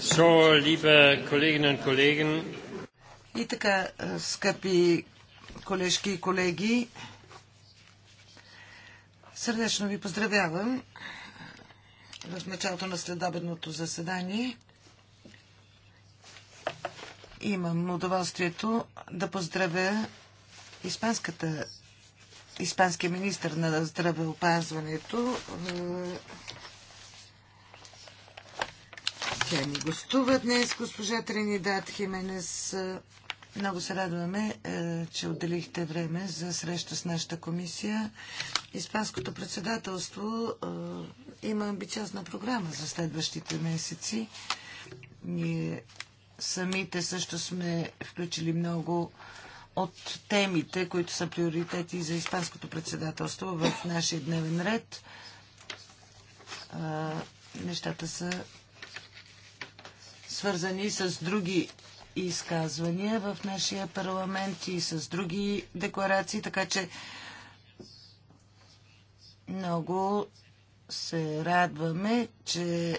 So, liebe Kolleginnen und Kollegen. И така, е, скъпи колежки и колеги, сърдечно ви поздравявам в началото на следобедното заседание. Имам удоволствието да поздравя испанската, испанския министр на здравеопазването е, ще ни гостува днес госпожа Тринидад Хименес. Много се радваме, е, че отделихте време за среща с нашата комисия. Испанското председателство е, има амбициозна програма за следващите месеци. Ние самите също сме включили много от темите, които са приоритети за Испанското председателство в нашия дневен ред. Е, нещата са свързани с други изказвания в нашия парламент и с други декларации, така че много се радваме, че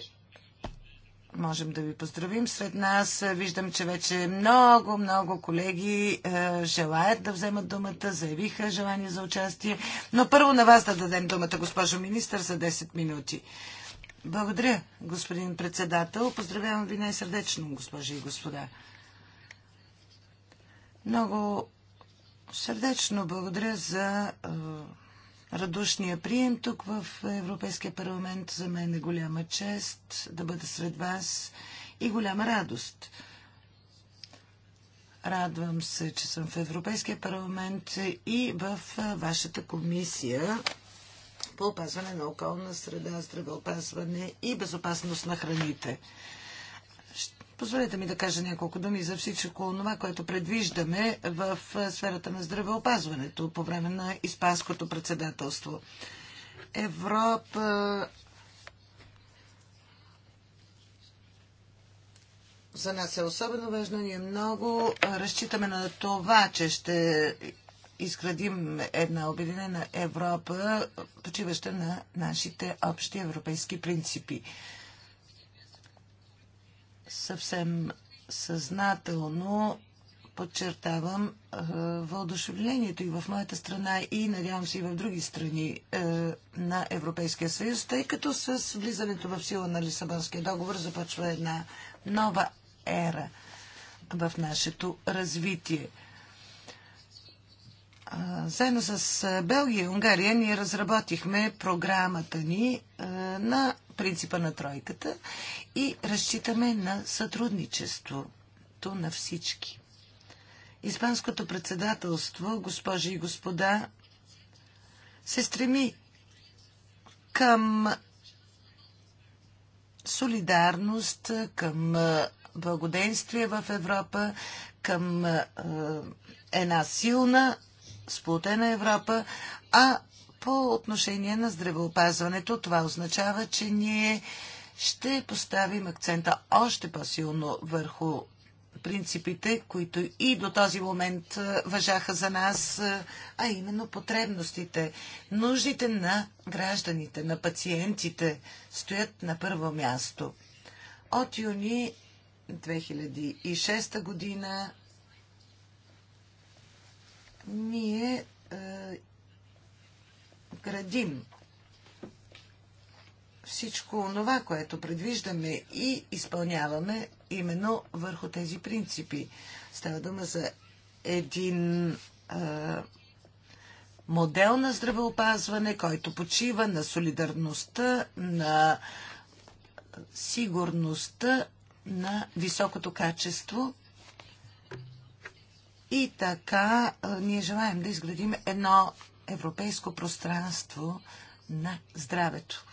можем да ви поздравим. Сред нас е, виждам, че вече много, много колеги е, желаят да вземат думата, заявиха желание за участие. Но първо на вас да дадем думата, госпожо министър, за 10 минути. Благодаря, господин председател. Поздравявам ви най-сърдечно, госпожи и господа. Много сърдечно благодаря за радушния прием тук в Европейския парламент. За мен е голяма чест да бъда сред вас и голяма радост. Радвам се, че съм в Европейския парламент и в вашата комисия по опазване на околна среда, здравеопазване и безопасност на храните. Позволете ми да кажа няколко думи за всичко това, което предвиждаме в сферата на здравеопазването по време на Испанското председателство. Европа за нас е особено важно. Ние много разчитаме на това, че ще изградим една обединена Европа, почиваща на нашите общи европейски принципи. Съвсем съзнателно подчертавам въодушевлението и в моята страна и надявам се и в други страни е, на Европейския съюз, тъй като с влизането в сила на Лисабонския договор започва една нова ера в нашето развитие. Заедно с Белгия и Унгария ние разработихме програмата ни на принципа на тройката и разчитаме на сътрудничеството на всички. Испанското председателство, госпожи и господа, се стреми към солидарност, към благоденствие в Европа, към една силна сплутена Европа, а по отношение на здравеопазването това означава, че ние ще поставим акцента още по-силно върху принципите, които и до този момент въжаха за нас, а именно потребностите, нуждите на гражданите, на пациентите стоят на първо място. От юни 2006 година ние е, градим всичко това, което предвиждаме и изпълняваме именно върху тези принципи. Става дума за един е, модел на здравеопазване, който почива на солидарността, на сигурността, на високото качество – и така ние желаем да изградим едно европейско пространство на здравето.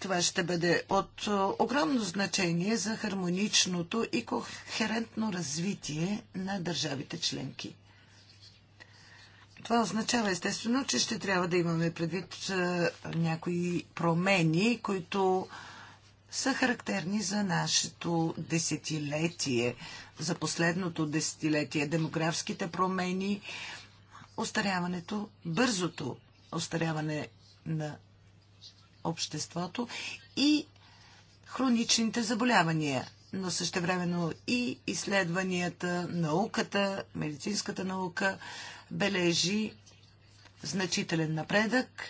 Това ще бъде от огромно значение за хармоничното и кохерентно развитие на държавите членки. Това означава естествено, че ще трябва да имаме предвид някои промени, които са характерни за нашето десетилетие, за последното десетилетие. Демографските промени, остаряването, бързото остаряване на обществото и хроничните заболявания, но същевременно и изследванията, науката, медицинската наука бележи значителен напредък.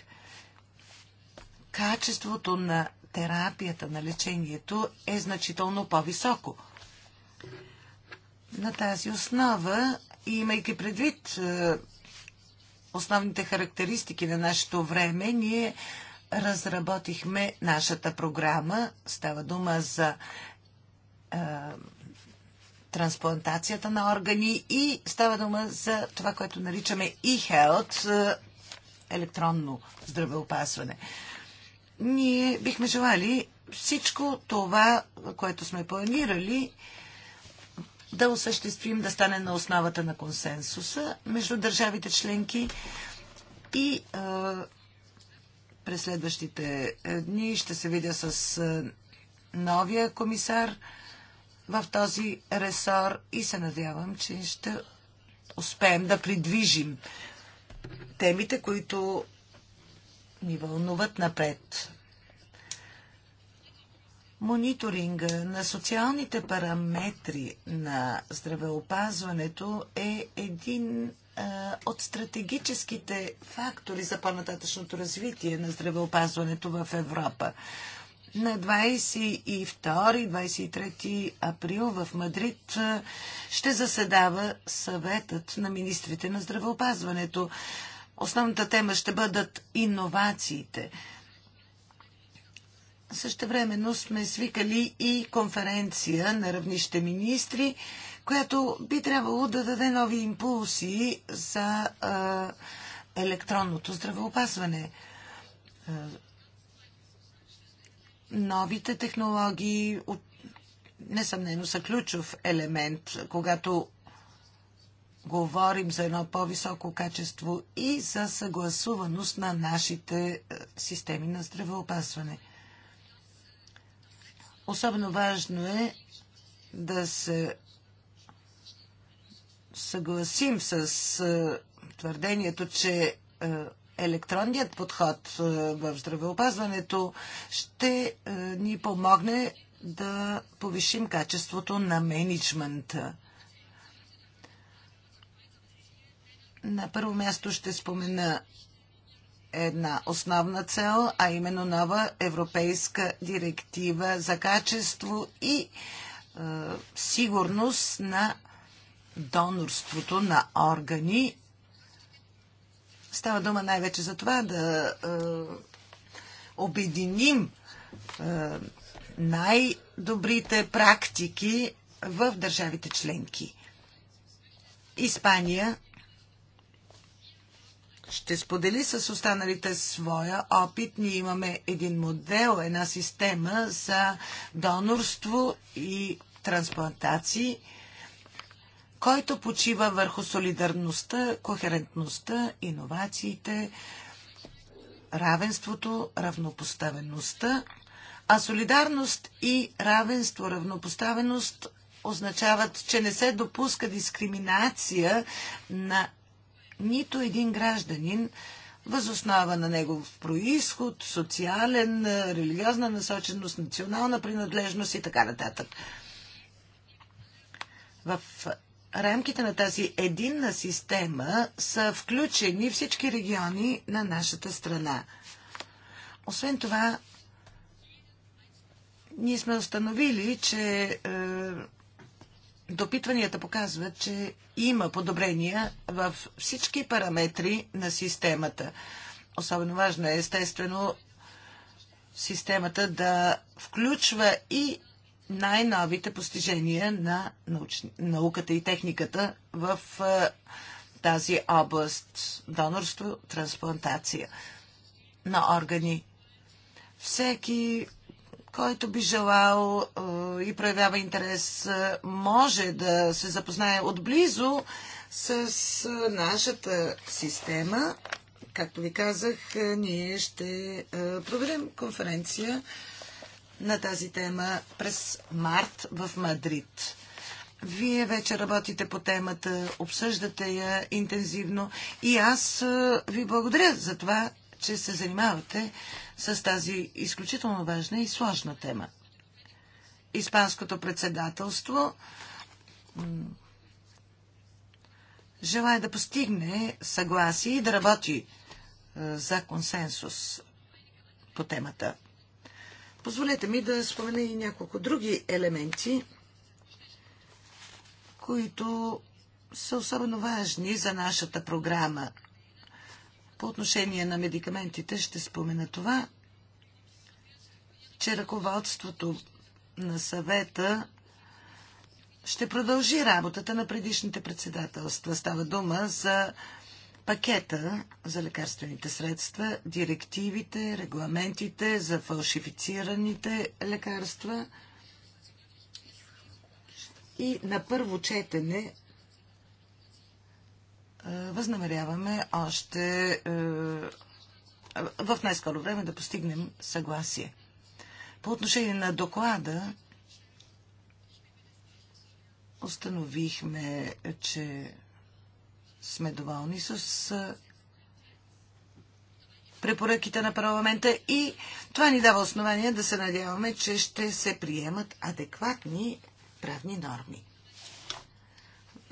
Качеството на терапията, на лечението е значително по-високо. На тази основа, имайки предвид е, основните характеристики на нашето време, ние разработихме нашата програма. Става дума за е, трансплантацията на органи и става дума за това, което наричаме e-health, е, електронно здравеопасване. Е, ние бихме желали всичко това, което сме планирали, да осъществим, да стане на основата на консенсуса между държавите членки и а, през следващите дни ще се видя с а, новия комисар в този ресор и се надявам, че ще успеем да придвижим темите, които ни вълнуват напред. Мониторинга на социалните параметри на здравеопазването е един от стратегическите фактори за по-нататъчното развитие на здравеопазването в Европа. На 22-23 април в Мадрид ще заседава съветът на министрите на здравеопазването. Основната тема ще бъдат иновациите. времено сме свикали и конференция на равнище министри, която би трябвало да даде нови импулси за а, електронното здравеопазване. А, новите технологии несъмнено са ключов елемент, когато говорим за едно по-високо качество и за съгласуваност на нашите е, системи на здравеопасване. Особено важно е да се съгласим с е, твърдението, че е, електронният подход в здравеопазването ще ни помогне да повишим качеството на менеджмента На първо място ще спомена една основна цел, а именно нова европейска директива за качество и е, сигурност на донорството на органи. Става дума най-вече за това да е, обединим е, най-добрите практики в държавите членки. Испания ще сподели с останалите своя опит. Ние имаме един модел, една система за донорство и трансплантации, който почива върху солидарността, кохерентността, иновациите, равенството, равнопоставеността. А солидарност и равенство, равнопоставеност означават, че не се допуска дискриминация на нито един гражданин възоснова на негов происход, социален, е, религиозна насоченост, национална принадлежност и така нататък. В рамките на тази единна система са включени всички региони на нашата страна. Освен това, ние сме установили, че е, допитванията показват, че има подобрения в всички параметри на системата. Особено важно е, естествено, системата да включва и най-новите постижения на науч... науката и техниката в тази област донорство, трансплантация на органи. Всеки който би желал е, и проявява интерес, е, може да се запознае отблизо с е, нашата система. Както ви казах, ние ще проведем конференция на тази тема през март в Мадрид. Вие вече работите по темата, обсъждате я интензивно и аз ви благодаря за това, че се занимавате с тази изключително важна и сложна тема. Испанското председателство желая да постигне съгласие и да работи е, за консенсус по темата. Позволете ми да спомена и няколко други елементи, които са особено важни за нашата програма по отношение на медикаментите ще спомена това, че ръководството на съвета ще продължи работата на предишните председателства. Става дума за пакета за лекарствените средства, директивите, регламентите за фалшифицираните лекарства. И на първо четене е, възнамеряваме още е, в най-скоро време да постигнем съгласие. По отношение на доклада, установихме, че сме доволни с е, препоръките на парламента и това ни дава основание да се надяваме, че ще се приемат адекватни правни норми.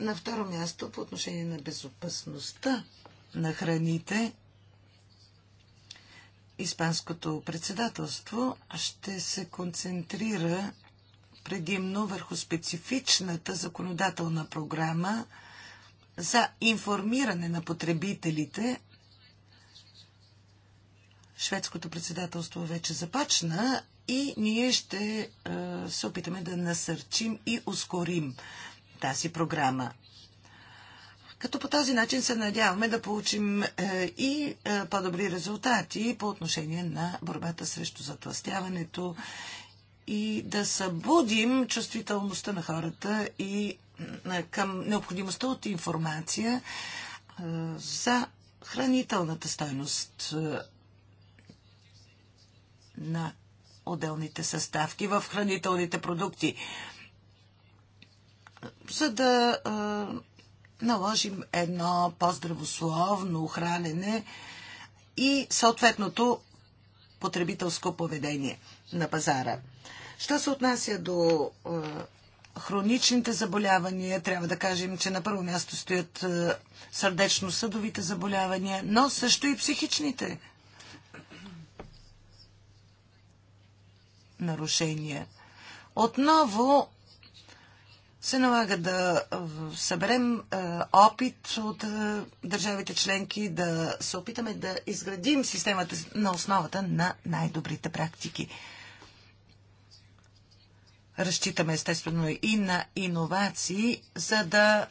На второ място, по отношение на безопасността на храните, Испанското председателство ще се концентрира предимно върху специфичната законодателна програма за информиране на потребителите. Шведското председателство вече започна и ние ще е, се опитаме да насърчим и ускорим тази програма. Като по този начин се надяваме да получим е, и е, по-добри резултати по отношение на борбата срещу затластяването и да събудим чувствителността на хората и е, към необходимостта от информация за хранителната стойност на отделните съставки в хранителните продукти за да а, наложим едно по-здравословно хранене и съответното потребителско поведение на пазара. Що се отнася до а, хроничните заболявания, трябва да кажем, че на първо място стоят сърдечно-съдовите заболявания, но също и психичните нарушения. Отново се налага да съберем опит от държавите членки, да се опитаме да изградим системата на основата на най-добрите практики. Разчитаме естествено и на иновации, за да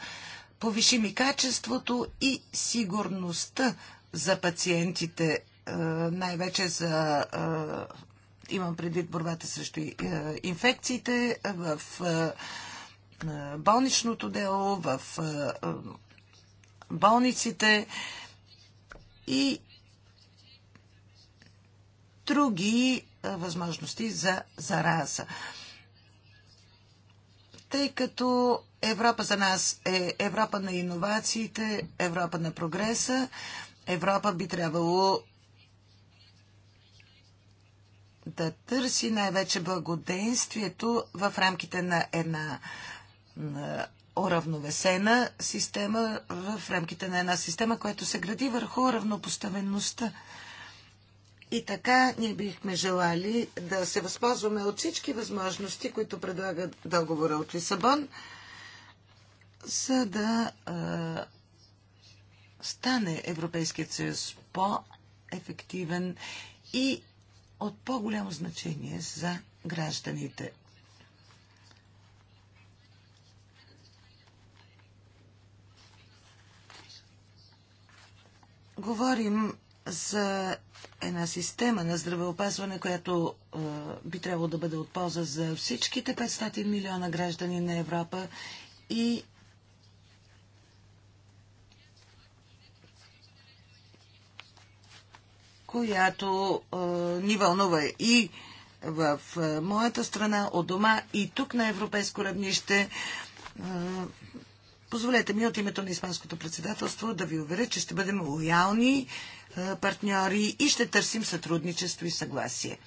повишим и качеството и сигурността за пациентите, най-вече за имам предвид борбата срещу инфекциите в е, болничното дело, в е, е, болниците и други възможности за зараза. Тъй като Европа за нас е Европа на иновациите, Европа на прогреса, Европа би трябвало да търси най-вече благоденствието в рамките на една е, уравновесена система в рамките на една система, която се гради върху равнопоставеността. И така ние бихме желали да се възползваме от всички възможности, които предлага договора от Лисабон, за да а, е, стане Европейският съюз по-ефективен и от по-голямо значение за гражданите. Говорим за една система на здравеопазване, която е, би трябвало да бъде от полза за всичките 500 милиона граждани на Европа и която е, ни вълнува и в моята страна, от дома и тук на европейско равнище. Е, Позволете ми от името на Испанското председателство да ви уверя, че ще бъдем лоялни е, партньори и ще търсим сътрудничество и съгласие.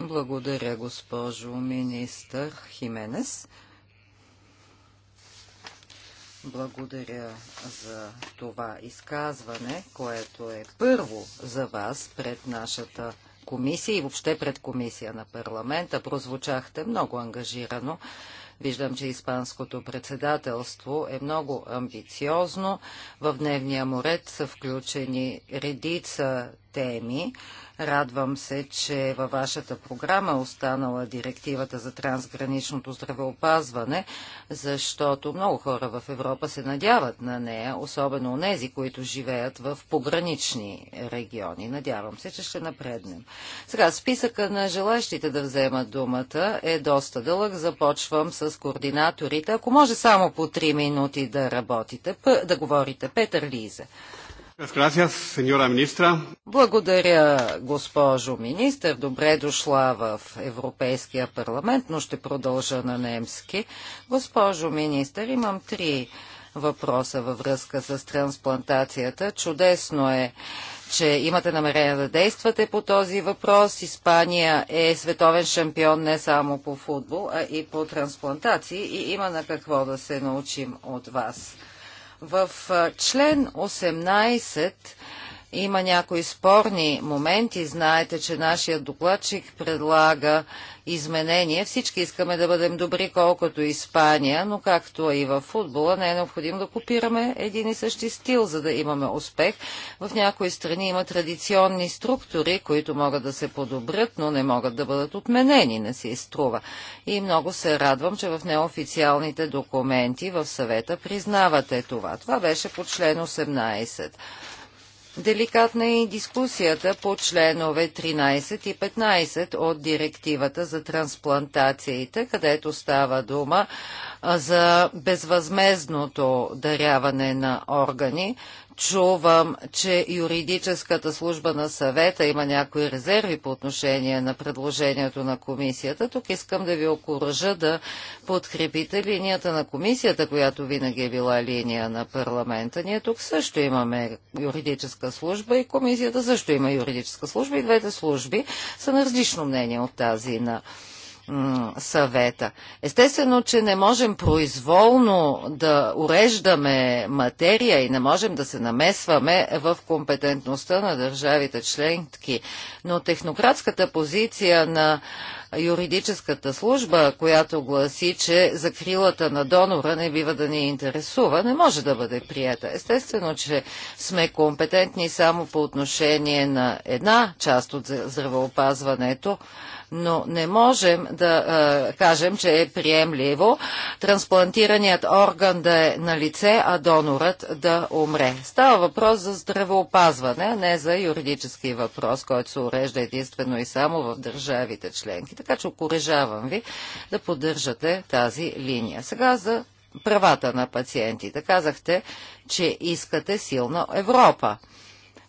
Благодаря, госпожо министър Хименес. Благодаря за това изказване, което е първо за вас пред нашата комисия и въобще пред комисия на парламента. Прозвучахте много ангажирано Виждам, че Испанското председателство е много амбициозно. В дневния му ред са включени редица теми. Радвам се, че във вашата програма е останала директивата за трансграничното здравеопазване, защото много хора в Европа се надяват на нея, особено у нези, които живеят в погранични региони. Надявам се, че ще напреднем. Сега, списъка на желащите да вземат думата е доста дълъг. Започвам с координаторите. Ако може само по 3 минути да работите, да говорите. Петър Лиза. Благодаря, госпожо министр. Добре дошла в Европейския парламент, но ще продължа на немски. Госпожо министр, имам три въпроса във връзка с трансплантацията. Чудесно е, че имате намерение да действате по този въпрос. Испания е световен шампион не само по футбол, а и по трансплантации и има на какво да се научим от вас. В член 18 има някои спорни моменти. Знаете, че нашия докладчик предлага изменения. Всички искаме да бъдем добри, колкото Испания, но както и в футбола, не е необходимо да копираме един и същи стил, за да имаме успех. В някои страни има традиционни структури, които могат да се подобрят, но не могат да бъдат отменени, не си изтрува. И много се радвам, че в неофициалните документи в съвета признавате това. Това беше по член 18. Деликатна е и дискусията по членове 13 и 15 от директивата за трансплантациите, където става дума за безвъзмезното даряване на органи, чувам, че юридическата служба на съвета има някои резерви по отношение на предложението на комисията. Тук искам да ви окоръжа да подкрепите линията на комисията, която винаги е била линия на парламента. Ние тук също имаме юридическа служба и комисията също има юридическа служба и двете служби са на различно мнение от тази на съвета. Естествено, че не можем произволно да уреждаме материя и не можем да се намесваме в компетентността на държавите членки, но технократската позиция на юридическата служба, която гласи, че закрилата на донора не бива да ни интересува, не може да бъде прията. Естествено, че сме компетентни само по отношение на една част от здравеопазването, но не можем да е, кажем, че е приемливо трансплантираният орган да е на лице, а донорът да умре. Става въпрос за здравеопазване, а не за юридически въпрос, който се урежда единствено и само в държавите членки. Така че окорежавам ви да поддържате тази линия. Сега за правата на пациентите. Казахте, че искате силна Европа.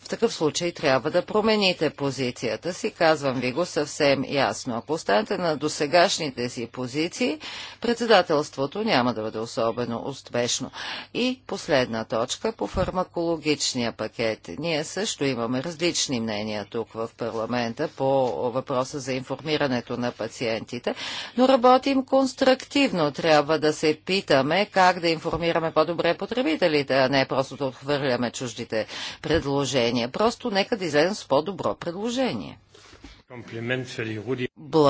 В такъв случай трябва да промените позицията си, казвам ви го съвсем ясно. Ако останете на досегашните си позиции, председателството няма да бъде особено успешно. И последна точка по фармакологичния пакет. Ние също имаме различни мнения тук в парламента по въпроса за информирането на пациентите, но работим конструктивно. Трябва да се питаме как да информираме по-добре потребителите, а не просто да отхвърляме чуждите предложения предложение. Просто нека да излезем с по-добро предложение.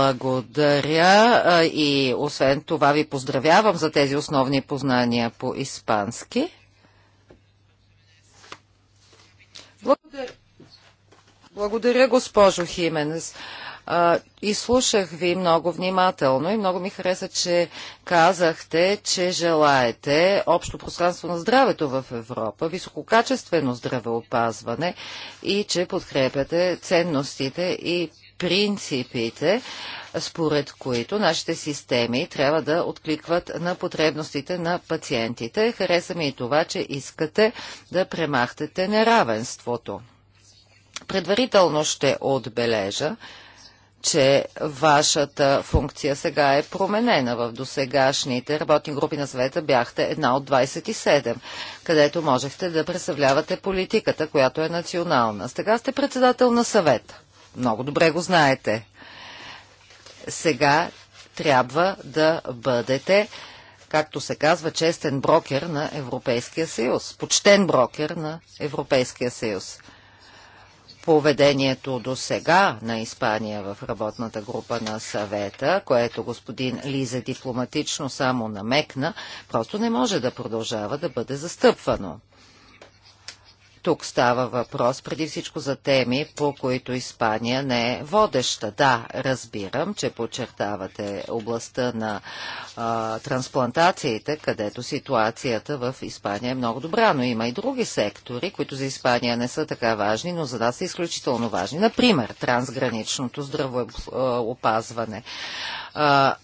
Благодаря и освен това ви поздравявам за тези основни познания по испански. Благодаря. Благодаря, госпожо Хименес и слушах ви много внимателно и много ми хареса, че казахте, че желаете общо пространство на здравето в Европа, висококачествено здравеопазване и че подкрепяте ценностите и принципите, според които нашите системи трябва да откликват на потребностите на пациентите. Хареса ми и това, че искате да премахтете неравенството. Предварително ще отбележа, че вашата функция сега е променена в досегашните работни групи на света бяхте една от 27, където можехте да представлявате политиката, която е национална. Сега сте председател на съвета. Много добре го знаете. Сега трябва да бъдете, както се казва, честен брокер на Европейския съюз. Почтен брокер на Европейския съюз поведението до сега на Испания в работната група на съвета, което господин Лиза дипломатично само намекна, просто не може да продължава да бъде застъпвано. Тук става въпрос преди всичко за теми, по които Испания не е водеща. Да, разбирам, че подчертавате областта на а, трансплантациите, където ситуацията в Испания е много добра, но има и други сектори, които за Испания не са така важни, но за нас са изключително важни. Например, трансграничното здравоопазване. А,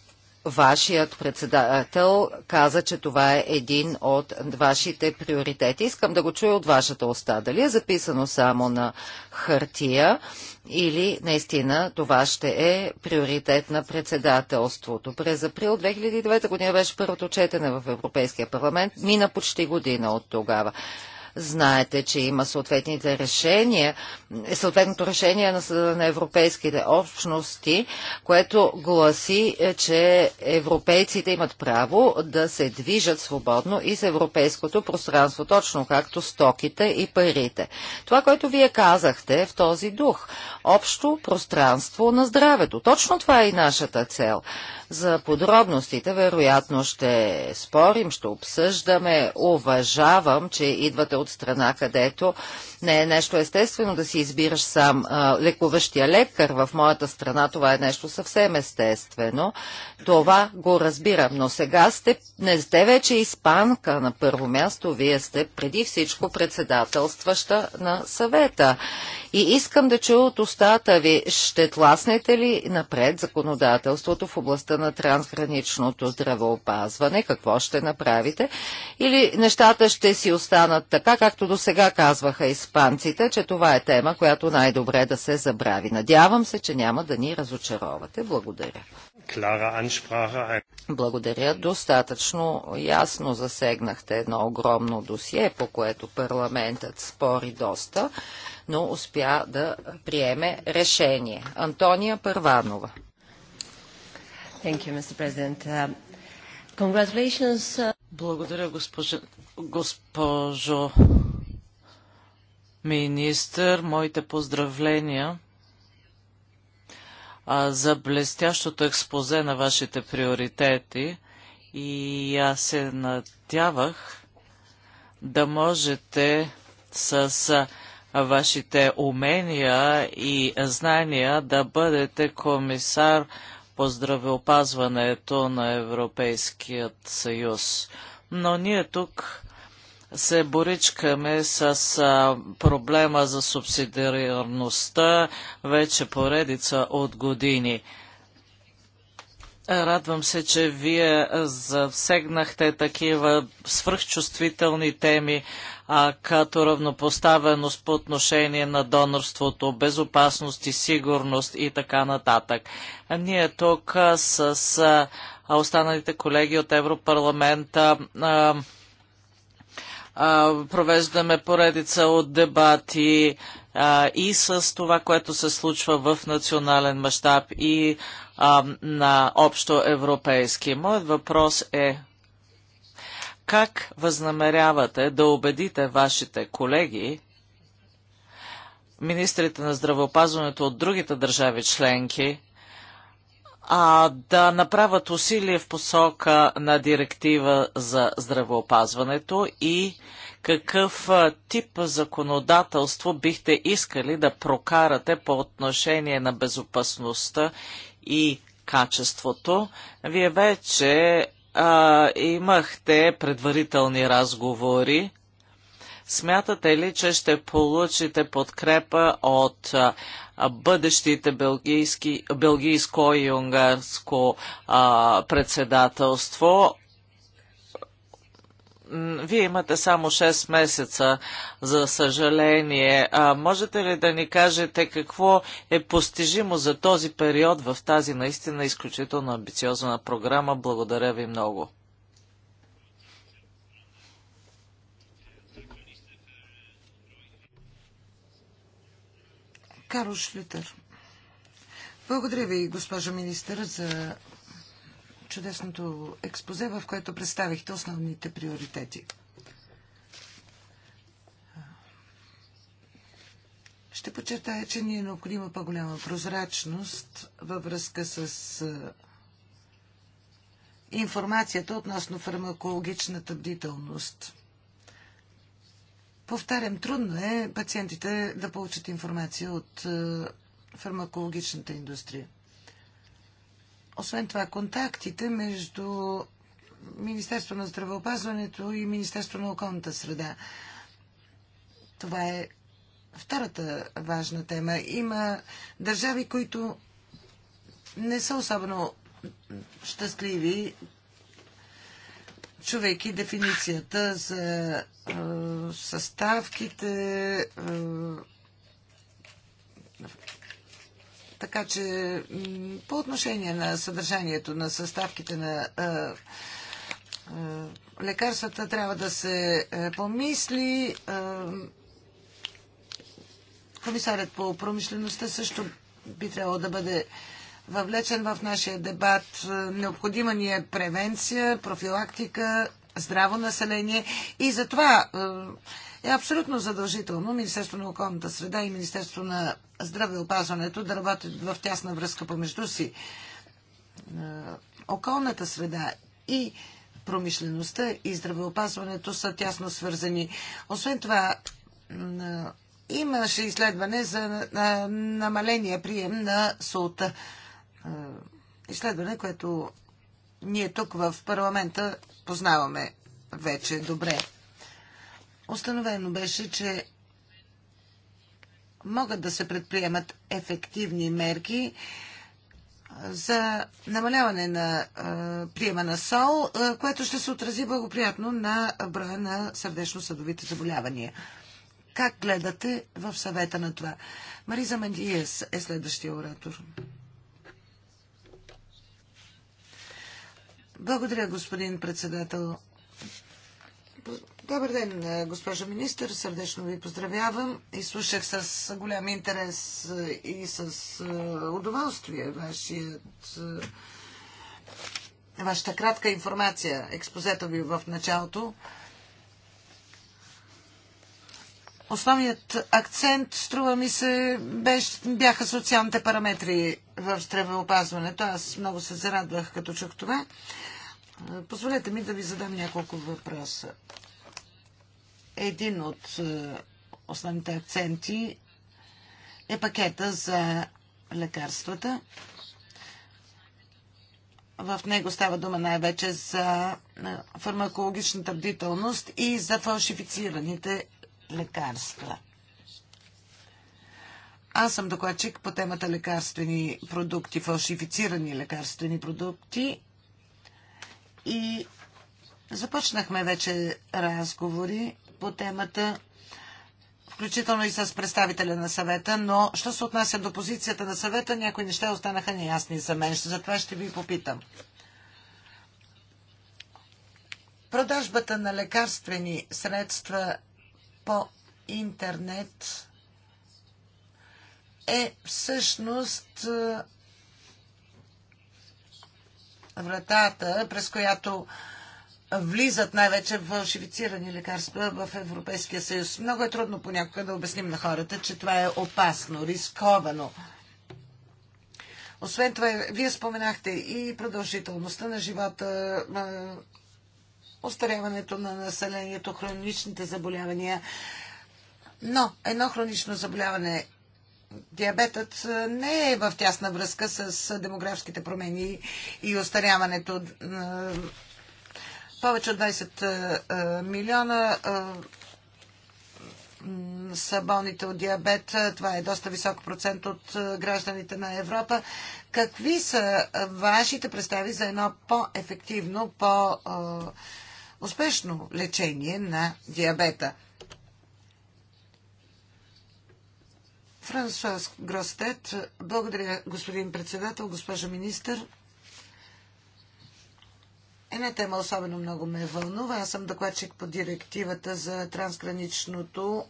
Вашият председател каза, че това е един от вашите приоритети. Искам да го чуя от вашата уста. Дали е записано само на хартия или наистина това ще е приоритет на председателството. През април 2009 година беше първото четене в Европейския парламент. Мина почти година от тогава. Знаете, че има съответните решения, съответното решение на Съда на европейските общности, което гласи, е, че европейците имат право да се движат свободно и с европейското пространство, точно както стоките и парите. Това, което вие казахте е в този дух, общо пространство на здравето. Точно това е и нашата цел. За подробностите вероятно ще спорим, ще обсъждаме. Уважавам, че идвате от страна, където не е нещо естествено да си избираш сам а, лекуващия лекар. В моята страна това е нещо съвсем естествено. Това го разбирам, но сега сте, не сте вече испанка на първо място, вие сте преди всичко председателстваща на съвета. И искам да чуя от устата ви, ще тласнете ли напред законодателството в областта на на трансграничното здравеопазване, какво ще направите? Или нещата ще си останат така, както до сега казваха испанците, че това е тема, която най-добре да се забрави. Надявам се, че няма да ни разочаровате. Благодаря. Е- Благодаря. Достатъчно ясно засегнахте едно огромно досие, по което парламентът спори доста, но успя да приеме решение. Антония Първанова. Thank you, Mr. President. Um, congratulations. Uh, Благодаря, госпожо министър. Моите поздравления за блестящото експозе на вашите приоритети и аз се надявах да можете с вашите умения и знания да бъдете комисар по здравеопазването на Европейският съюз. Но ние тук се боричкаме с а, проблема за субсидиарността вече поредица от години. Радвам се, че вие засегнахте такива свръхчувствителни теми, а, като равнопоставеност по отношение на донорството, безопасност и сигурност и така нататък. А ние тук с а, останалите колеги от Европарламента а, а, провеждаме поредица от дебати а, и с това, което се случва в национален мащаб и а, а, на общо европейски. Моят въпрос е как възнамерявате да убедите вашите колеги, министрите на здравеопазването от другите държави членки, а, да направят усилие в посока на директива за здравеопазването и какъв тип законодателство бихте искали да прокарате по отношение на безопасността и качеството. Вие вече а, имахте предварителни разговори. Смятате ли, че ще получите подкрепа от а, бъдещите белгийско и унгарско а, председателство вие имате само 6 месеца, за съжаление. А можете ли да ни кажете какво е постижимо за този период в тази наистина изключително амбициозна програма? Благодаря ви много. Карл Шлютер. Благодаря ви, госпожа министър, за чудесното експозе, в което представихте основните приоритети. Ще подчертая, че ни е необходима по-голяма прозрачност във връзка с информацията относно фармакологичната бдителност. Повтарям, трудно е пациентите да получат информация от фармакологичната индустрия. Освен това, контактите между Министерство на здравеопазването и Министерство на околната среда. Това е втората важна тема. Има държави, които не са особено щастливи, чувайки дефиницията за е, съставките, е, така че по отношение на съдържанието на съставките на лекарствата трябва да се помисли. Комисарят по промишлеността също би трябвало да бъде въвлечен в нашия дебат. Необходима ни е превенция, профилактика, здраво население и затова е абсолютно задължително Министерство на околната среда и Министерство на здравеопазването да работят в тясна връзка помежду си. Е, околната среда и промишлеността и здравеопазването са тясно свързани. Освен това, е, имаше изследване за е, намаления прием на солта. Изследване, което ние тук в парламента познаваме вече добре. Установено беше, че могат да се предприемат ефективни мерки за намаляване на приема на сол, което ще се отрази благоприятно на броя на сърдечно-съдовите заболявания. Как гледате в съвета на това? Мариза Мандиес е следващия оратор. Благодаря, господин председател. Добър ден, е, госпожо министър. Сърдечно ви поздравявам. Изслушах с голям интерес е, и с е, удоволствие вашият, вашата кратка информация, експозето ви в началото. Основният акцент, струва ми се, бяха социалните параметри в здравеопазването. Аз много се зарадвах, като чух това. Позволете ми да ви задам няколко въпроса един от е, основните акценти е пакета за лекарствата. В него става дума най-вече за е, фармакологичната бдителност и за фалшифицираните лекарства. Аз съм докладчик по темата лекарствени продукти, фалшифицирани лекарствени продукти и започнахме вече разговори по темата, включително и с представителя на съвета, но що се отнася до позицията на съвета, някои неща останаха неясни за мен. Затова ще ви попитам. Продажбата на лекарствени средства по интернет е всъщност е, вратата, през която влизат най-вече в фалшифицирани лекарства в Европейския съюз. Много е трудно понякога да обясним на хората, че това е опасно, рисковано. Освен това, вие споменахте и продължителността на живота, остаряването на населението, хроничните заболявания. Но едно хронично заболяване, диабетът, не е в тясна връзка с демографските промени и остаряването повече от 20 е, е, милиона е, са болните от диабет. Това е доста висок процент от гражданите на Европа. Какви са вашите представи за едно по-ефективно, по-успешно лечение на диабета? Франсуас Гростет. Благодаря, господин председател, госпожа министър. Една тема особено много ме вълнува. Аз съм докладчик по директивата за трансграничното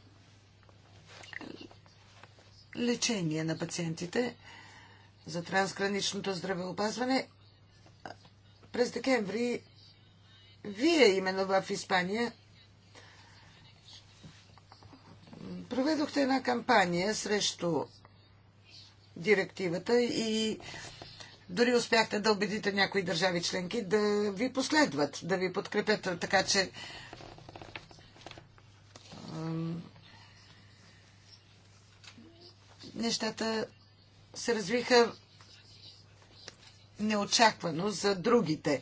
лечение на пациентите, за трансграничното здравеопазване. През декември вие именно в Испания проведохте една кампания срещу директивата и дори успяхте да убедите някои държави членки да ви последват, да ви подкрепят, така че нещата се развиха неочаквано за другите.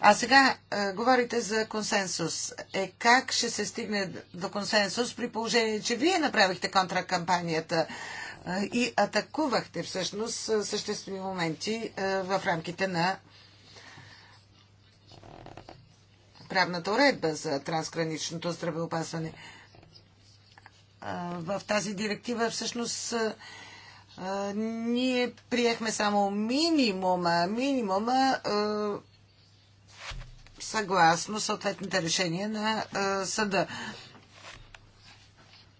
А сега а, говорите за консенсус. Е, как ще се стигне до консенсус при положение, че вие направихте контракампанията? кампанията? и атакувахте всъщност съществени моменти в рамките на правната уредба за трансграничното здравеопазване. В тази директива всъщност ние приехме само минимума, минимума съгласно съответните решения на съда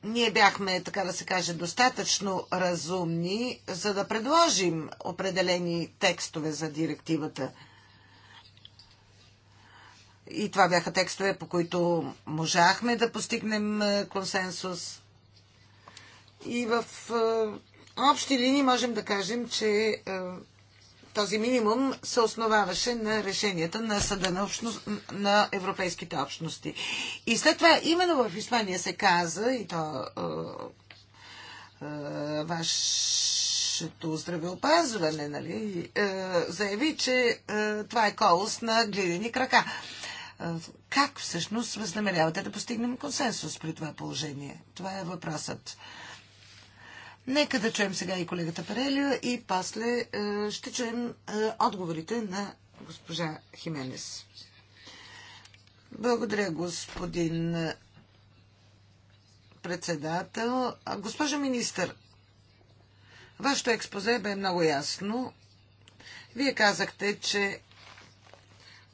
ние бяхме, така да се каже, достатъчно разумни, за да предложим определени текстове за директивата. И това бяха текстове, по които можахме да постигнем е, консенсус. И в е, общи линии можем да кажем, че е, този минимум се основаваше на решенията на Съда на, общност, на европейските общности. И след това именно в Испания се каза, и то е, е, вашето здравеопазване нали, е, заяви, че е, това е колос на глидени крака. Е, как всъщност възнамерявате да постигнем консенсус при това положение? Това е въпросът. Е, Нека да чуем сега и колегата Парелия и после е, ще чуем е, отговорите на госпожа Хименес. Благодаря, господин председател. Госпожо министър, вашето експозе бе много ясно. Вие казахте, че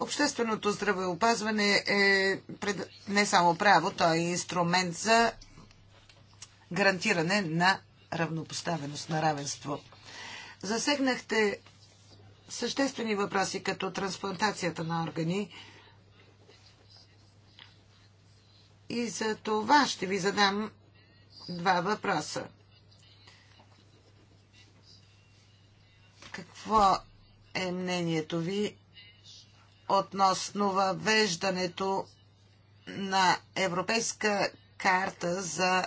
общественото здравеопазване е пред... не само право, то е инструмент за гарантиране на равнопоставеност, на равенство. Засегнахте съществени въпроси, като трансплантацията на органи. И за това ще ви задам два въпроса. Какво е мнението ви относно въвеждането на Европейска карта за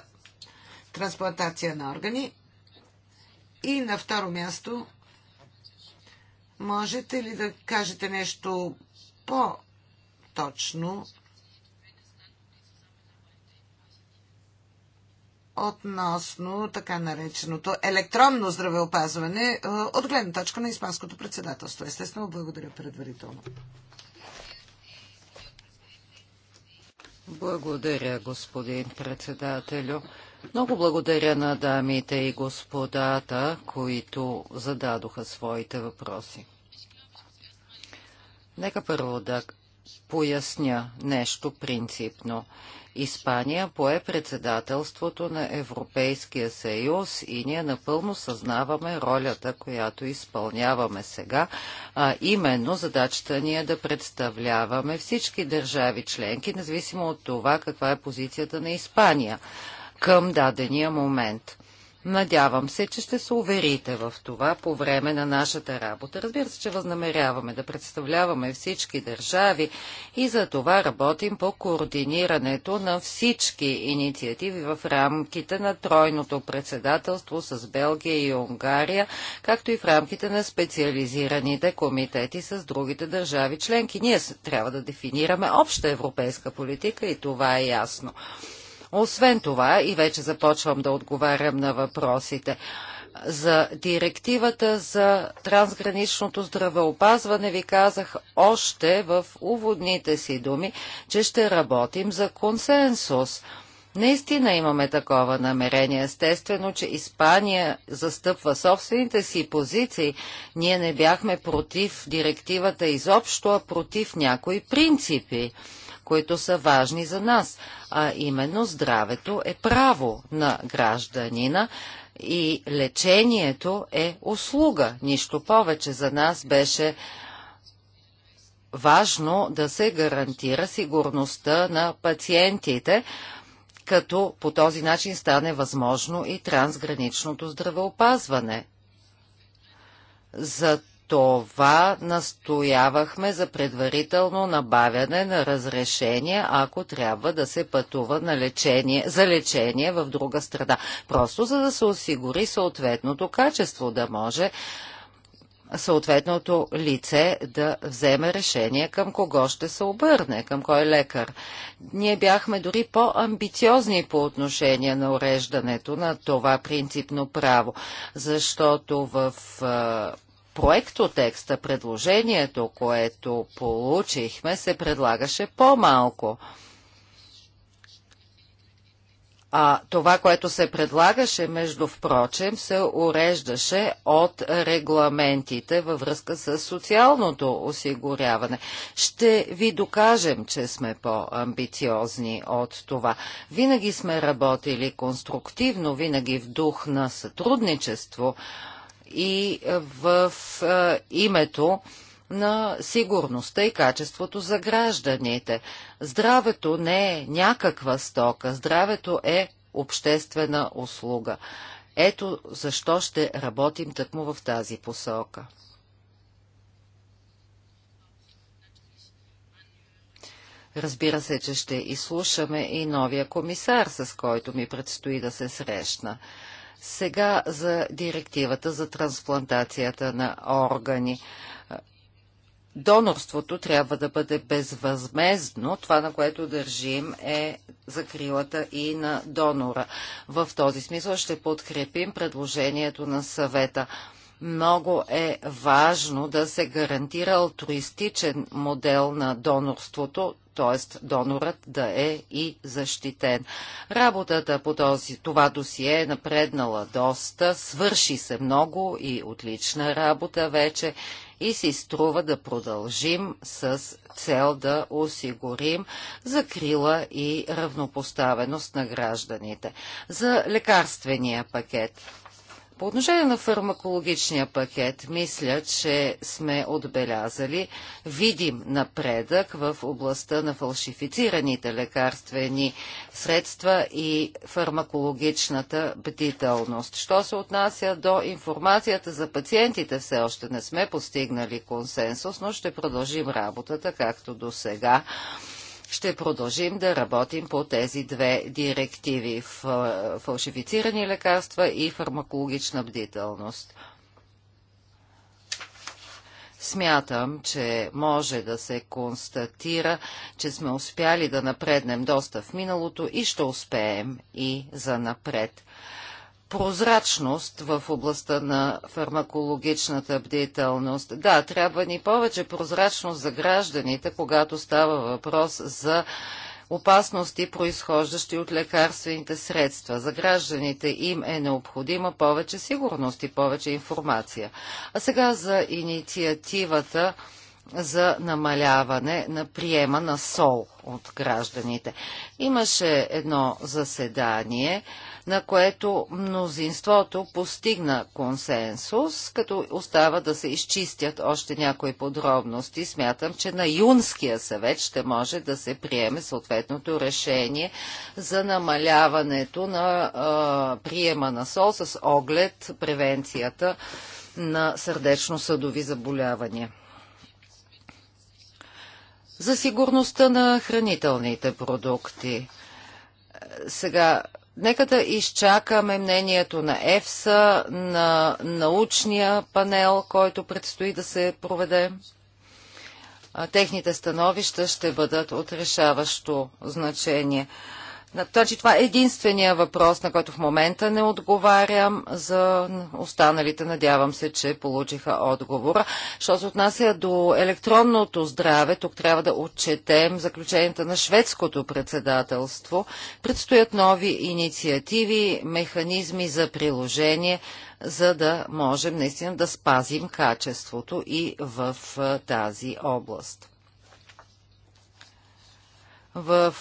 трансплантация на органи? И на второ място, можете ли да кажете нещо по-точно относно така нареченото електронно здравеопазване е, от гледна точка на Испанското председателство. Естествено, благодаря предварително. Благодаря, господин председателю. Много благодаря на дамите и господата, които зададоха своите въпроси. Нека първо да поясня нещо принципно. Испания пое председателството на Европейския съюз и ние напълно съзнаваме ролята, която изпълняваме сега, а именно задачата ни е да представляваме всички държави членки, независимо от това каква е позицията на Испания към дадения момент. Надявам се, че ще се уверите в това по време на нашата работа. Разбира се, че възнамеряваме да представляваме всички държави и за това работим по координирането на всички инициативи в рамките на тройното председателство с Белгия и Унгария, както и в рамките на специализираните комитети с другите държави членки. Ние трябва да дефинираме обща европейска политика и това е ясно. Освен това, и вече започвам да отговарям на въпросите, за директивата за трансграничното здравеопазване ви казах още в уводните си думи, че ще работим за консенсус. Наистина имаме такова намерение. Естествено, че Испания застъпва собствените си позиции. Ние не бяхме против директивата изобщо, а против някои принципи които са важни за нас. А именно здравето е право на гражданина и лечението е услуга. Нищо повече за нас беше важно да се гарантира сигурността на пациентите, като по този начин стане възможно и трансграничното здравеопазване. За това настоявахме за предварително набавяне на разрешение, ако трябва да се пътува на лечение, за лечение в друга страна. Просто за да се осигури съответното качество, да може съответното лице да вземе решение към кого ще се обърне, към кой лекар. Ние бяхме дори по-амбициозни по отношение на уреждането на това принципно право, защото в проектотекста, предложението, което получихме, се предлагаше по-малко. А това, което се предлагаше, между впрочем, се уреждаше от регламентите във връзка с социалното осигуряване. Ще ви докажем, че сме по-амбициозни от това. Винаги сме работили конструктивно, винаги в дух на сътрудничество и в името на сигурността и качеството за гражданите. Здравето не е някаква стока, здравето е обществена услуга. Ето защо ще работим тъкмо в тази посока. Разбира се, че ще изслушаме и новия комисар, с който ми предстои да се срещна. Сега за директивата за трансплантацията на органи. Донорството трябва да бъде безвъзмезно. Това, на което държим, е закрилата и на донора. В този смисъл ще подкрепим предложението на съвета. Много е важно да се гарантира алтруистичен модел на донорството, т.е. донорът да е и защитен. Работата по този, това досие е напреднала доста, свърши се много и отлична работа вече и си струва да продължим с цел да осигурим закрила и равнопоставеност на гражданите. За лекарствения пакет. По отношение на фармакологичния пакет, мисля, че сме отбелязали видим напредък в областта на фалшифицираните лекарствени средства и фармакологичната бдителност. Що се отнася до информацията за пациентите, все още не сме постигнали консенсус, но ще продължим работата както до сега ще продължим да работим по тези две директиви – фалшифицирани лекарства и фармакологична бдителност. Смятам, че може да се констатира, че сме успяли да напреднем доста в миналото и ще успеем и за напред прозрачност в областта на фармакологичната бдителност. Да, трябва ни повече прозрачност за гражданите, когато става въпрос за опасности, произхождащи от лекарствените средства. За гражданите им е необходима повече сигурност и повече информация. А сега за инициативата за намаляване на приема на сол от гражданите. Имаше едно заседание, на което мнозинството постигна консенсус, като остава да се изчистят още някои подробности. Смятам, че на Юнския съвет ще може да се приеме съответното решение за намаляването на а, приема на сол с оглед превенцията на сърдечно-съдови заболявания. За сигурността на хранителните продукти. Сега Нека да изчакаме мнението на ЕФСА, на научния панел, който предстои да се проведе. Техните становища ще бъдат от решаващо значение. Значи това е единствения въпрос, на който в момента не отговарям. За останалите надявам се, че получиха отговор. Що се отнася до електронното здраве, тук трябва да отчетем заключенията на шведското председателство. Предстоят нови инициативи, механизми за приложение, за да можем наистина да спазим качеството и в тази област. В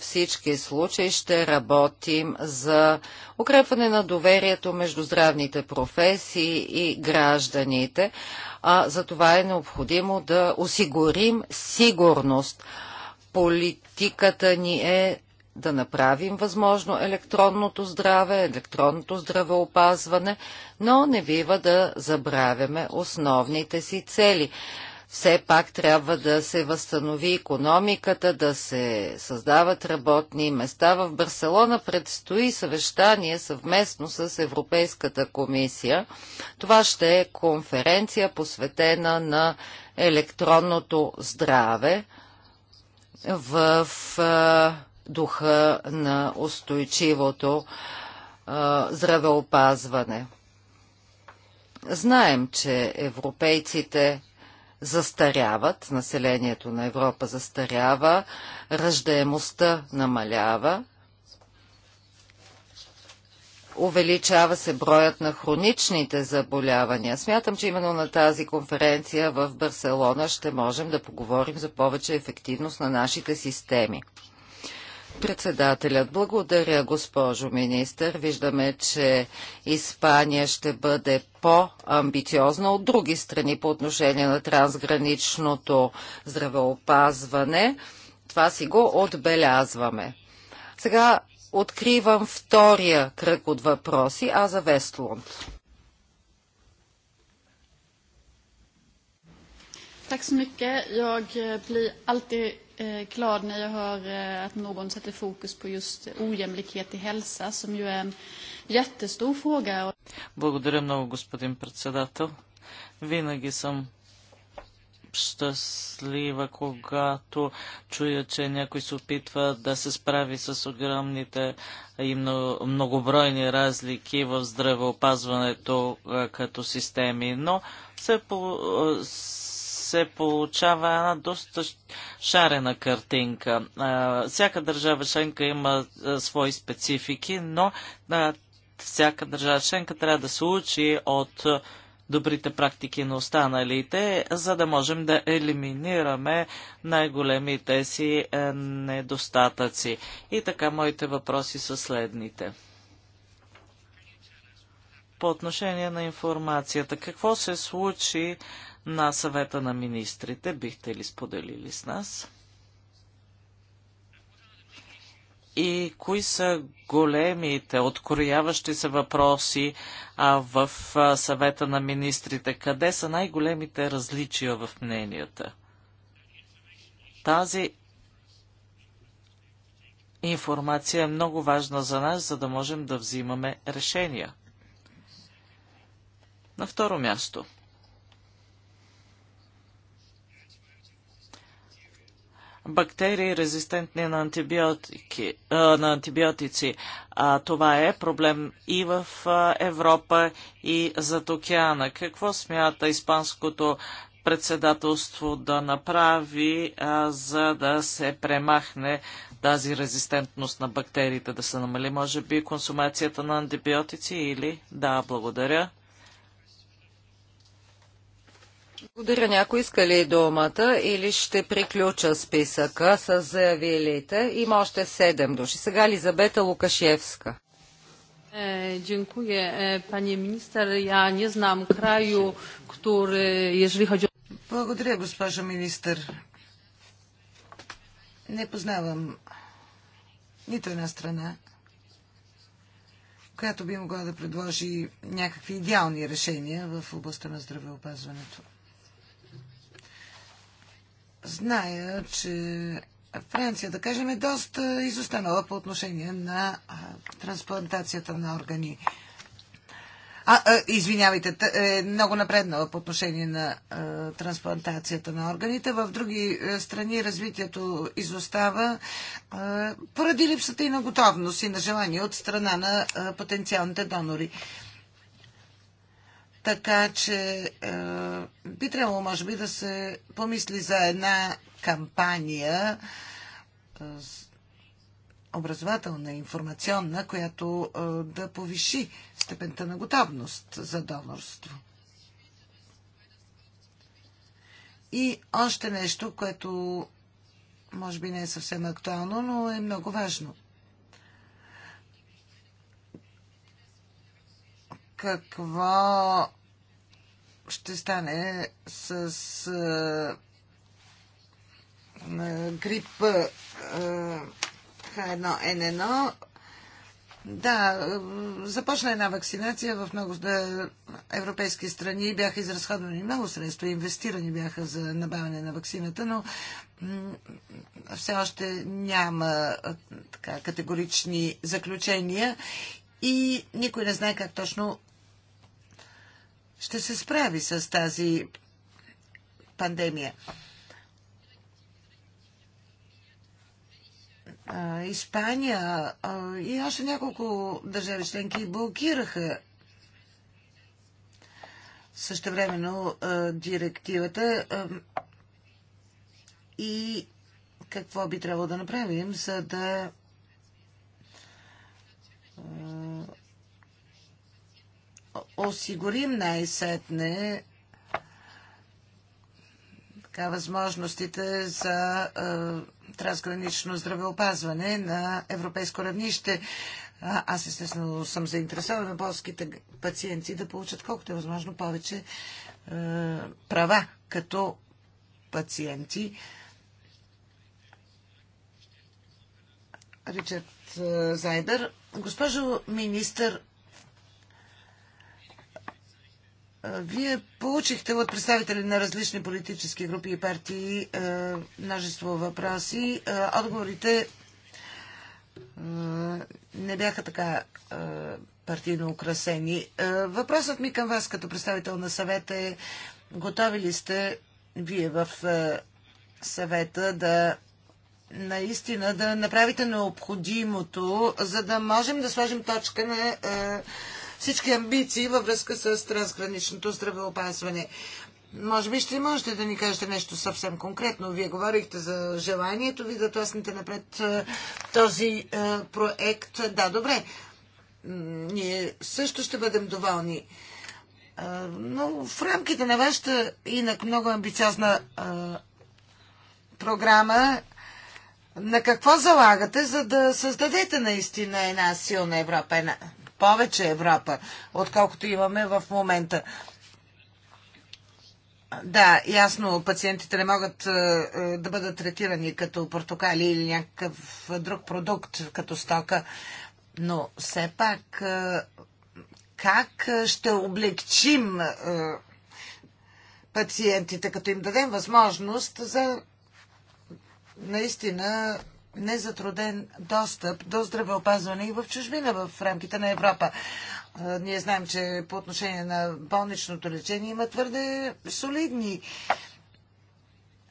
всички случаи ще работим за укрепване на доверието между здравните професии и гражданите. А за това е необходимо да осигурим сигурност. Политиката ни е да направим възможно електронното здраве, електронното здравеопазване, но не бива да забравяме основните си цели все пак трябва да се възстанови економиката, да се създават работни места. В Барселона предстои съвещание съвместно с Европейската комисия. Това ще е конференция посветена на електронното здраве в духа на устойчивото здравеопазване. Знаем, че европейците застаряват, населението на Европа застарява, ръждаемостта намалява, увеличава се броят на хроничните заболявания. Смятам, че именно на тази конференция в Барселона ще можем да поговорим за повече ефективност на нашите системи. Председателят, благодаря госпожо министър. Виждаме, че Испания ще бъде по-амбициозна от други страни по отношение на трансграничното здравеопазване. Това си го отбелязваме. Сега откривам втория кръг от въпроси, а за Вестлунд. Tack så mycket. Jag eh, blir alltid Eh, glad när jag hör att någon sätter fokus på just ojämlikhet i hälsa som ju är en jättestor fråga. Благодаря много, господин председател. Винаги съм щастлива, когато чуя, че някой се опитва да се справи с огромните и многобройни разлики в здравеопазването като системи. Но все по се получава една доста шарена картинка. Всяка държава членка има свои специфики, но всяка държава членка трябва да се учи от добрите практики на останалите, за да можем да елиминираме най-големите си е, недостатъци. И така, моите въпроси са следните. По отношение на информацията, какво се случи на съвета на министрите. Бихте ли споделили с нас? И кои са големите, открояващи се въпроси а, в а, съвета на министрите? Къде са най-големите различия в мненията? Тази информация е много важна за нас, за да можем да взимаме решения. На второ място – бактерии, резистентни на, антибиотики, на антибиотици. А, това е проблем и в Европа, и зад океана. Какво смята Испанското председателство да направи, а, за да се премахне тази резистентност на бактериите, да се намали, може би, консумацията на антибиотици или... Да, благодаря. Благодаря. Някой иска ли думата или ще приключа списъка с заявилите? Има още седем души. Сега Лизабета Лукашевска. Е, е, Благодаря, госпожа министър. Не познавам нито една страна, която би могла да предложи някакви идеални решения в областта на здравеопазването. Зная, че Франция, да кажем, е доста изостанала по отношение на трансплантацията на органи. А, а извинявайте, е много напреднала по отношение на а, трансплантацията на органите. В други страни развитието изостава а, поради липсата и на готовност и на желание от страна на а, потенциалните донори. А, така че е, би трябвало, може би, да се помисли за една кампания образователна образователна, информационна, която е, да повиши степента на готовност за донорство. И още нещо, което може би не е съвсем актуално, но е много важно. какво ще стане с а, а, грип а, H1N1. Да, започна една вакцинация в много европейски страни. Бяха изразходвани много средства, инвестирани бяха за набавяне на вакцината, но все още няма така, категорични заключения и никой не знае как точно ще се справи с тази пандемия. Испания и още няколко държави членки блокираха същевременно директивата и какво би трябвало да направим, за да осигурим най-сетне така, възможностите за е, трансгранично здравеопазване на европейско равнище. А, аз естествено съм заинтересована полските пациенти да получат колкото е възможно повече е, права като пациенти. Ричард е, Зайбер. Госпожо министър, Вие получихте от представители на различни политически групи и партии е, множество въпроси. Е, отговорите е, не бяха така е, партийно украсени. Е, въпросът ми към вас като представител на съвета е готови ли сте вие в е, съвета да наистина да направите необходимото, за да можем да сложим точка на е, всички амбиции във връзка с трансграничното здравеопазване. Може би ще можете да ни кажете нещо съвсем конкретно. Вие говорихте за желанието ви да тласнете напред е, този е, проект. Да, добре. Ние също ще бъдем доволни. Е, но в рамките на вашата инак много амбициозна програма, на какво залагате, за да създадете наистина една силна Европа, една повече Европа, отколкото имаме в момента. Да, ясно, пациентите не могат е, е, да бъдат третирани като портокали или някакъв друг продукт, като стока, но все пак е, как ще облегчим пациентите, като им дадем възможност за наистина незатруден достъп до здравеопазване и в чужбина в рамките на Европа. Ние знаем, че по отношение на болничното лечение има твърде солидни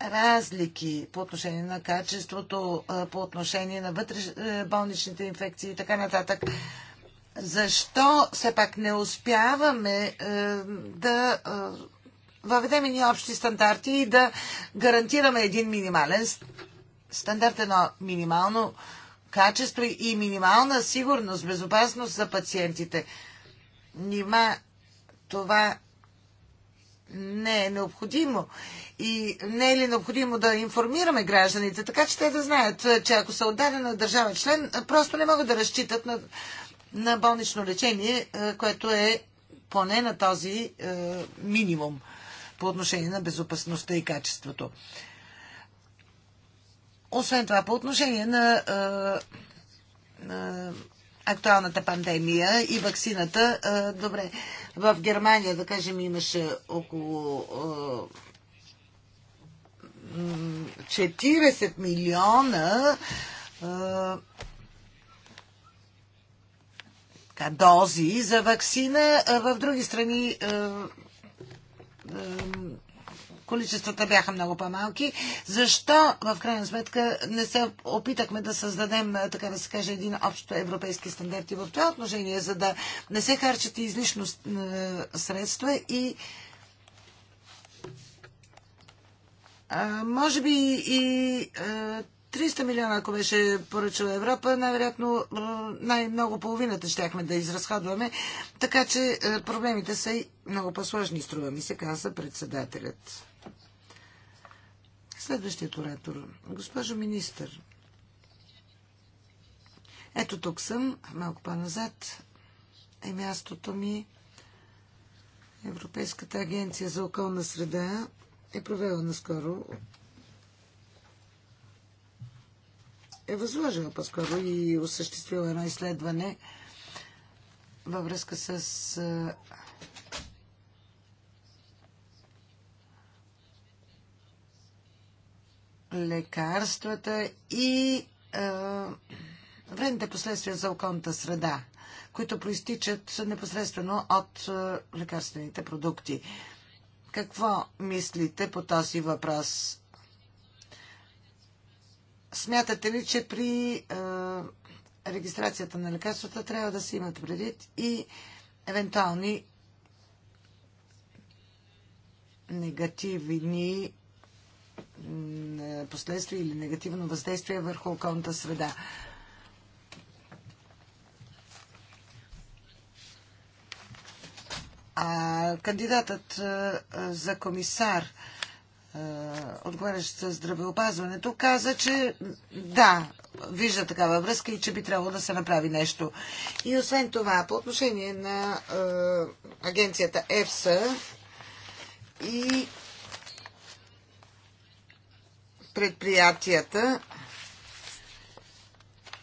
разлики по отношение на качеството, по отношение на вътреш... болничните инфекции и така нататък. Защо все пак не успяваме е, да е, въведем ни общи стандарти и да гарантираме един минимален стандарт е едно минимално качество и минимална сигурност, безопасност за пациентите. Нима това не е необходимо. И не е ли необходимо да информираме гражданите, така че те да знаят, че ако са отдадена държава член, просто не могат да разчитат на, на болнично лечение, е, което е поне на този е, минимум по отношение на безопасността и качеството. Освен това, по отношение на, на актуалната пандемия и вакцината, добре, в Германия, да кажем, имаше около 40 милиона дози за вакцина. В други страни количествата бяха много по-малки. Защо в крайна сметка не се опитахме да създадем, така да се каже, един общо европейски стандарт и в това отношение, за да не се харчат и излишно средства и може би и 300 милиона, ако беше поръчала Европа, най-вероятно най-много половината щяхме да изразходваме. Така че проблемите са и много по-сложни, струва ми се, каза председателят. Следващият оратор. Госпожо министър, ето тук съм, малко по-назад е мястото ми. Европейската агенция за околна среда е провела наскоро е възложила по-скоро и осъществила едно изследване във връзка с лекарствата и а, вредните последствия за околната среда, които проистичат непосредствено от а, лекарствените продукти. Какво мислите по този въпрос? Смятате ли, че при а, регистрацията на лекарствата трябва да се имат предвид и евентуални негативни е, последствие или негативно въздействие върху околната среда. А кандидатът е, е, за комисар, отговарящ за здравеопазването, каза, че да, вижда такава връзка и че би трябвало да се направи нещо. И освен това, по отношение на агенцията ЕФСА и предприятията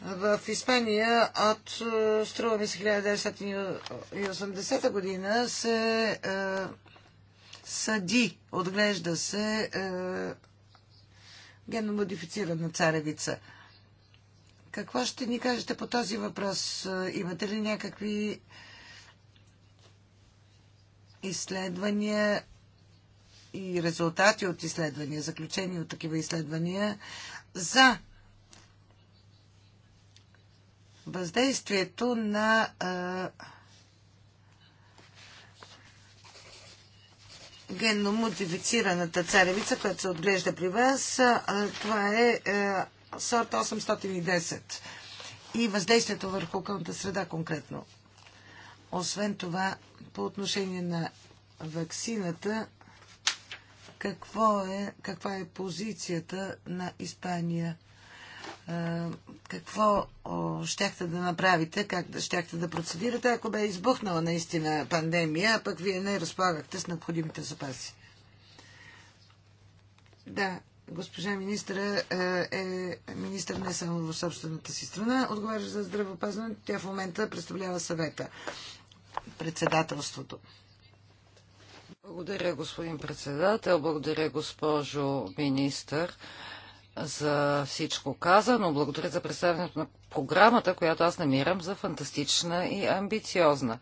в Испания от, е, струва ми се, 1980 година се е, съди, отглежда се е, генномодифицирана царевица. Какво ще ни кажете по този въпрос? Е, имате ли някакви изследвания и резултати от изследвания, заключения от такива изследвания за въздействието на генно модифицираната царевица, която се отглежда при вас. това е сорт 810 и въздействието върху околната среда конкретно. Освен това, по отношение на ваксината, какво е, каква е позицията на Испания? Какво щяхте да направите, как да, щяхте да процедирате, ако бе избухнала наистина пандемия, а пък вие не разполагахте с необходимите запаси? Да, госпожа министра е, е министър не само в собствената си страна, отговаря за здравеопазването, тя в момента представлява съвета, председателството. Благодаря, господин председател. Благодаря, госпожо министър, за всичко казано. Благодаря за представянето на програмата, която аз намирам за фантастична и амбициозна.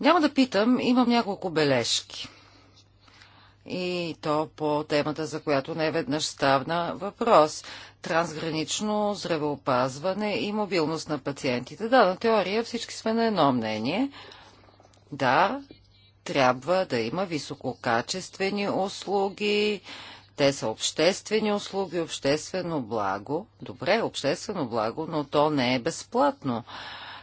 Няма да питам, имам няколко бележки. И то по темата, за която не веднъж ставна въпрос. Трансгранично здравеопазване и мобилност на пациентите. Да, на теория всички сме на едно мнение. Да, трябва да има висококачествени услуги, те са обществени услуги, обществено благо. Добре, обществено благо, но то не е безплатно.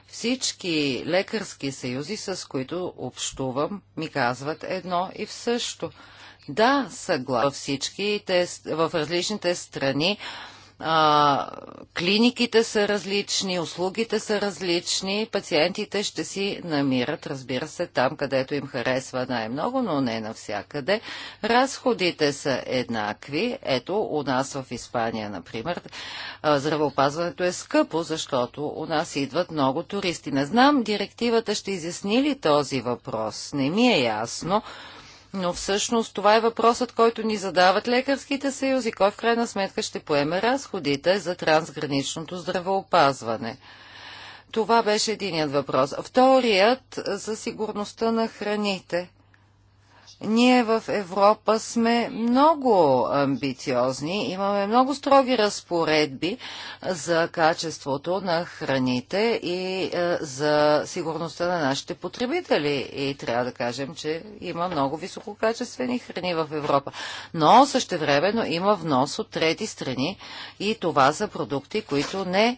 Всички лекарски съюзи, с които общувам, ми казват едно и в също. Да, съгласно всички в различните страни а, клиниките са различни, услугите са различни, пациентите ще си намират, разбира се, там, където им харесва най-много, но не навсякъде. Разходите са еднакви. Ето, у нас в Испания, например, здравеопазването е скъпо, защото у нас идват много туристи. Не знам, директивата ще изясни ли този въпрос? Не ми е ясно. Но всъщност това е въпросът, който ни задават лекарските съюзи. Кой в крайна сметка ще поеме разходите за трансграничното здравеопазване? Това беше единият въпрос. Вторият за сигурността на храните – ние в Европа сме много амбициозни, имаме много строги разпоредби за качеството на храните и е, за сигурността на нашите потребители. И трябва да кажем, че има много висококачествени храни в Европа. Но същевременно има внос от трети страни и това са продукти, които не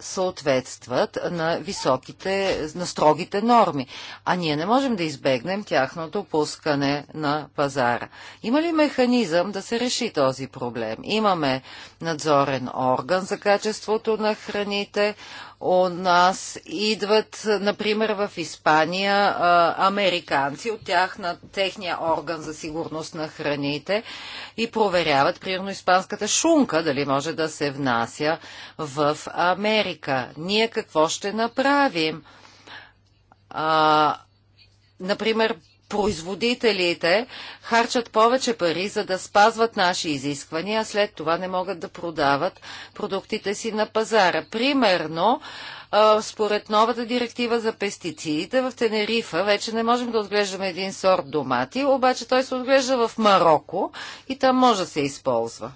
съответстват на високите, на строгите норми, а ние не можем да избегнем тяхното пускане на пазара. Има ли механизъм да се реши този проблем? Имаме надзорен орган за качеството на храните, у нас идват, например, в Испания американци от тях на техния орган за сигурност на храните и проверяват, примерно, испанската шунка, дали може да се внася в Америка. Ние какво ще направим? А, например, производителите харчат повече пари, за да спазват наши изисквания, а след това не могат да продават продуктите си на пазара. Примерно, според новата директива за пестицидите в Тенерифа вече не можем да отглеждаме един сорт домати, обаче той се отглежда в Марокко и там може да се използва.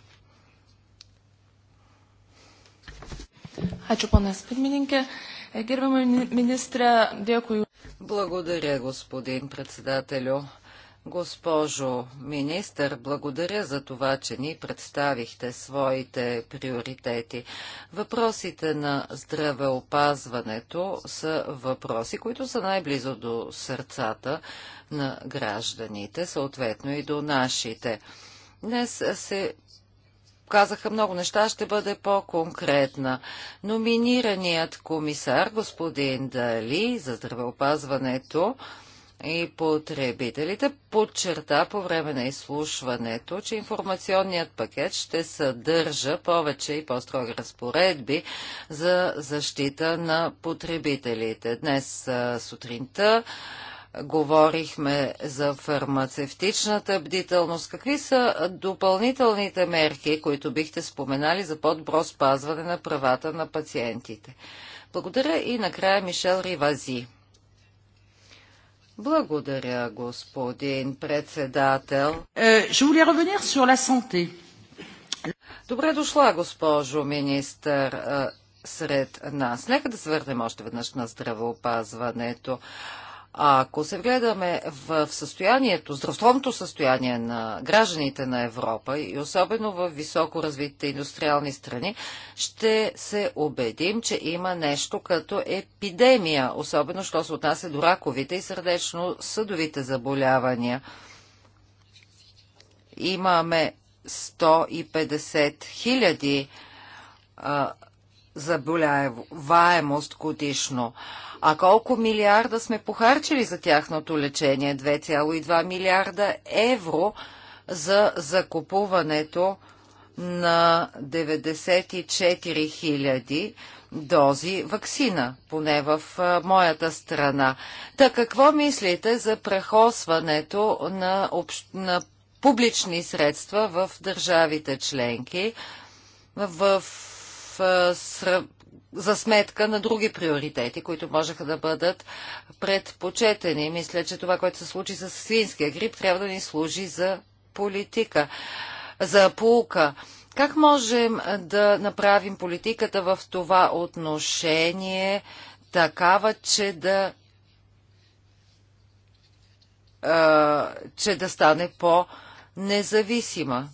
Ačiū, ponas pirmininkė. Gerbiamą министра, благодаря, господин председателю. Госпожо министър, благодаря за това, че ни представихте своите приоритети. Въпросите на здравеопазването са въпроси, които са най-близо до сърцата на гражданите, съответно и до нашите. Днес се казаха много неща, ще бъде по-конкретна. Номинираният комисар, господин Дали, за здравеопазването и потребителите, подчерта по време на изслушването, че информационният пакет ще съдържа повече и по-строги разпоредби за защита на потребителите. Днес сутринта говорихме за фармацевтичната бдителност. Какви са допълнителните мерки, които бихте споменали за по-добро спазване на правата на пациентите? Благодаря и накрая Мишел Ривази. Благодаря, господин председател. Е, Добре дошла, госпожо министър, е, сред нас. Нека да се върнем още веднъж на здравеопазването. Ако се вгледаме в състоянието, здравословното състояние на гражданите на Европа и особено в високо развитите индустриални страни, ще се убедим, че има нещо като епидемия, особено що се отнася до раковите и сърдечно-съдовите заболявания. Имаме 150 хиляди заболяваемост годишно. А колко милиарда сме похарчили за тяхното лечение? 2,2 милиарда евро за закупуването на 94 хиляди дози вакцина, поне в а, моята страна. Та какво мислите за прехосването на, общ... на публични средства в държавите членки в за сметка на други приоритети, които можеха да бъдат предпочетени. Мисля, че това, което се случи с свинския грип, трябва да ни служи за политика, за полука. Как можем да направим политиката в това отношение такава, че да че да стане по-независима.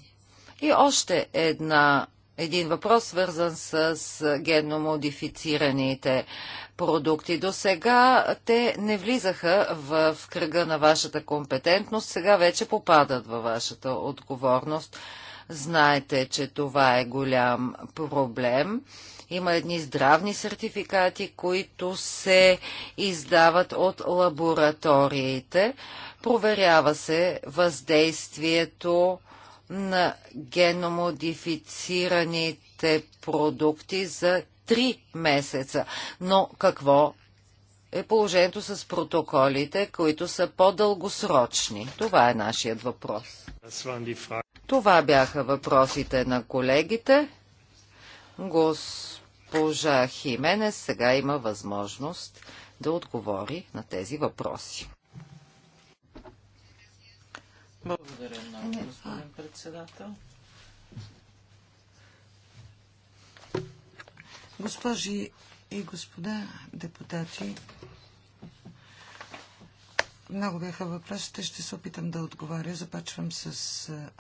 И още една един въпрос, свързан с генномодифицираните продукти. До сега те не влизаха в кръга на вашата компетентност, сега вече попадат във вашата отговорност. Знаете, че това е голям проблем. Има едни здравни сертификати, които се издават от лабораториите. Проверява се въздействието на геномодифицираните продукти за 3 месеца. Но какво е положението с протоколите, които са по-дългосрочни? Това е нашият въпрос. Това бяха въпросите на колегите. Госпожа Хименес сега има възможност да отговори на тези въпроси. Благодаря много, е, господин председател. Госпожи и господа депутати, много бяха въпросите. Ще се опитам да отговаря. Започвам с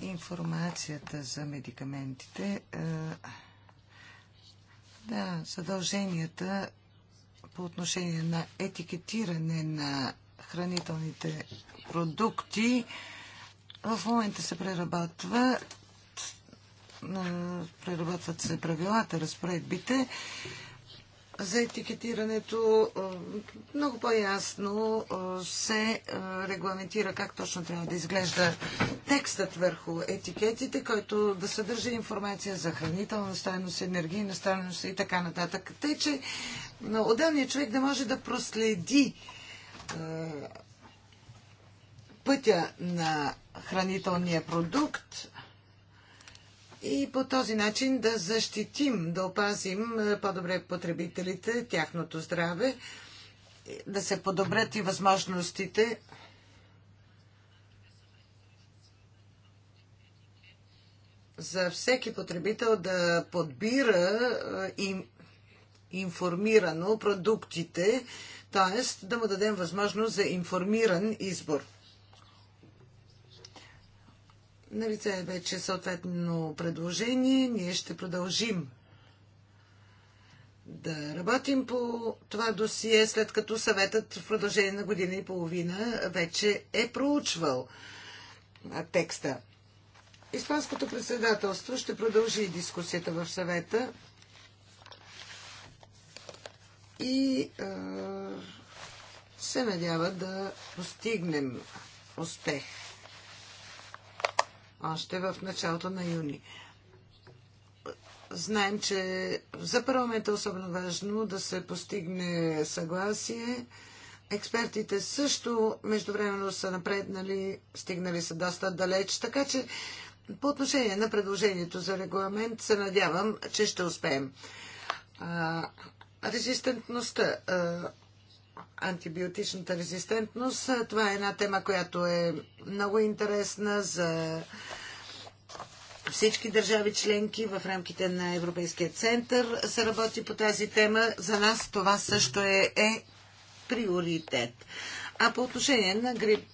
информацията за медикаментите. Да, задълженията по отношение на етикетиране на хранителните продукти в момента се преработват, преработват се правилата, разпоредбите за етикетирането много по-ясно се регламентира как точно трябва да изглежда текстът върху етикетите, който да съдържа информация за хранителна стойност, енергийна стойност и така нататък. Тъй, че отделният човек да може да проследи пътя на хранителния продукт и по този начин да защитим, да опазим е, по-добре потребителите, тяхното здраве, да се подобрят и възможностите за всеки потребител да подбира е, им, информирано продуктите, т.е. да му дадем възможност за информиран избор. На лице е вече съответно предложение. Ние ще продължим да работим по това досие, след като съветът в продължение на година и половина вече е проучвал текста. Испанското председателство ще продължи дискусията в съвета и е, се надява да постигнем успех още в началото на юни. Знаем, че за парламента е особено важно да се постигне съгласие. Експертите също междувременно са напреднали, стигнали са доста далеч, така че по отношение на предложението за регламент се надявам, че ще успеем. А, резистентността. А, антибиотичната резистентност. Това е една тема, която е много интересна за всички държави членки в рамките на Европейския център се работи по тази тема. За нас това също е, е приоритет. А по отношение на грип,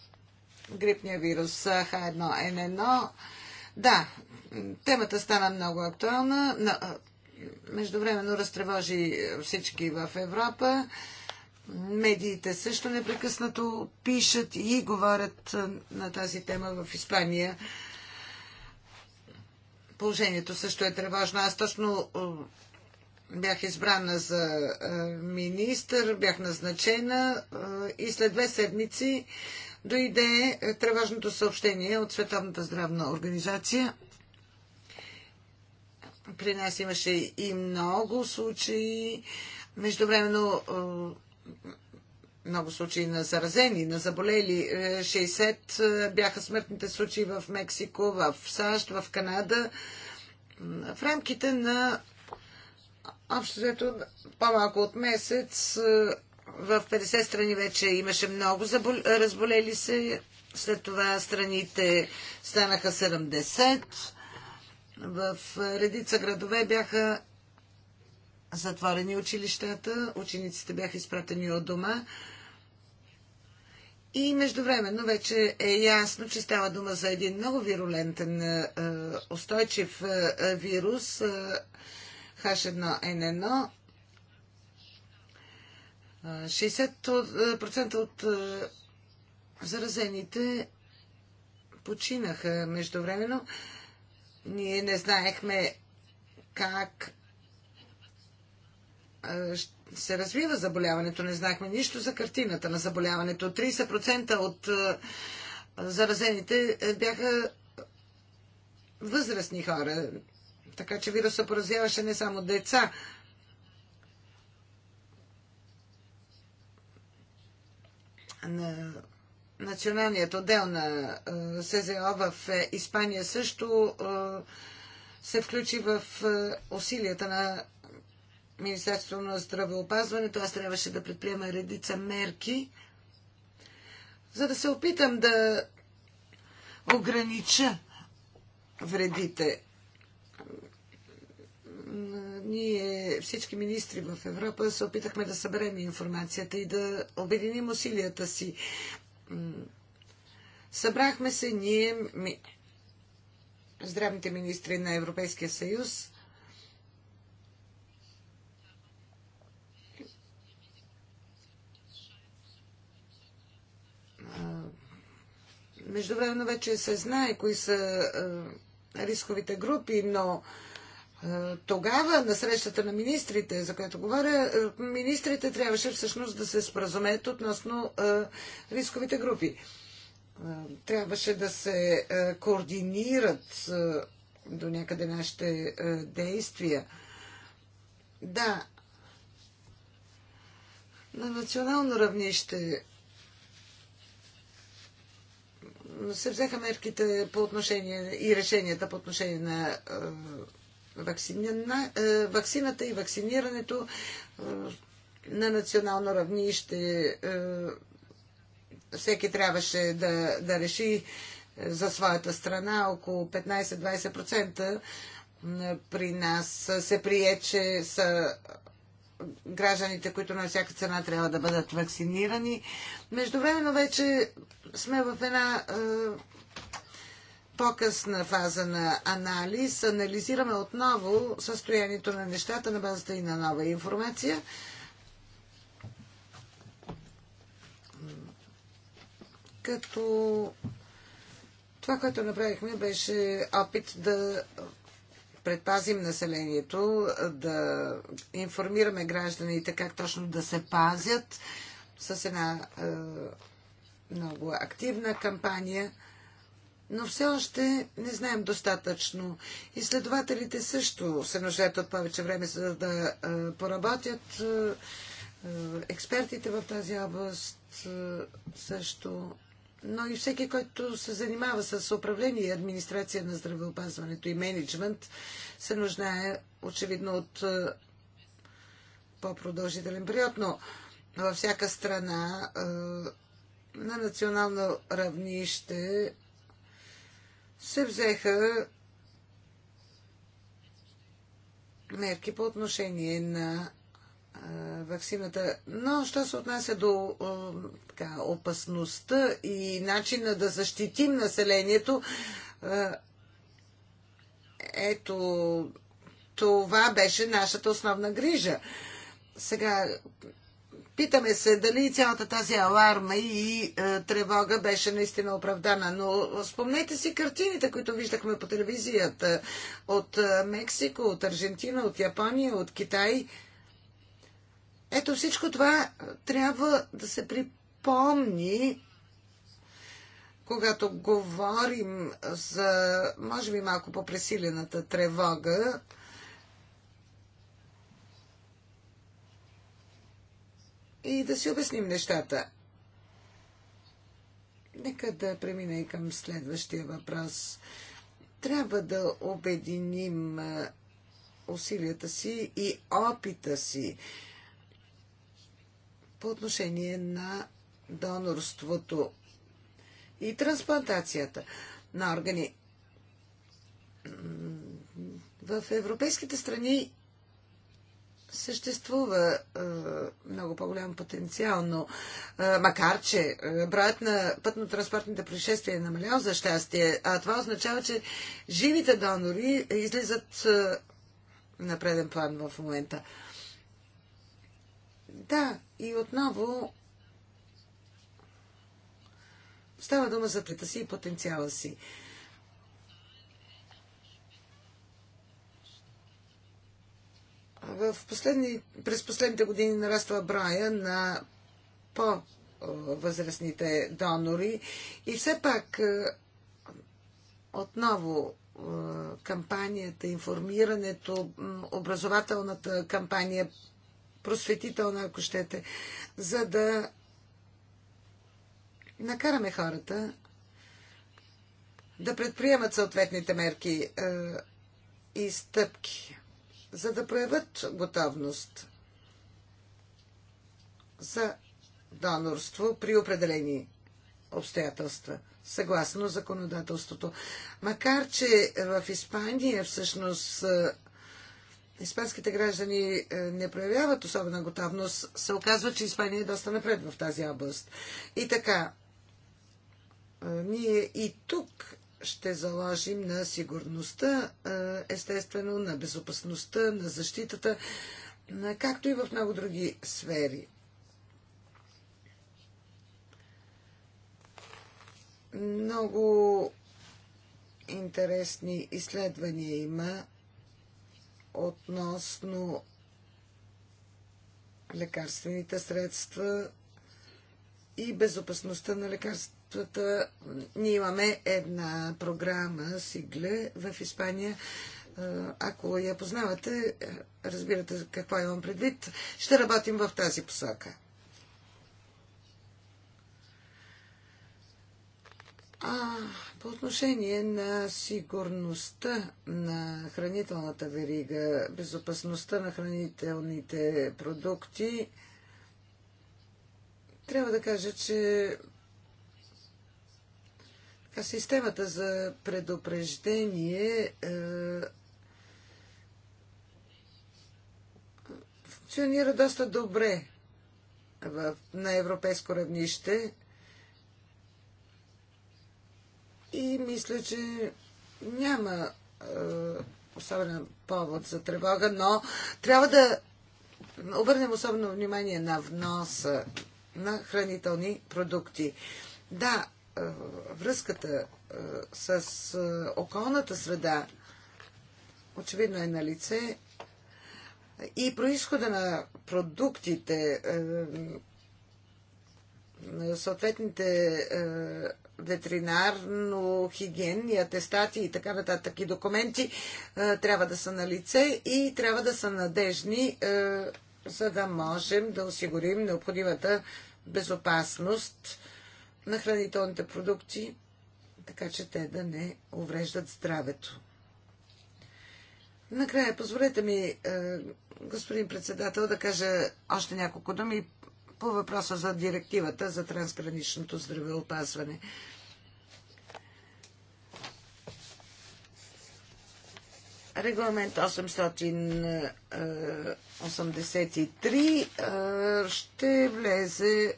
грипния вирус H1N1, да, темата стана много актуална. Междувременно разтревожи всички в Европа. Медиите също непрекъснато пишат и говорят на тази тема в Испания. Положението също е тревожно. Аз точно бях избрана за министър, бях назначена и след две седмици дойде тревожното съобщение от Световната здравна организация. При нас имаше и много случаи. Междувременно много случаи на заразени, на заболели. 60 е, е, бяха смъртните случаи в Мексико, в САЩ, в Канада. В рамките на общо взето по-малко от месец е, в 50 страни вече имаше много забол... разболели се. След това страните станаха 70. В редица градове бяха затворени училищата, учениците бяха изпратени от дома. И междувременно вече е ясно, че става дума за един много вирулентен, е, устойчив е, вирус е, H1N1. 60% от заразените починаха междувременно. Ние не знаехме как се развива заболяването. Не знахме нищо за картината на заболяването. 30% от заразените е, бяха възрастни хора. Така че вируса поразяваше не само деца. На националният отдел на СЗО в е, Испания също се включи в усилията на Министерството на здравеопазването, аз трябваше да предприема редица мерки, за да се опитам да огранича вредите. Ние, всички министри в Европа, се опитахме да съберем информацията и да обединим усилията си. Събрахме се ние, здравните министри на Европейския съюз, Междувременно вече се знае кои са е, рисковите групи, но е, тогава на срещата на министрите, за която говоря, е, министрите трябваше всъщност да се споразумеят относно рисковите групи. Трябваше да се координират до някъде нашите действия. Да, на национално равнище се взеха мерките по отношение и решенията по отношение на е, е, ваксината вакцината и вакцинирането е, на национално равнище. Всеки трябваше да, да реши за своята страна около 15-20% при нас се прие, че са гражданите, които на всяка цена трябва да бъдат вакцинирани. Междувременно вече сме в една е, по-късна фаза на анализ. Анализираме отново състоянието на нещата на базата и на нова информация. Като това, което направихме, беше опит да предпазим населението, да информираме гражданите как точно да се пазят с една е, много активна кампания. Но все още не знаем достатъчно. Изследователите също се нуждаят от повече време, за да е, поработят. Е, експертите в тази област също но и всеки, който се занимава с управление и администрация на здравеопазването и менеджмент, се нуждае очевидно от е, по-продължителен период, но във всяка страна е, на национално равнище се взеха мерки по отношение на ваксината. Но, що се отнася до така, опасността и начина да защитим населението, ето, това беше нашата основна грижа. Сега, питаме се дали цялата тази аларма и е, тревога беше наистина оправдана. Но спомнете си картините, които виждахме по телевизията от Мексико, от Аржентина, от Япония, от Китай – ето всичко това трябва да се припомни, когато говорим за, може би, малко по-пресилената тревога. И да си обясним нещата. Нека да премина и към следващия въпрос. Трябва да обединим усилията си и опита си по отношение на донорството и трансплантацията на органи. В европейските страни съществува е, много по-голям потенциал, но е, макар, че е, броят на пътно-транспортните происшествия е намалял за щастие, а това означава, че живите донори излизат е, на преден план в момента. Е, да, и отново става дума за плета си и потенциала си. В последни, през последните години нараства броя на по-възрастните донори и все пак е, отново е, кампанията, информирането, образователната кампания просветителна, ако щете, за да накараме хората да предприемат съответните мерки е, и стъпки, за да проявят готовност за донорство при определени обстоятелства, съгласно законодателството. Макар, че в Испания всъщност е, испанските граждани е, не проявяват особена готовност, се оказва, че Испания е доста напред в тази област. И така, е, ние и тук ще заложим на сигурността, е, естествено, на безопасността, на защитата, както и в много други сфери. Много интересни изследвания има относно лекарствените средства и безопасността на лекарствата. Ние имаме една програма Сигле в Испания. Ако я познавате, разбирате какво имам предвид. Ще работим в тази посока. А, по отношение на сигурността на хранителната верига, безопасността на хранителните продукти, трябва да кажа, че така, системата за предупреждение е, функционира доста добре в, на европейско равнище. И мисля, че няма е, особен повод за тревога, но трябва да обърнем особено внимание на вноса на хранителни продукти. Да, е, връзката е, с околната среда очевидно е на лице и происхода на продуктите, съответните ветеринарно, хигиенни атестати и така нататък и документи е, трябва да са на лице и трябва да са надежни, е, за да можем да осигурим необходимата безопасност на хранителните продукти, така че те да не увреждат здравето. Накрая, позволете ми, е, господин председател, да кажа още няколко думи по въпроса за директивата за трансграничното здравеопазване. Регламент 883 ще влезе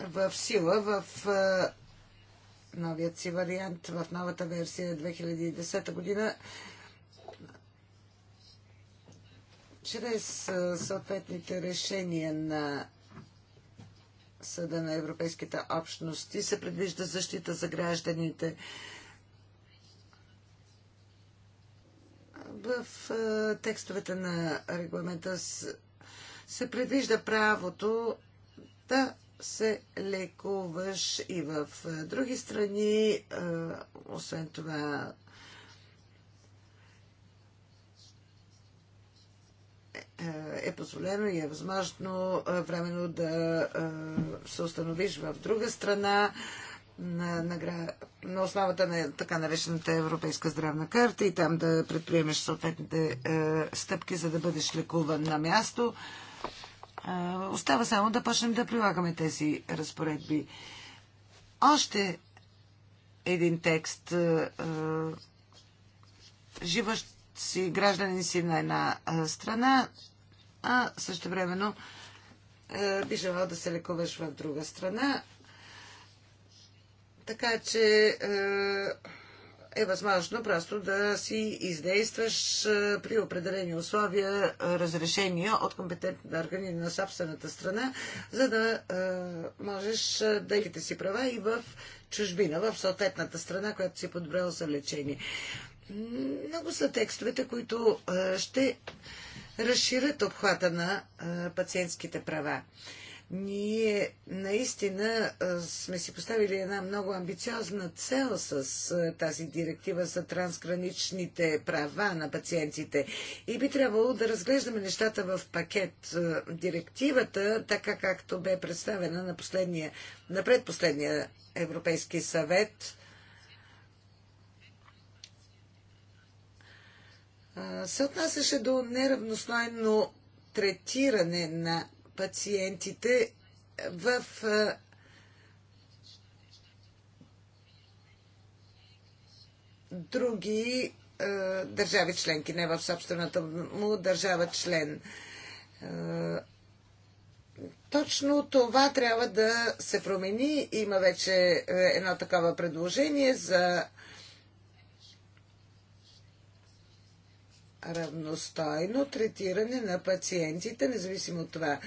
в сила в новият си вариант, в новата версия 2010 година. чрез съответните решения на Съда на Европейските общности се предвижда защита за гражданите. В текстовете на регламента се предвижда правото да се лекуваш и в други страни. Освен това, е позволено и е възможно временно да се установиш в друга страна на, на, на основата на така наречената Европейска здравна карта и там да предприемеш съответните стъпки, за да бъдеш лекуван на място. остава само да почнем да прилагаме тези разпоредби. Още един текст. живащ си гражданин си на една страна а също времено е, би желал да се лекуваш в друга страна. Така че е, е възможно просто да си издействаш е, при определени условия разрешения от компетентните органи на собствената страна, за да можеш да ехите си права и в чужбина, в съответната страна, която си подбрал за лечение. Много са текстовете, които ще разширят обхвата на пациентските права. Ние наистина сме си поставили една много амбициозна цел с тази директива за трансграничните права на пациентите и би трябвало да разглеждаме нещата в пакет. Директивата, така както бе представена на, последния, на предпоследния Европейски съвет, се отнасяше до неравностойно третиране на пациентите в други държави членки, не в собствената му държава член. точно това трябва да се промени. Има вече едно такова предложение за равностойно третиране на пациентите, независимо от това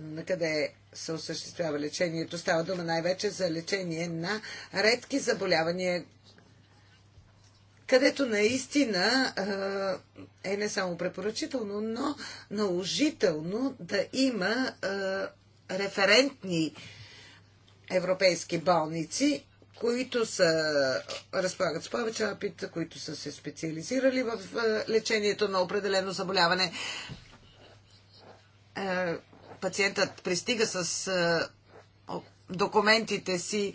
на къде се осъществява лечението. Става дума най-вече за лечение на редки заболявания, където наистина е не само препоръчително, но наложително да има референтни европейски болници които са, разполагат с повече опит, които са се специализирали в е, лечението на определено заболяване. Е, пациентът пристига с е, документите си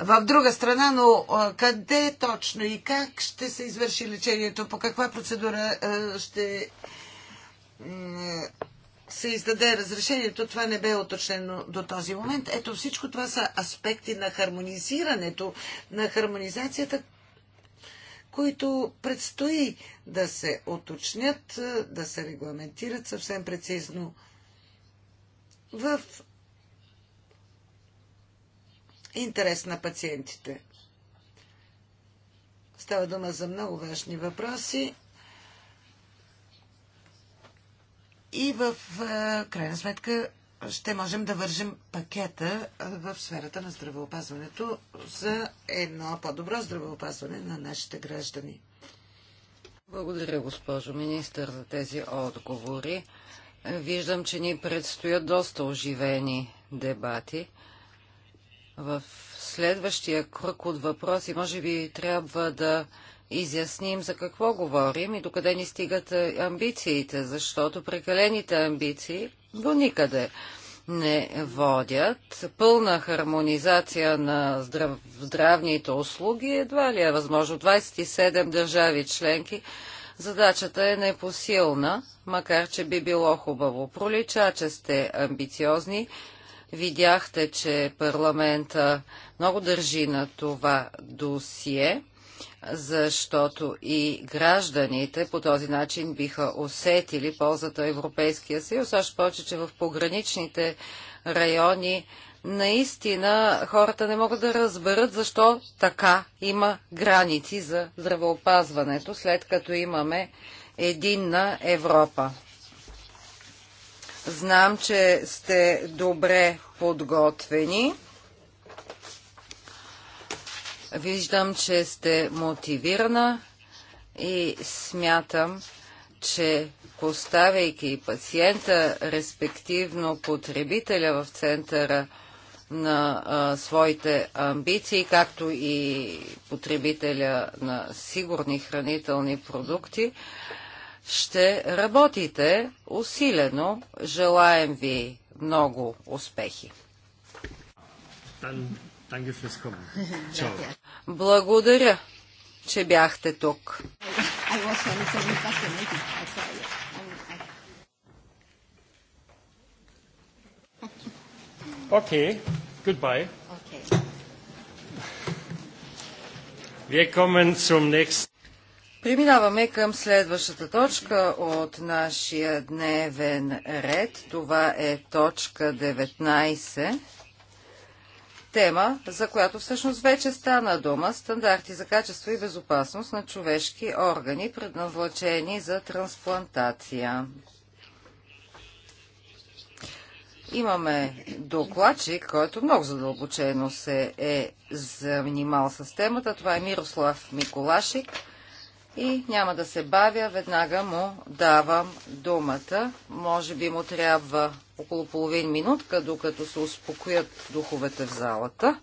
в друга страна, но къде точно и как ще се извърши лечението, по каква процедура ще се издаде разрешението, това не бе оточнено до този момент. Ето всичко това са аспекти на хармонизирането, на хармонизацията, които предстои да се оточнят, да се регламентират съвсем прецизно в интерес на пациентите. Става дума за много важни въпроси. и в е, крайна сметка ще можем да вържем пакета е, в сферата на здравеопазването за едно по-добро здравеопазване на нашите граждани. Благодаря, госпожо министър, за тези отговори. Е, виждам, че ни предстоят доста оживени дебати. В следващия кръг от въпроси, може би трябва да изясним за какво говорим и докъде ни стигат е, амбициите, защото прекалените амбиции до никъде не водят. Пълна хармонизация на здрав... здравните услуги едва ли е възможно. 27 държави членки. Задачата е непосилна, макар че би било хубаво. Пролича, че сте амбициозни. Видяхте, че парламента много държи на това досие защото и гражданите по този начин биха усетили ползата Европейския съюз, още повече, че в пограничните райони наистина хората не могат да разберат защо така има граници за здравеопазването, след като имаме единна Европа. Знам, че сте добре подготвени. Виждам, че сте мотивирана и смятам, че поставяйки пациента, респективно потребителя в центъра на а, своите амбиции, както и потребителя на сигурни хранителни продукти, ще работите усилено. Желаем ви много успехи! Благодаря, че бяхте тук. Окей, goodbye. Okay. Wir kommen Преминаваме към следващата точка от нашия дневен ред. Това е точка тема, за която всъщност вече стана дума – стандарти за качество и безопасност на човешки органи, предназначени за трансплантация. Имаме докладчик, който много задълбочено се е занимал с темата. Това е Мирослав Миколашик – и няма да се бавя, веднага му давам думата. Може би му трябва около половин минутка, докато се успокоят духовете в залата.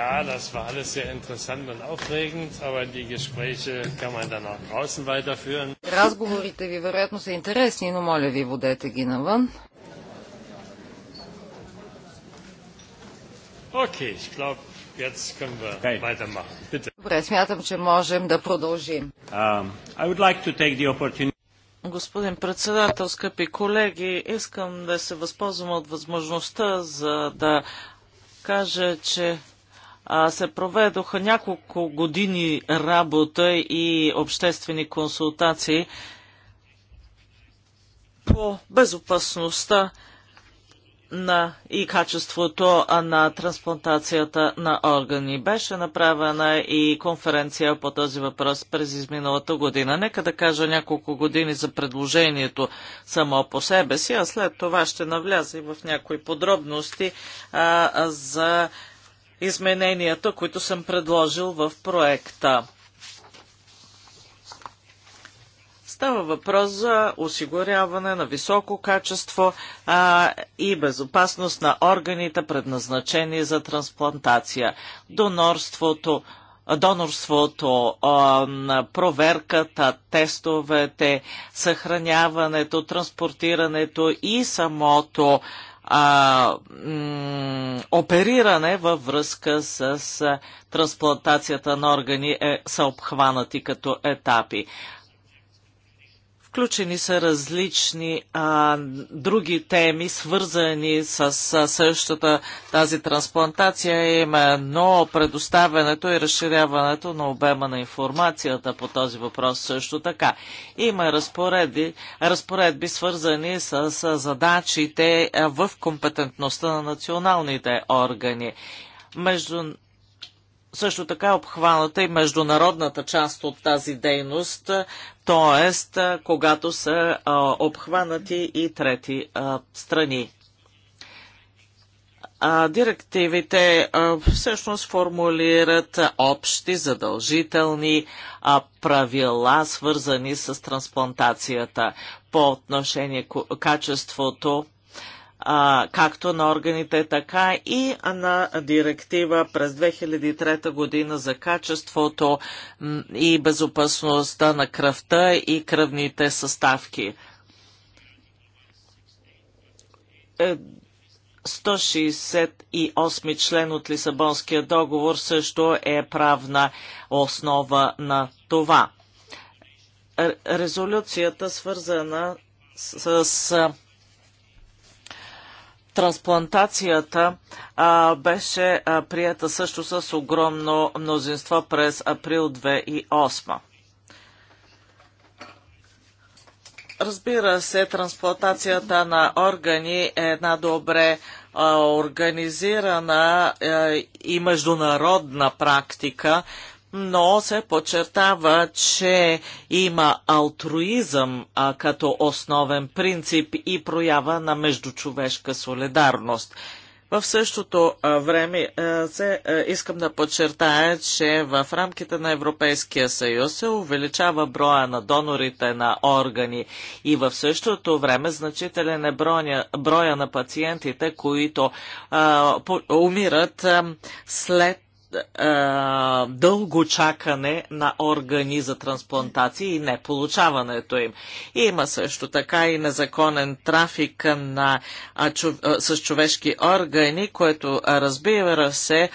Ja, das war alles sehr interessant und aufregend, aber die Gespräche kann man dann auch draußen weiterführen. Разговорите ви вероятно са интересни, но моля ви водете ги навън. okay. Добре, смятам, че можем да продължим. Um, I would like to take the Господин председател, скъпи колеги, искам да се възползвам от възможността за да кажа, че се проведоха няколко години работа и обществени консултации по безопасността на и качеството на трансплантацията на органи. Беше направена и конференция по този въпрос през изминалата година. Нека да кажа няколко години за предложението само по себе си, а след това ще навляза и в някои подробности а, за измененията, които съм предложил в проекта. Става въпрос за осигуряване на високо качество а, и безопасност на органите, предназначени за трансплантация. Донорството, донорството, проверката, тестовете, съхраняването, транспортирането и самото а, опериране във връзка с, трансплантацията на органи е, са обхванати като етапи. Включени са различни а, други теми, свързани с, а, същата тази трансплантация, именно предоставянето и разширяването на обема на информацията по този въпрос също така. Има разпоредби, разпоредби свързани с, а, задачите в компетентността на националните органи. Между също така обхваната и международната част от тази дейност, т.е. когато са а, обхванати и трети а, страни. А, директивите а, всъщност формулират общи задължителни а, правила, свързани с трансплантацията по отношение качеството а, както на органите, така и на директива през 2003 година за качеството и безопасността на кръвта и кръвните съставки. 168 е, член от Лисабонския договор също е правна основа на това. Е, резолюцията свързана с, с трансплантацията а, беше а, прията също с огромно мнозинство през април 2008. Разбира се, трансплантацията на органи е една добре а, организирана а, и международна практика, но се подчертава, че има алтруизъм а, като основен принцип и проява на междучовешка солидарност. В същото време се, искам да подчертая, че в рамките на Европейския съюз се увеличава броя на донорите на органи и в същото време значителен е броя, броя на пациентите, които а, по, умират а, след е, дълго чакане на органи за трансплантации и не получаването им. има също така и незаконен трафик на, а, чу, а, е, с човешки органи, което разбира се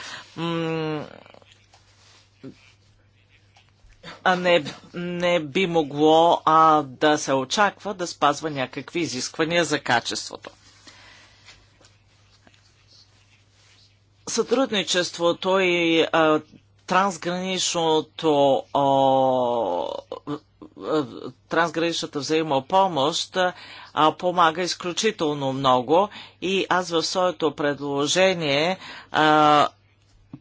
а не, не би могло а, да се очаква да спазва някакви изисквания за качеството. сътрудничеството и а, трансграничното а, трансграничната взаимопомощ а, помага изключително много и аз в своето предложение а,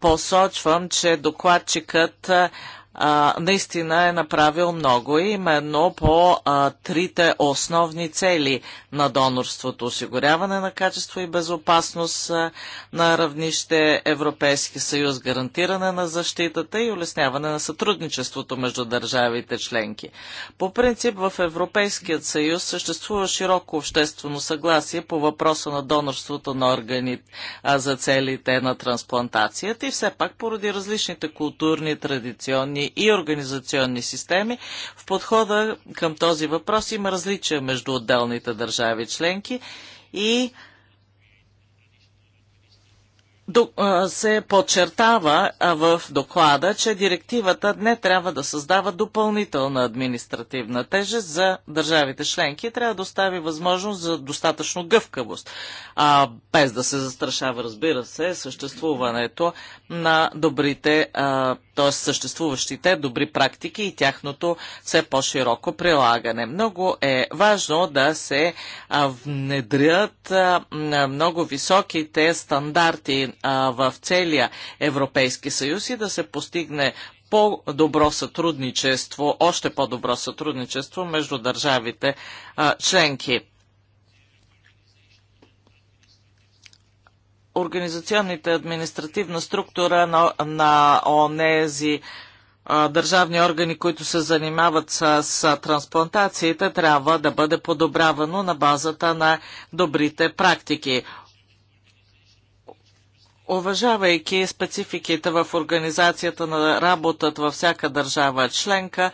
посочвам, че докладчикът а, наистина е направил много именно по а, трите основни цели на донорството. Осигуряване на качество и безопасност а, на равнище Европейски съюз, гарантиране на защитата и улесняване на сътрудничеството между държавите членки. По принцип в Европейският съюз съществува широко обществено съгласие по въпроса на донорството на органи а, за целите на трансплантацията и все пак поради различните културни, традиционни и организационни системи, в подхода към този въпрос има различия между отделните държави членки и се подчертава в доклада, че директивата не трябва да създава допълнителна административна тежест за държавите членки трябва да остави възможност за достатъчно гъвкавост, а, без да се застрашава, разбира се, съществуването на добрите, т.е. съществуващите добри практики и тяхното все по-широко прилагане. Много е важно да се внедрят много високите стандарти а, в целия Европейски съюз и да се постигне по-добро сътрудничество, още по-добро сътрудничество между държавите а, членки. Организационните административна структура на, на онези държавни органи, които се занимават с, с трансплантациите, трябва да бъде подобравано на базата на добрите практики уважавайки спецификите в организацията на работата във всяка държава членка,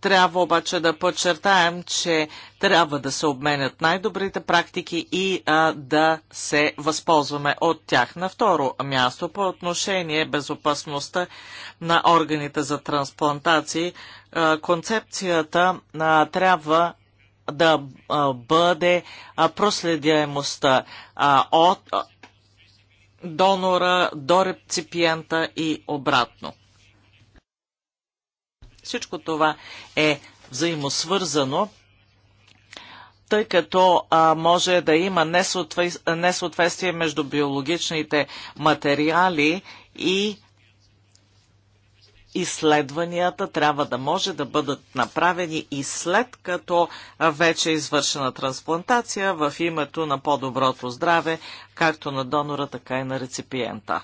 трябва обаче да подчертаем, че трябва да се обменят най-добрите практики и а, да се възползваме от тях. На второ място по отношение безопасността на органите за трансплантации, а, концепцията а, трябва да а, бъде а, проследяемостта а, от. А, донора до реципиента и обратно. Всичко това е взаимосвързано, тъй като а, може да има несъответствие между биологичните материали и изследванията трябва да може да бъдат направени и след като вече е извършена трансплантация в името на по-доброто здраве, както на донора, така и на реципиента.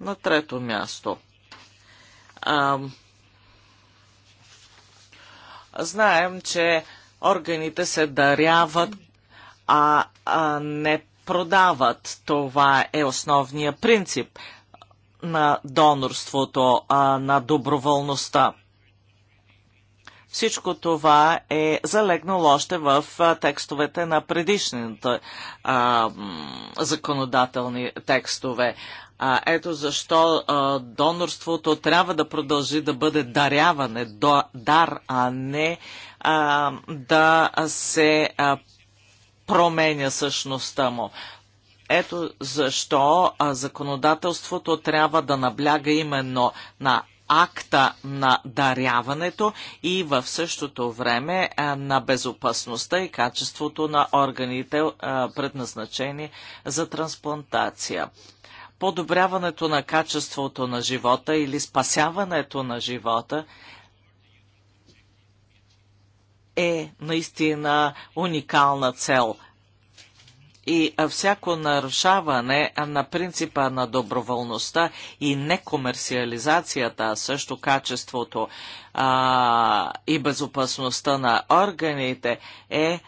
На трето място. А, знаем, че органите се даряват, а, а не продават. Това е основния принцип на донорството, а на доброволността. Всичко това е залегнало още в текстовете на предишните а, законодателни текстове. А, ето защо а, донорството трябва да продължи да бъде даряване, до, дар, а не а, да се а, променя същността му. Ето защо законодателството трябва да набляга именно на акта на даряването и в същото време на безопасността и качеството на органите, предназначени за трансплантация. Подобряването на качеството на живота или спасяването на живота е наистина уникална цел – и всяко нарушаване на принципа на доброволността и некомерциализацията, а също качеството а, и безопасността на органите е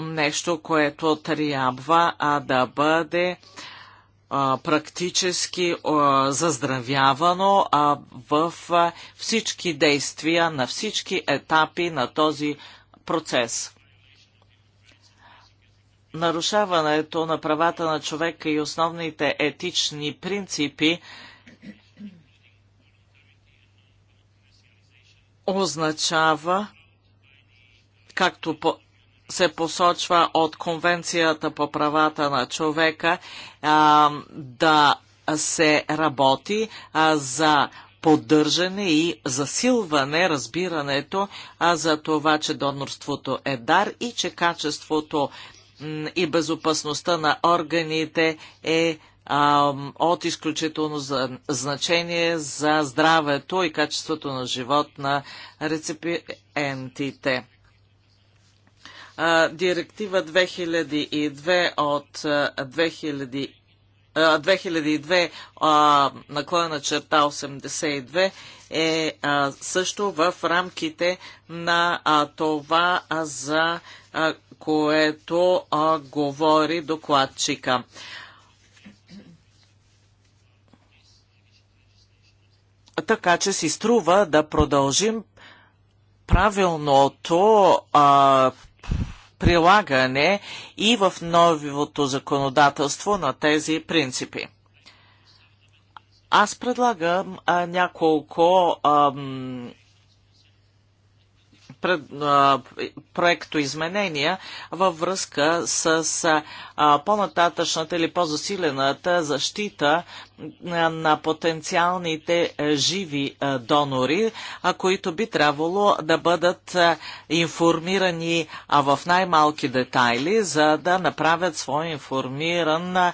нещо, което трябва а, да бъде практически заздравявано в всички действия на всички етапи на този процес нарушаването на правата на човека и основните етични принципи означава, както по се посочва от Конвенцията по правата на човека, а, да се работи а, за поддържане и засилване разбирането а за това, че донорството е дар и че качеството и безопасността на органите е а, от изключително значение за здравето и качеството на живот на реципиентите. директива 2002 от 2000 2002 наклона черта 82 е също в рамките на това за което а, говори докладчика. Така че си струва да продължим правилното а, прилагане и в новото законодателство на тези принципи. Аз предлагам а, няколко а, проектоизменения проекто изменения във връзка с по-нататъчната или по-засилената защита на потенциалните живи донори, които би трябвало да бъдат информирани в най-малки детайли, за да направят своя информиран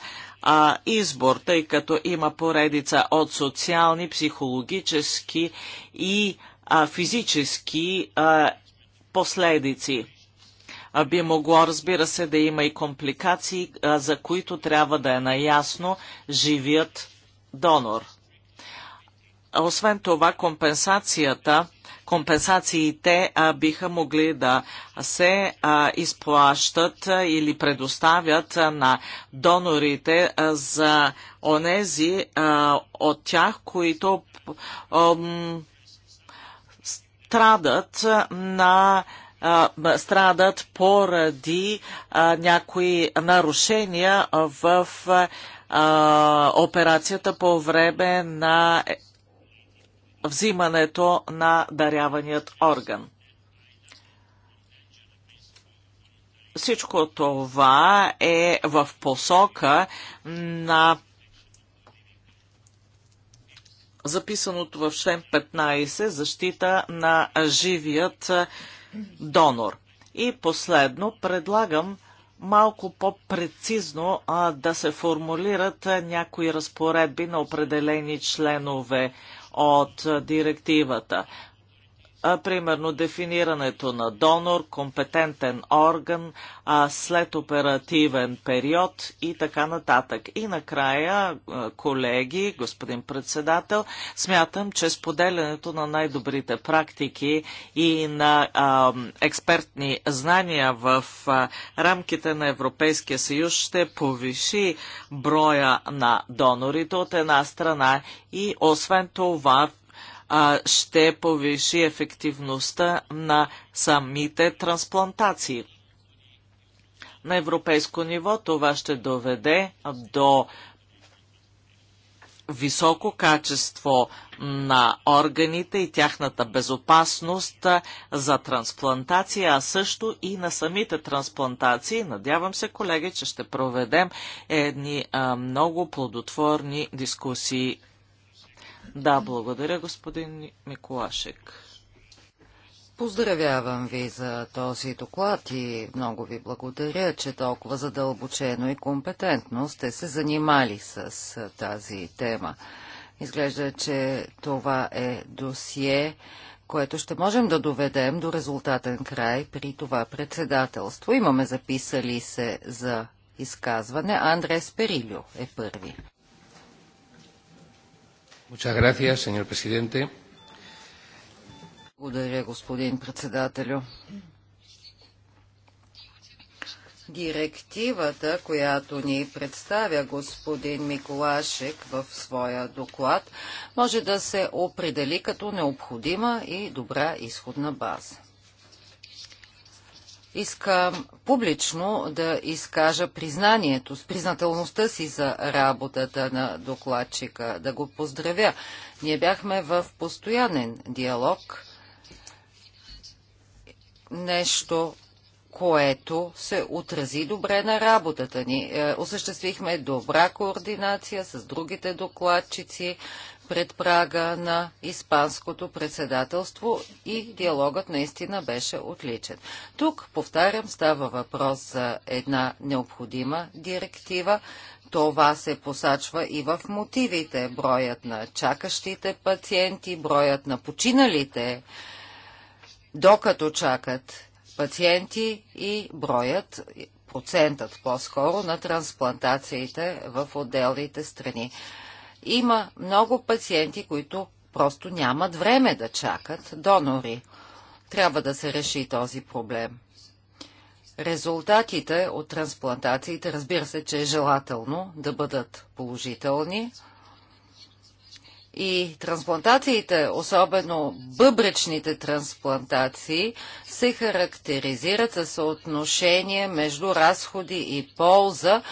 избор, тъй като има поредица от социални, психологически и физически последици. Би могло, разбира се, да има и компликации, за които трябва да е наясно живият донор. Освен това, компенсацията, компенсациите а, биха могли да се а, изплащат а, или предоставят а, на донорите а, за онези а, от тях, които страдат на страдат поради а, някои нарушения в а, операцията по време на е, взимането на даряваният орган. Всичко това е в посока на записаното в член 15 защита на живият донор. И последно предлагам малко по-прецизно да се формулират някои разпоредби на определени членове от директивата а, примерно дефинирането на донор, компетентен орган, а, след оперативен период и така нататък. И накрая, колеги, господин председател, смятам, че споделянето на най-добрите практики и на а, експертни знания в а, рамките на Европейския съюз ще повиши броя на донорите от една страна и освен това а, ще повиши ефективността на самите трансплантации. На европейско ниво това ще доведе до високо качество на органите и тяхната безопасност за трансплантация, а също и на самите трансплантации. Надявам се, колеги, че ще проведем едни а, много плодотворни дискусии да, благодаря, господин Миколашек. Поздравявам ви за този доклад и много ви благодаря, че толкова задълбочено и компетентно сте се занимали с тази тема. Изглежда, че това е досие, което ще можем да доведем до резултатен край при това председателство. Имаме записали се за изказване. Андрес Перилю е първи. Благодаря, господин председателю. Директивата, която ни представя господин Миколашек в своя доклад, може да се определи като необходима и добра изходна база. Искам публично да изкажа признанието, с признателността си за работата на докладчика, да го поздравя. Ние бяхме в постоянен диалог, нещо, което се отрази добре на работата ни. Е, осъществихме добра координация с другите докладчици, пред прага на Испанското председателство и диалогът наистина беше отличен. Тук, повтарям, става въпрос за една необходима директива. Това се посачва и в мотивите. Броят на чакащите пациенти, броят на починалите, докато чакат пациенти и броят процентът по-скоро на трансплантациите в отделните страни. Има много пациенти, които просто нямат време да чакат донори. Трябва да се реши този проблем. Резултатите от трансплантациите, разбира се, че е желателно да бъдат положителни – и трансплантациите, особено бъбречните трансплантации, се характеризират с съотношение между разходи и полза,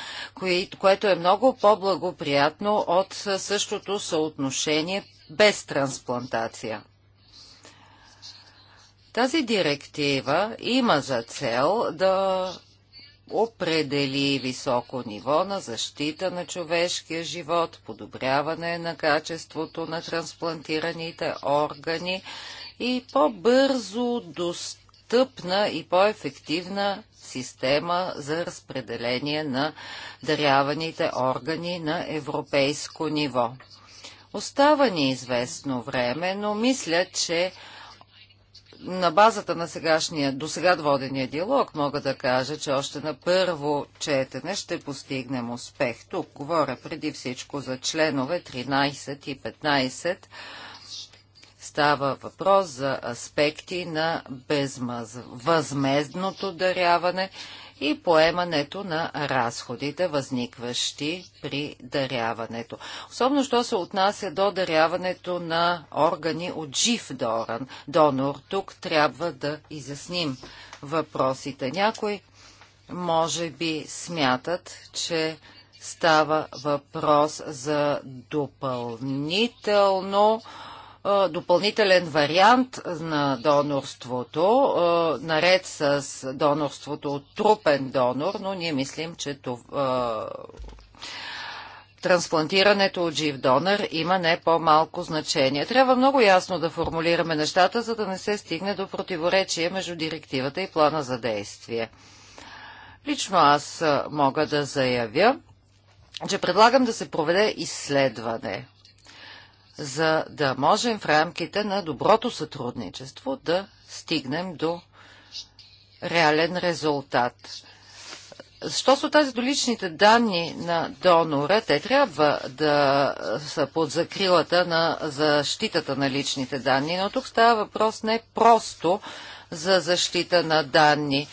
което е много по-благоприятно от същото съотношение без трансплантация. Тази директива има за цел да определи високо ниво на защита на човешкия живот, подобряване на качеството на трансплантираните органи и по-бързо достъпна и по-ефективна система за разпределение на даряваните органи на европейско ниво. Остава ни известно време, но мисля, че на базата на сегашния, до сега водения диалог мога да кажа, че още на първо четене ще постигнем успех. Тук говоря преди всичко за членове 13 и 15. Става въпрос за аспекти на безвъзмездното даряване и поемането на разходите, възникващи при даряването. Особено, що се отнася до даряването на органи от жив доран, донор, тук трябва да изясним въпросите. Някой може би смятат, че става въпрос за допълнително допълнителен вариант на донорството, наред с донорството от трупен донор, но ние мислим, че трансплантирането от жив донор има не по-малко значение. Трябва много ясно да формулираме нещата, за да не се стигне до противоречие между директивата и плана за действие. Лично аз мога да заявя, че предлагам да се проведе изследване за да можем в рамките на доброто сътрудничество да стигнем до реален резултат. Що са тази до личните данни на донора, те трябва да са под закрилата на защитата на личните данни, но тук става въпрос не просто за защита на данни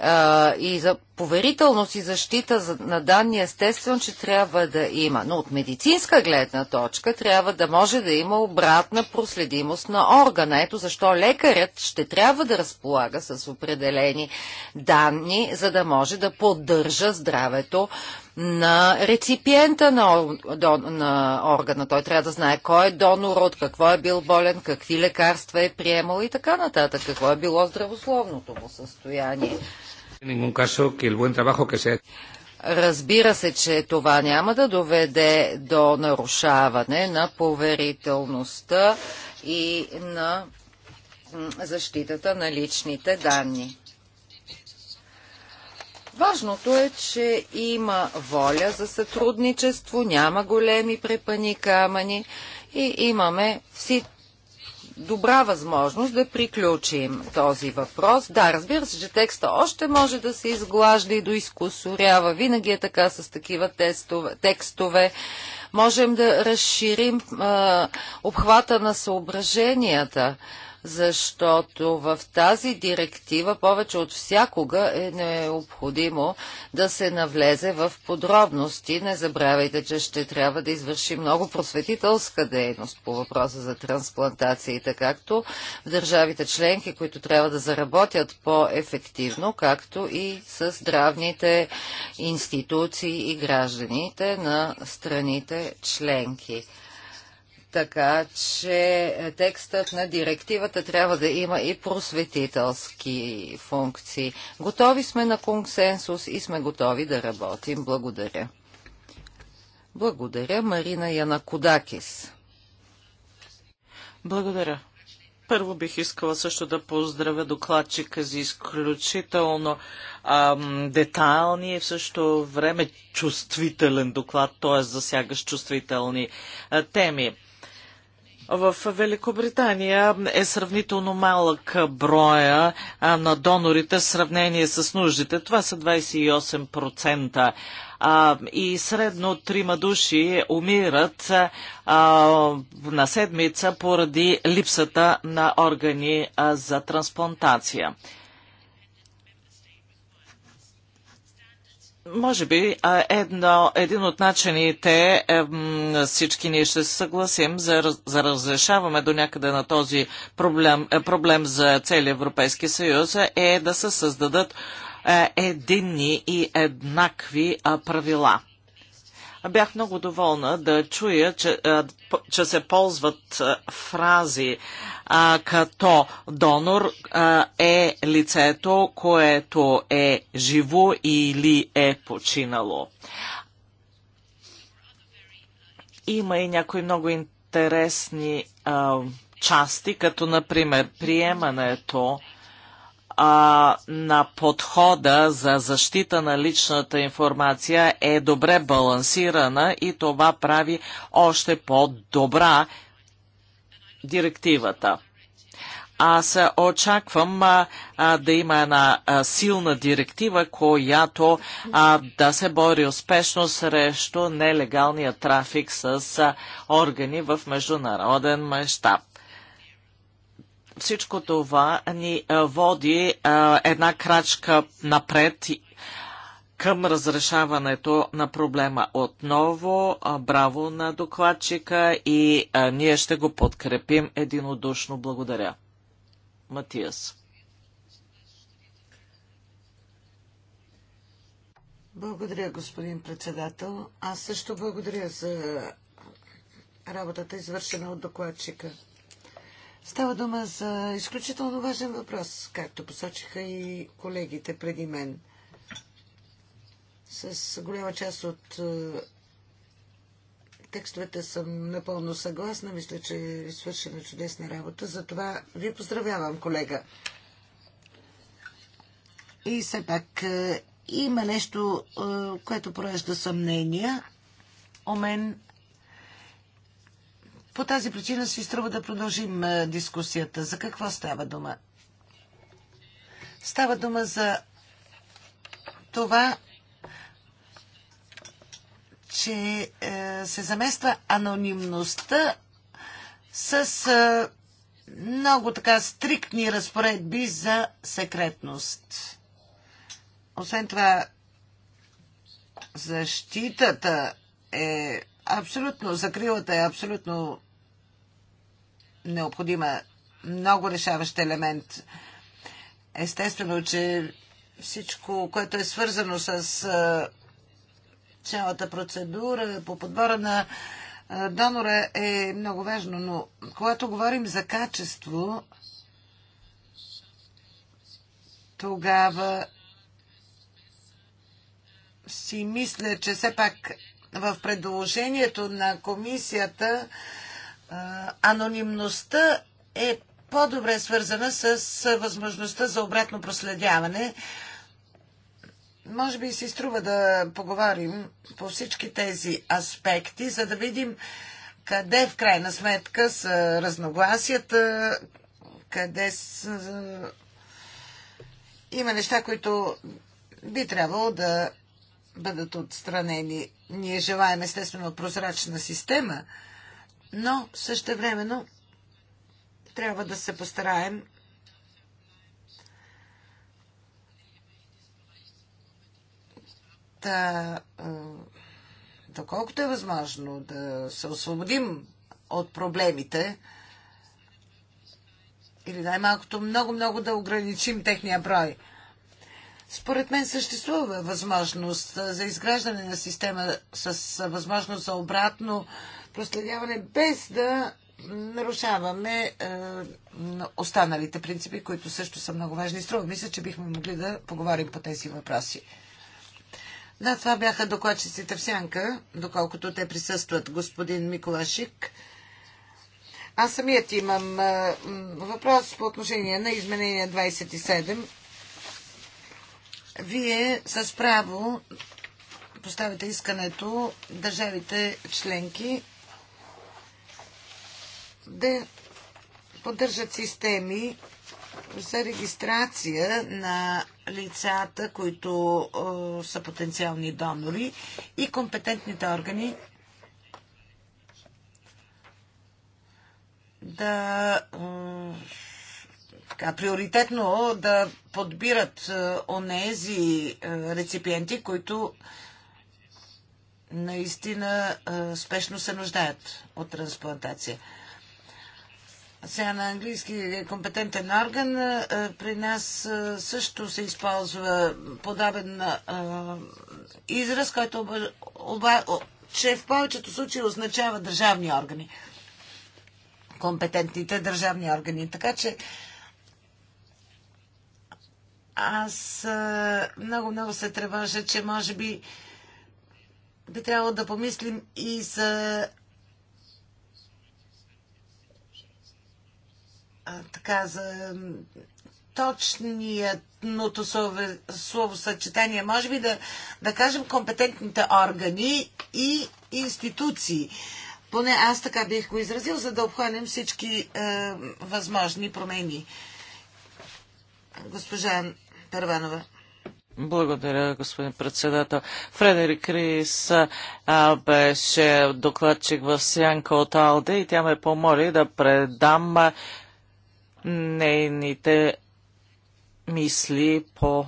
а, и за поверителност и защита на данни естествено, че трябва да има. Но от медицинска гледна точка трябва да може да има обратна проследимост на органа. Ето защо лекарят ще трябва да разполага с определени данни, за да може да поддържа здравето на реципиента на, на органа. Той трябва да знае кой е донор, от какво е бил болен, какви лекарства е приемал и така нататък, какво е било здравословното му състояние. Разбира се, че това няма да доведе до нарушаване на поверителността и на защитата на личните данни. Важното е, че има воля за сътрудничество, няма големи препани камъни и имаме, всички добра възможност да приключим този въпрос. Да, разбира се, че текста още може да се изглажда и доискусорява. Винаги е така с такива тестове, текстове. Можем да разширим а, обхвата на съображенията защото в тази директива повече от всякога е необходимо да се навлезе в подробности. Не забравяйте, че ще трябва да извърши много просветителска дейност по въпроса за трансплантациите, както в държавите членки, които трябва да заработят по-ефективно, както и с здравните институции и гражданите на страните членки. Така че текстът на директивата трябва да има и просветителски функции. Готови сме на консенсус и сме готови да работим. Благодаря. Благодаря, Марина Янакодакис. Благодаря. Първо бих искала също да поздравя докладчика за изключително ам, детайлни и в същото време чувствителен доклад, т.е. засягащ чувствителни а, теми. В Великобритания е сравнително малък броя на донорите в сравнение с нуждите. Това са 28%. И средно трима души умират на седмица поради липсата на органи за трансплантация. Може би едно, един от начините е, всички ние ще се съгласим за, за разрешаваме до някъде на този проблем, е, проблем за целия Европейски съюз е да се създадат е, единни и еднакви правила. Бях много доволна да чуя, че, че се ползват фрази като донор е лицето, което е живо или е починало. Има и някои много интересни а, части, като например приемането а, на подхода за защита на личната информация е добре балансирана и това прави още по-добра директивата. Аз очаквам а, а, да има една а, силна директива, която а, да се бори успешно срещу нелегалния трафик с а, органи в международен мащаб. Всичко това ни води една крачка напред към разрешаването на проблема. Отново браво на докладчика и ние ще го подкрепим единодушно. Благодаря. Матиас. Благодаря, господин председател. Аз също благодаря за работата, извършена от докладчика. Става дума за изключително важен въпрос, както посочиха и колегите преди мен. С голяма част от е, текстовете съм напълно съгласна. Мисля, че е свършена чудесна работа. Затова ви поздравявам, колега. И все пак е, има нещо, е, което поражда съмнения. О мен по тази причина си струва да продължим е, дискусията. За какво става дума? Става дума за това, че е, се замества анонимността с е, много така стриктни разпоредби за секретност. Освен това, защитата е Абсолютно, закрилата е абсолютно необходима, много решаващ елемент. Естествено, че всичко, което е свързано с цялата процедура по подбора на донора е много важно, но когато говорим за качество, тогава си мисля, че все пак в предложението на комисията анонимността е по-добре свързана с възможността за обратно проследяване. Може би си струва да поговорим по всички тези аспекти, за да видим къде в крайна сметка са разногласията, къде са... има неща, които би трябвало да бъдат отстранени. Ние желаем естествено прозрачна система, но също времено трябва да се постараем да, доколкото е възможно, да се освободим от проблемите или най-малкото много-много да ограничим техния брой – според мен съществува възможност за изграждане на система с възможност за обратно проследяване, без да нарушаваме е, останалите принципи, които също са много важни. Струва мисля, че бихме могли да поговорим по тези въпроси. Да, това бяха докладчиците в сянка, доколкото те присъстват господин Миколашик. Аз самият имам е, въпрос по отношение на изменение 27 вие с право поставяте искането държавите членки да поддържат системи за регистрация на лицата, които е, са потенциални донори и компетентните органи да е, така, приоритетно да подбират е, онези е, реципиенти, които наистина е, спешно се нуждаят от трансплантация. Сега на английски компетентен орган. При нас също се използва подобен израз, който оба, оба, че в повечето случаи означава държавни органи. Компетентните държавни органи. Така че аз много-много се тревожа, че може би би трябвало да помислим и за а, така, за точният словосъчетание. Може би да, да кажем компетентните органи и институции. Поне аз така бих го изразил, за да обхванем всички е, възможни промени. Госпожа Първанова. Благодаря, господин председател. Фредерик Крис а, беше докладчик в Сянка от Алде и тя ме помоли да предам нейните мисли по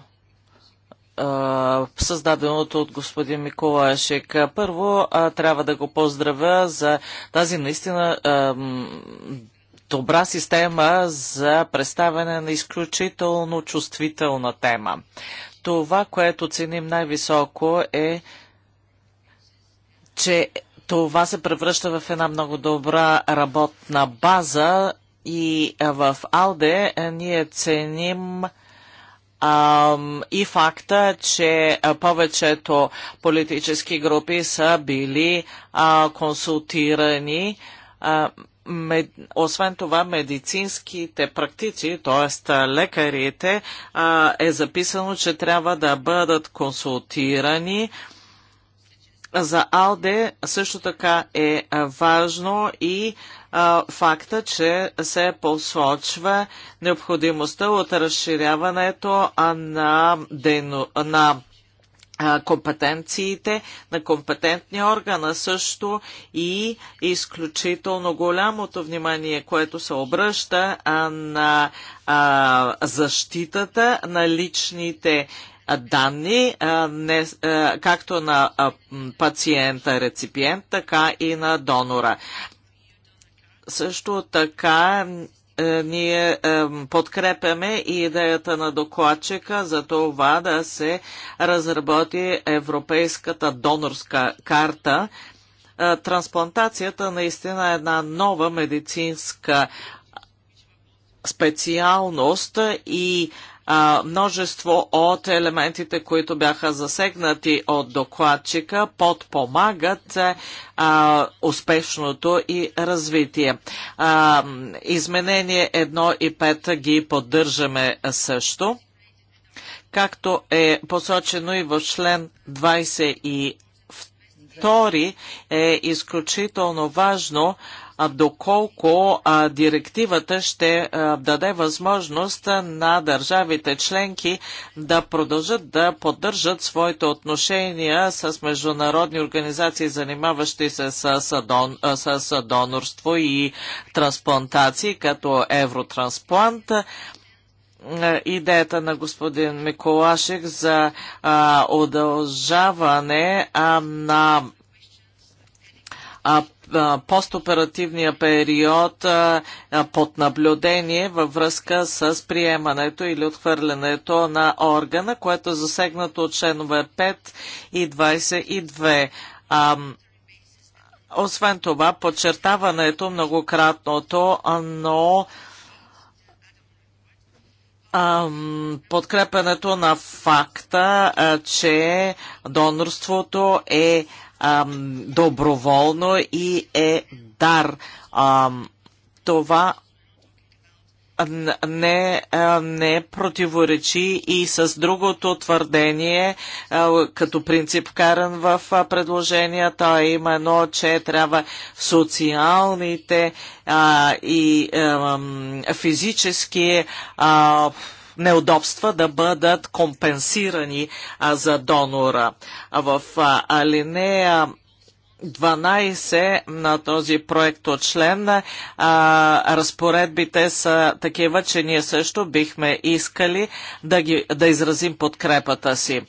създаденото от господин Миколашек. Първо, а, трябва да го поздравя за тази наистина а, добра система за представяне на изключително чувствителна тема. Това, което ценим най-високо е, че това се превръща в една много добра работна база и в Алде ние ценим и факта, че повечето политически групи са били консултирани мед... освен това медицинските практици, т.е. лекарите, а, е записано, че трябва да бъдат консултирани. За АЛДЕ също така е важно и а, факта, че се посочва необходимостта от разширяването на, дейно, на компетенциите на компетентния орган, а също и изключително голямото внимание, което се обръща на защитата на личните данни, както на пациента, реципиент, така и на донора. Също така е, ние е, подкрепяме и идеята на докладчика за това да се разработи европейската донорска карта. Е, трансплантацията наистина е една нова медицинска специалност и а, множество от елементите, които бяха засегнати от докладчика, подпомагат а, успешното и развитие. А, изменение 1 и 5 ги поддържаме също, както е посочено и в член 20 Втори е изключително важно доколко а, директивата ще а, даде възможност на държавите членки да продължат да поддържат своите отношения с международни организации, занимаващи се с, с, дон, с, с донорство и трансплантации, като Евротрансплант идеята на господин Миколашек за а, удължаване а, на постоперативния период под наблюдение във връзка с приемането или отхвърлянето на органа, което е засегнато от членове 5 и 22. А, освен това, подчертаването многократното, но подкрепенето на факта, че донорството е доброволно и е дар. това не, не противоречи и с другото твърдение, като принцип каран в предложенията, а именно, че трябва социалните и физически неудобства да бъдат компенсирани а, за донора. А в а, алинея 12 на този проект от член а, разпоредбите са такива, че ние също бихме искали да, ги, да изразим подкрепата си.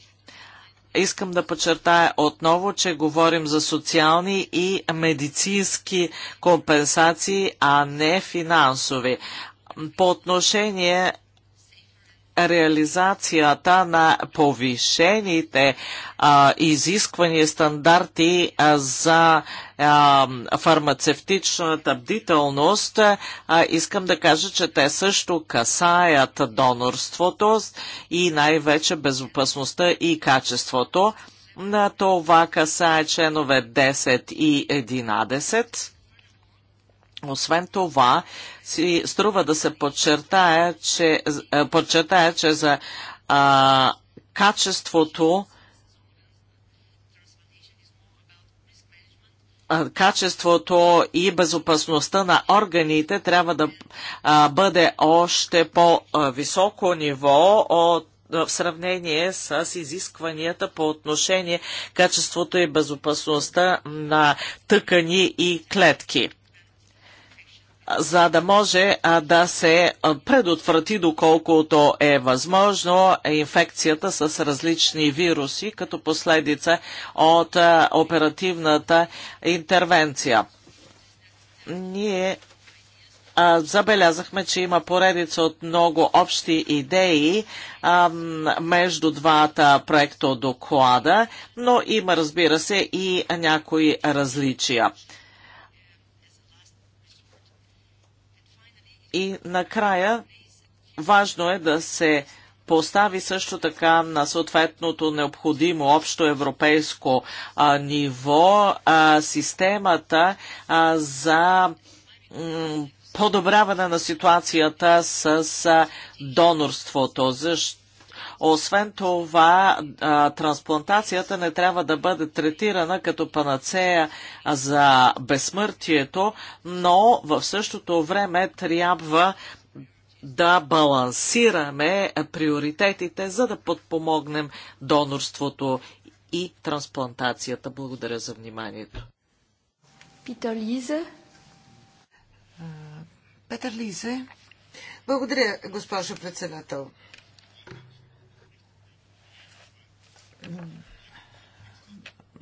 Искам да подчертая отново, че говорим за социални и медицински компенсации, а не финансови. По отношение реализацията на повишените а, изисквания стандарти а, за а, фармацевтичната бдителност, а, искам да кажа, че те също касаят донорството и най-вече безопасността и качеството. На това касае членове 10 и 11 освен това, си струва да се подчертая, че, подчертая, че за а, качеството качеството и безопасността на органите трябва да а, бъде още по-високо ниво от в сравнение с изискванията по отношение качеството и безопасността на тъкани и клетки за да може да се предотврати доколкото е възможно инфекцията с различни вируси като последица от оперативната интервенция. Ние забелязахме, че има поредица от много общи идеи между двата проекта доклада, но има, разбира се, и някои различия. И накрая важно е да се постави също така на съответното необходимо общо европейско а, ниво а, системата а, за подобряване на ситуацията с а, донорството, защото освен това, трансплантацията не трябва да бъде третирана като панацея за безсмъртието, но в същото време трябва да балансираме приоритетите, за да подпомогнем донорството и трансплантацията. Благодаря за вниманието. Питър Лизе. Петър Лизе. Благодаря, госпожо председател.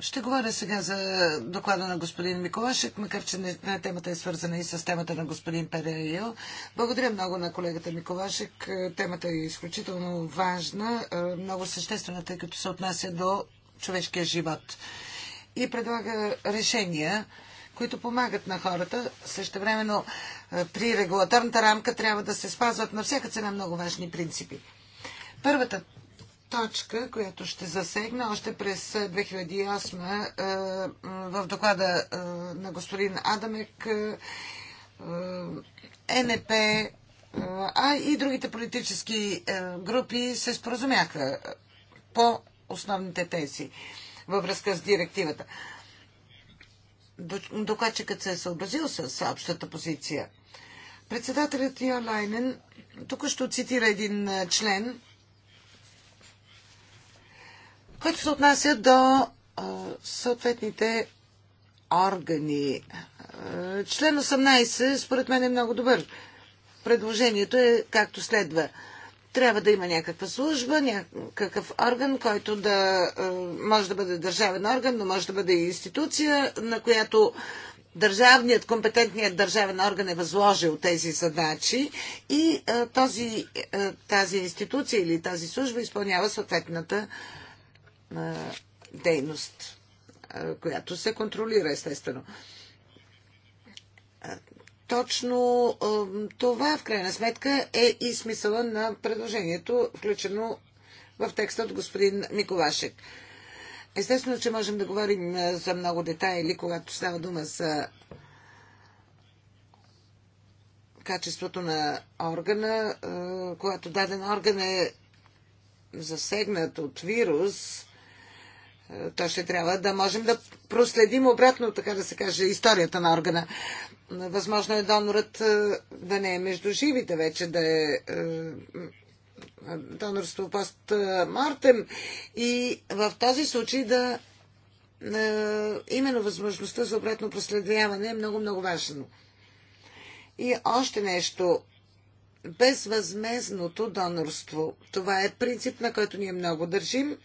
Ще говоря сега за доклада на господин Миколашек, макар че темата е свързана и с темата на господин Педео. Благодаря много на колегата Миколашек. Темата е изключително важна, е, много съществена, тъй като се отнася до човешкия живот. И предлага решения, които помагат на хората. Също времено е, при регулаторната рамка трябва да се спазват на всяка цена много важни принципи. Първата точка, която ще засегна още през 2008 в доклада на господин Адамек НП, а и другите политически групи се споразумяха по основните тези във връзка с директивата. Докладчикът се е съобразил с общата позиция. Председателят Йолайнен тук ще цитира един член което се отнася до съответните органи. Член 18, според мен, е много добър. Предложението е както следва. Трябва да има някаква служба, някакъв орган, който да може да бъде държавен орган, но може да бъде и институция, на която държавният, компетентният държавен орган е възложил тези задачи и този, тази институция или тази служба изпълнява съответната дейност, която се контролира естествено. Точно това, в крайна сметка, е и смисъла на предложението, включено в текста от господин Миколашек. Естествено, че можем да говорим за много детайли, когато става дума за качеството на органа, когато даден орган е засегнат от вирус, то ще трябва да можем да проследим обратно, така да се каже, историята на органа. Възможно е донорът е, да не е между живите вече, да е, е донорство пост Мартем и в този случай да е, именно възможността за обратно проследяване е много-много важно. И още нещо. Безвъзмезното донорство. Това е принцип, на който ние много държим.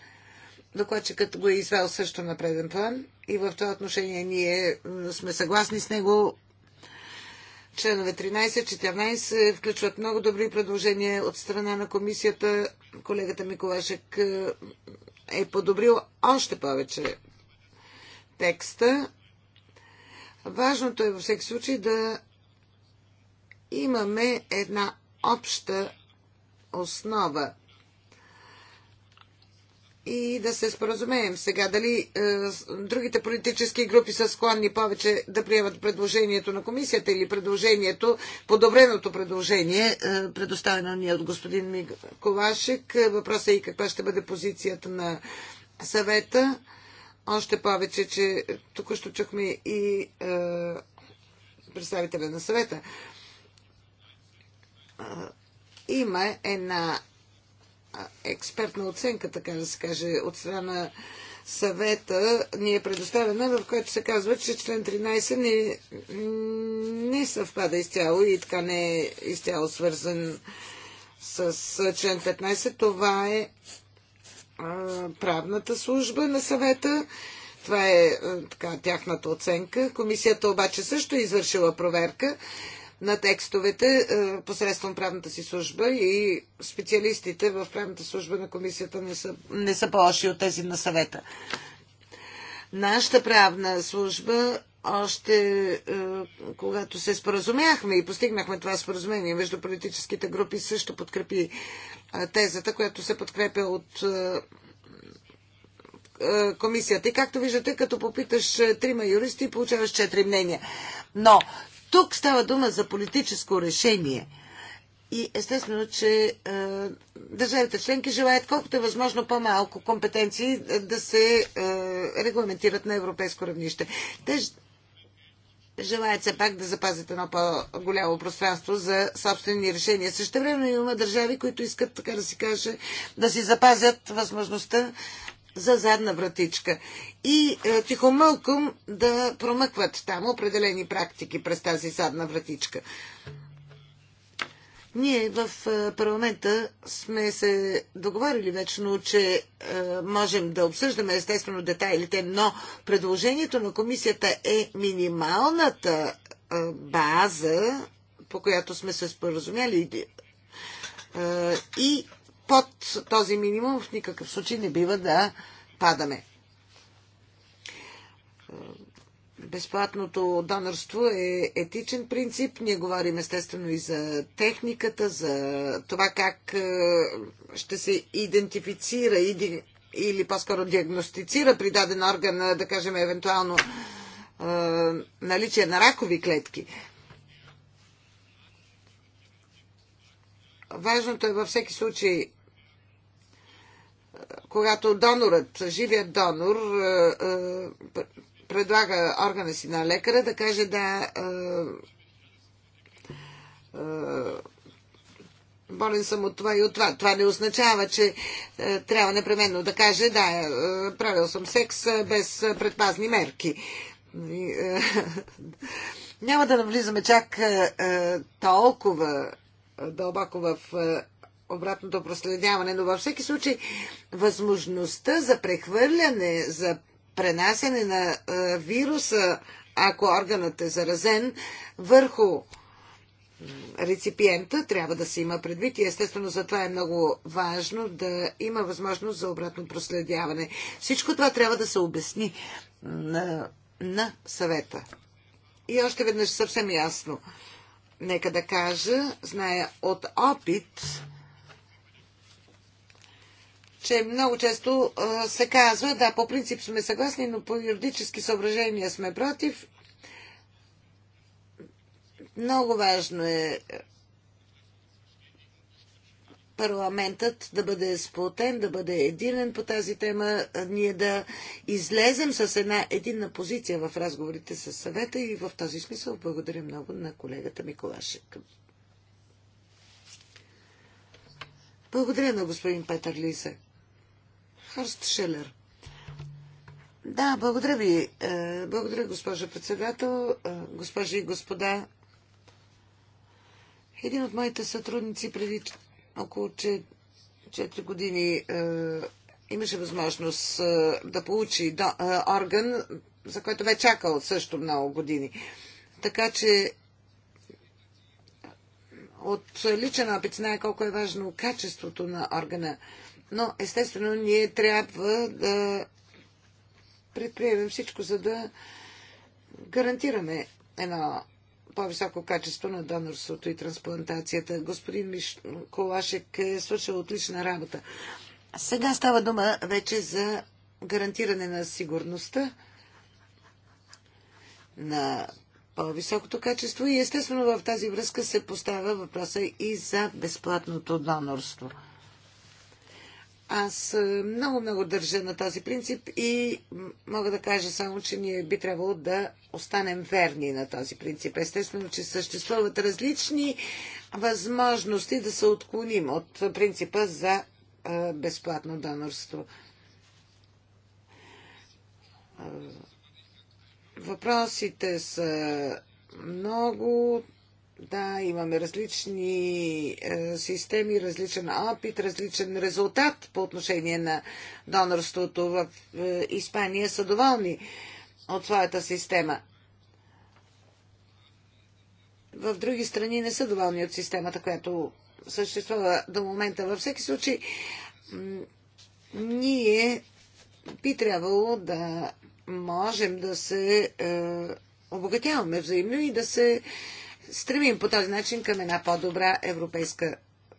Докладчикът го е извел също на преден план и в това отношение ние сме съгласни с него. Членове 13-14 включват много добри предложения от страна на комисията. Колегата Миколашек е, е подобрил още повече текста. Важното е във всеки случай да имаме една обща основа и да се споразумеем сега дали е, другите политически групи са склонни повече да приемат предложението на комисията или предложението, подобреното предложение, е, предоставено ни от господин Миколашек. Въпросът е и каква ще бъде позицията на съвета. Още повече, че току-що чухме и е, представителя на съвета. Е, има една експертна оценка, така да се каже, от страна съвета ни е предоставена, в което се казва, че член 13 не, не съвпада изцяло и така не е изцяло свързан с член 15. Това е а, правната служба на съвета. Това е а, така, тяхната оценка. Комисията обаче също е извършила проверка на текстовете е, посредством правната си служба и специалистите в правната служба на комисията не са, не са по-лоши от тези на съвета. Нашата правна служба още е, когато се споразумяхме и постигнахме това споразумение между политическите групи, също подкрепи е, тезата, която се подкрепя от комисията. И както виждате, като попиташ трима юристи, получаваш четири мнения. Но тук става дума за политическо решение. И естествено, че е, държавите членки желаят колкото е възможно по-малко компетенции е, да се е, регламентират на европейско равнище. Те желаят все пак да запазят едно по-голямо пространство за собствени решения. Също време има държави, които искат, така да си каже, да си запазят възможността за задна вратичка и е, тихомълком да промъкват там определени практики през тази задна вратичка. Ние в е, парламента сме се договорили вечно, че е, можем да обсъждаме естествено детайлите, но предложението на комисията е минималната е, база, по която сме се споразумяли е, и под този минимум в никакъв случай не бива да падаме. Безплатното донорство е етичен принцип. Ние говорим естествено и за техниката, за това как е, ще се идентифицира или по-скоро диагностицира при даден орган, е, да кажем, евентуално е, наличие на ракови клетки. Важното е във всеки случай когато донорът, живият донор, е, е, предлага органа си на лекаря да каже да е, болен съм от това и от това. Това не означава, че е, трябва непременно да каже, да, е, правил съм секс е, без предпазни мерки. И, е, няма да навлизаме чак е, толкова дълбоко в обратното проследяване, но във всеки случай възможността за прехвърляне, за пренасене на вируса, ако органът е заразен, върху реципиента трябва да се има предвид и естествено за това е много важно да има възможност за обратно проследяване. Всичко това трябва да се обясни на, на съвета. И още веднъж съвсем ясно. Нека да кажа, зная от опит, че много често се казва, да, по принцип сме съгласни, но по юридически съображения сме против. Много важно е, е парламентът да бъде сплотен, да бъде единен по тази тема, ние да излезем с една единна позиция в разговорите с съвета и в този смисъл благодаря много на колегата Миколашек. Благодаря на господин Петър Лиса. Хорст Шелер. Да, благодаря ви. Е, благодаря, госпожа председател, е, госпожи и господа. Един от моите сътрудници преди около 4 години е, имаше възможност да получи орган, за който бе чакал също много години. Така че от личен опит знае колко е важно качеството на органа. Но естествено ние трябва да предприемем всичко, за да гарантираме едно по-високо качество на донорството и трансплантацията. Господин Миш... Колашек е свършил отлична работа. Сега става дума вече за гарантиране на сигурността на по-високото качество и естествено в тази връзка се поставя въпроса и за безплатното донорство. Аз много-много е, държа на този принцип и мога да кажа само, че ние би трябвало да останем верни на този принцип. Естествено, че съществуват различни възможности да се отклоним от принципа за е, безплатно донорство. Е, въпросите са много да, имаме различни е, системи, различен опит, различен резултат по отношение на донорството в е, Испания са доволни от своята система. В други страни не са доволни от системата, която съществува до момента. Във всеки случай, ние би трябвало да можем да се е, обогатяваме взаимно и да се е, стремим по този начин към една по-добра европейска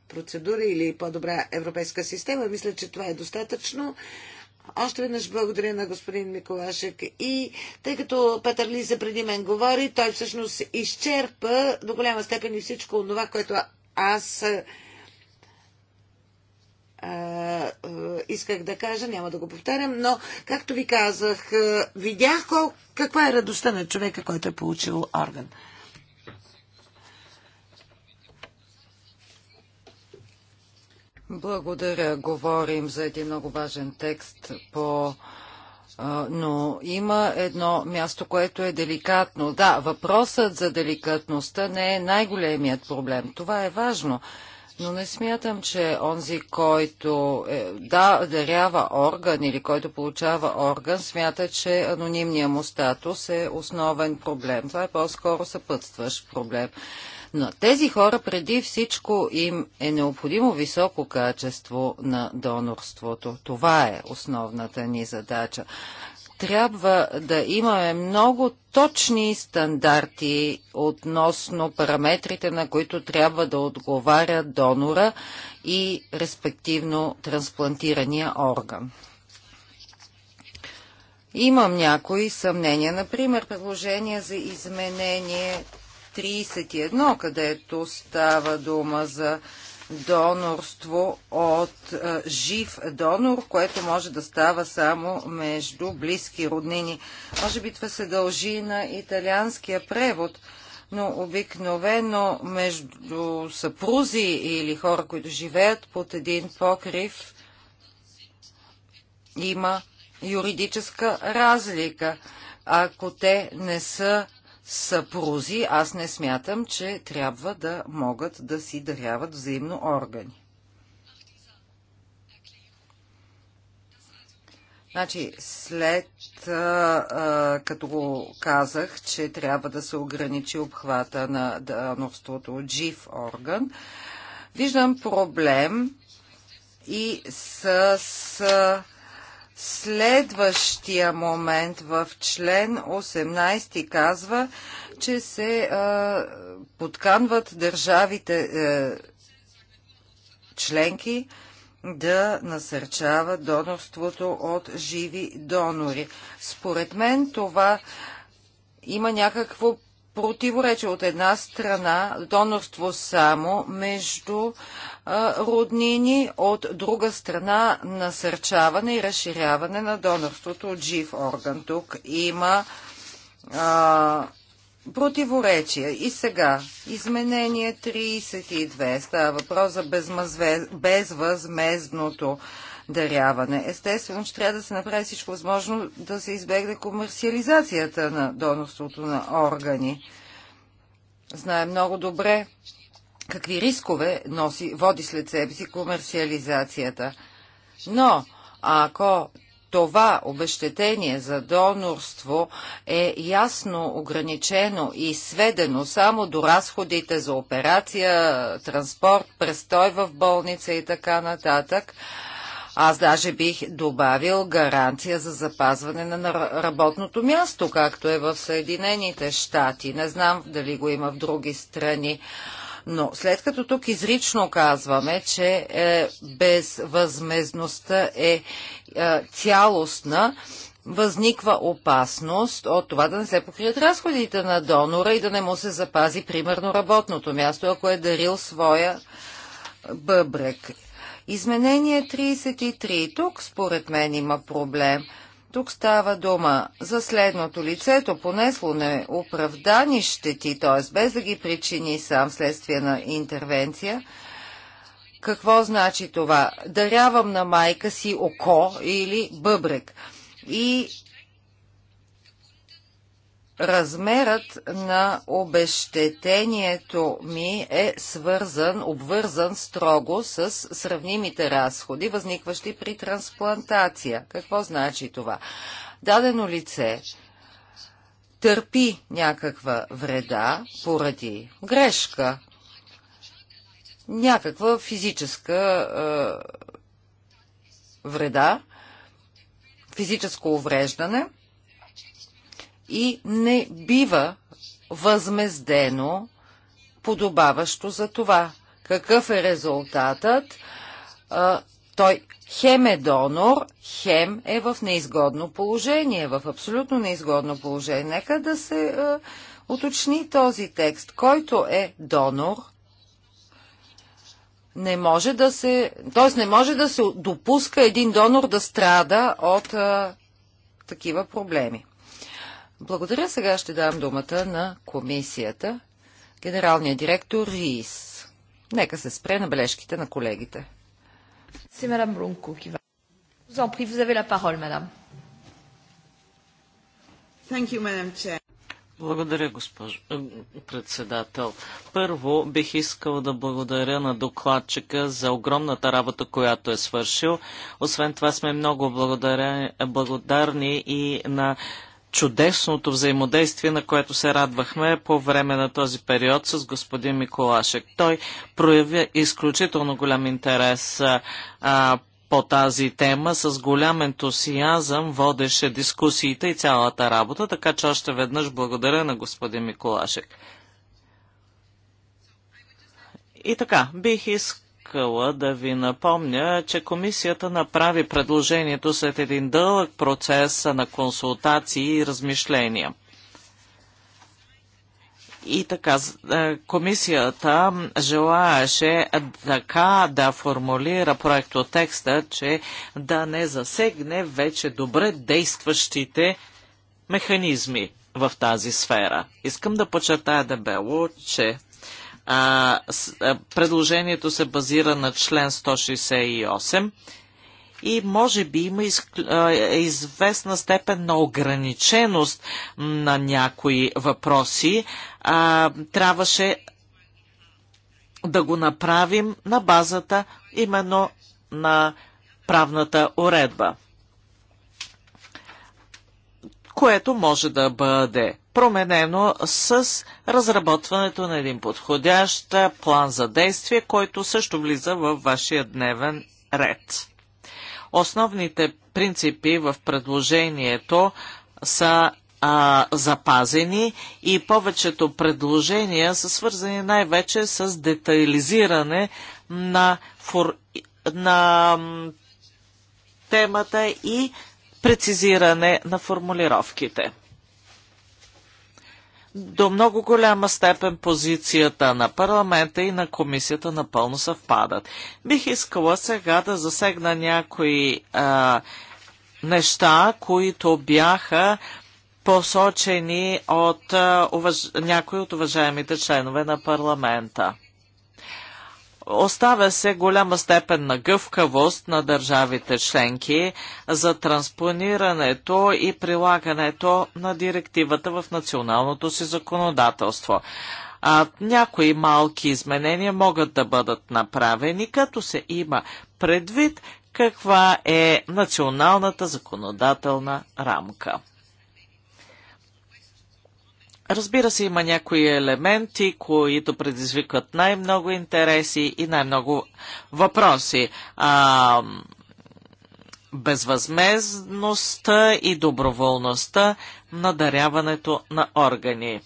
процедура или по-добра европейска система. Мисля, че това е достатъчно. Още веднъж благодаря на господин Миколашек. И тъй като Петър Лиза преди мен говори, той всъщност изчерпа до голяма степен и всичко това, което аз а, а, исках да кажа, няма да го повтарям, но, както ви казах, видях каква е радостта на човека, който е получил орган. Благодаря. Говорим за един много важен текст по но има едно място, което е деликатно. Да, въпросът за деликатността не е най-големият проблем. Това е важно. Но не смятам, че онзи, който е, да, дарява орган или който получава орган, смята, че анонимният му статус е основен проблем. Това е по-скоро съпътстващ проблем. На тези хора преди всичко им е необходимо високо качество на донорството. Това е основната ни задача. Трябва да имаме много точни стандарти относно параметрите, на които трябва да отговаря донора и респективно трансплантирания орган. Имам някои съмнения. Например, предложение за изменение 31, където става дума за донорство от е, жив донор, което може да става само между близки роднини. Може би това се дължи на италианския превод, но обикновено между съпрузи или хора, които живеят под един покрив, има юридическа разлика. Ако те не са съпрузи, аз не смятам, че трябва да могат да си даряват взаимно органи. Значи, след а, а, като го казах, че трябва да се ограничи обхвата на донорството от жив орган, виждам проблем и с, с Следващия момент в член 18 казва, че се а, подканват държавите а, е, членки да насърчават донорството от живи донори. Според мен това има някакво противоречие от една страна донорство само между роднини, от друга страна насърчаване и разширяване на донорството от жив орган. Тук има а, противоречия. И сега, изменение 32, става въпрос за безмъзвез... безвъзмезното даряване. Естествено, че трябва да се направи всичко възможно да се избегне комерциализацията на донорството на органи. Знае много добре какви рискове носи, води след себе си комерциализацията. Но ако това обещетение за донорство е ясно ограничено и сведено само до разходите за операция, транспорт, престой в болница и така нататък, аз даже бих добавил гаранция за запазване на работното място, както е в Съединените щати. Не знам дали го има в други страни. Но след като тук изрично казваме, че е, безвъзмезността е, е цялостна, възниква опасност от това да не се покрият разходите на донора и да не му се запази примерно работното място, ако е дарил своя бъбрек. Изменение 33. Тук според мен има проблем. Тук става дума за следното лицето, понесло неоправдани щети, т.е. без да ги причини сам следствие на интервенция. Какво значи това? Дарявам на майка си око или бъбрек. И Размерът на обещетението ми е свързан, обвързан строго с сравнимите разходи, възникващи при трансплантация. Какво значи това? Дадено лице търпи някаква вреда поради грешка, някаква физическа е, вреда, физическо увреждане – и не бива възмездено подобаващо за това. Какъв е резултатът? той хем е донор, хем е в неизгодно положение, в абсолютно неизгодно положение. Нека да се а, уточни този текст. Който е донор, не може да се, т.е. не може да се допуска един донор да страда от такива проблеми. Благодаря. Сега ще дам думата на комисията. Генералният директор Рис. Нека се спре на бележките на колегите. Си мадам Брунко, кива. Зампри, vous avez парол, мадам. Благодаря, госпожо э, председател. Първо бих искал да благодаря на докладчика за огромната работа, която е свършил. Освен това сме много благодаря... благодарни и на чудесното взаимодействие, на което се радвахме по време на този период с господин Миколашек. Той прояви изключително голям интерес а, по тази тема, с голям ентусиазъм водеше дискусиите и цялата работа, така че още веднъж благодаря на господин Миколашек. И така, бих искал искала да ви напомня, че комисията направи предложението след един дълъг процес на консултации и размишления. И така, е, комисията желаеше така да формулира проектотекста, че да не засегне вече добре действащите механизми в тази сфера. Искам да подчертая дебело, че а, с, а, предложението се базира на член 168 и може би има из, а, е, известна степен на ограниченост на някои въпроси. А, трябваше да го направим на базата именно на правната уредба, което може да бъде променено с разработването на един подходящ план за действие, който също влиза във вашия дневен ред. Основните принципи в предложението са а, запазени и повечето предложения са свързани най-вече с детайлизиране на, фор... на темата и прецизиране на формулировките до много голяма степен позицията на парламента и на комисията напълно съвпадат. Бих искала сега да засегна някои а, неща, които бяха посочени от а, уваж... някои от уважаемите членове на парламента. Оставя се голяма степен на гъвкавост на държавите членки за транспонирането и прилагането на директивата в националното си законодателство. А, някои малки изменения могат да бъдат направени, като се има предвид каква е националната законодателна рамка. Разбира се, има някои елементи, които предизвикват най-много интереси и най-много въпроси. А, безвъзмезността и доброволността на даряването на органи.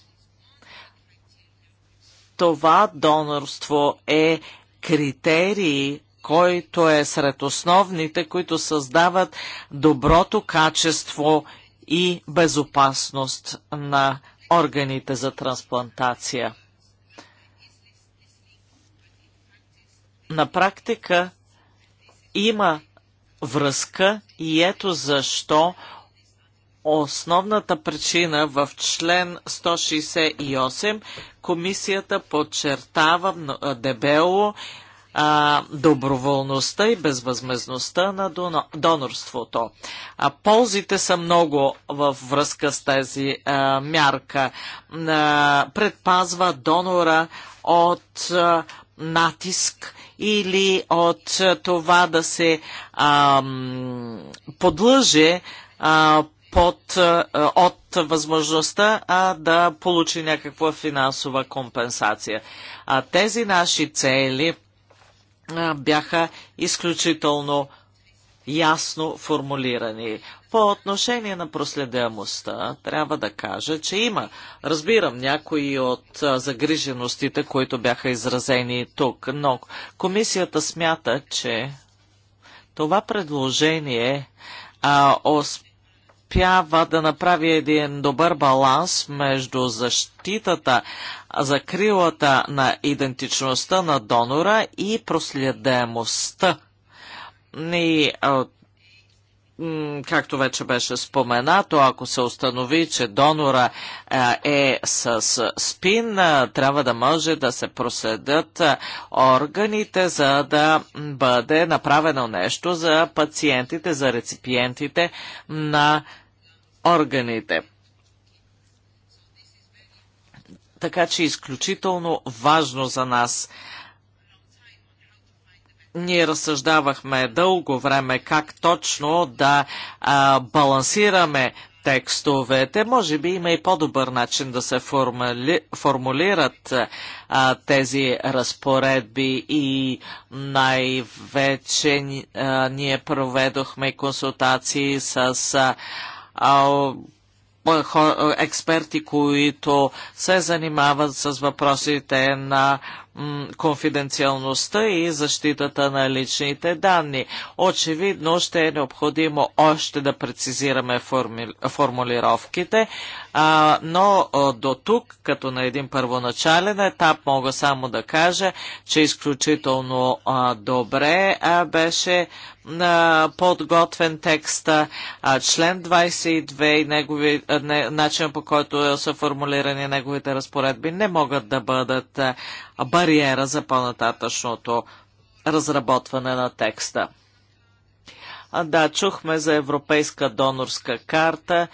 Това донорство е критерий, който е сред основните, които създават доброто качество и безопасност на органите за трансплантация. На практика има връзка и ето защо основната причина в член 168 комисията подчертава дебело а, доброволността и безвъзмезността на донорството. А, ползите са много във връзка с тази а, мярка. А, предпазва донора от а, натиск или от а, това да се а, подлъже а, под, от възможността а, да получи някаква финансова компенсация. А тези наши цели бяха изключително ясно формулирани. По отношение на проследяемостта, трябва да кажа, че има, разбирам, някои от загриженостите, които бяха изразени тук, но комисията смята, че това предложение а, осп успява да направи един добър баланс между защитата, закрилата на идентичността на донора и проследемостта. И както вече беше споменато, ако се установи, че донора е с спин, трябва да може да се проследят органите, за да бъде направено нещо за пациентите, за реципиентите на органите. Така че изключително важно за нас е ние разсъждавахме дълго време как точно да а, балансираме текстовете. Може би има и по-добър начин да се формули, формулират а, тези разпоредби и най-вече ние проведохме консултации с а, а, експерти, които се занимават с въпросите на конфиденциалността и защитата на личните данни. Очевидно ще е необходимо още да прецизираме форми... формулировките, а, но а, до тук, като на един първоначален етап, мога само да кажа, че изключително а, добре а, беше а, подготвен текста, а, член 22 и негови, а, не, начин по който са формулирани неговите разпоредби не могат да бъдат а, бариера за по-нататъчното разработване на текста. А, да, чухме за европейска донорска карта.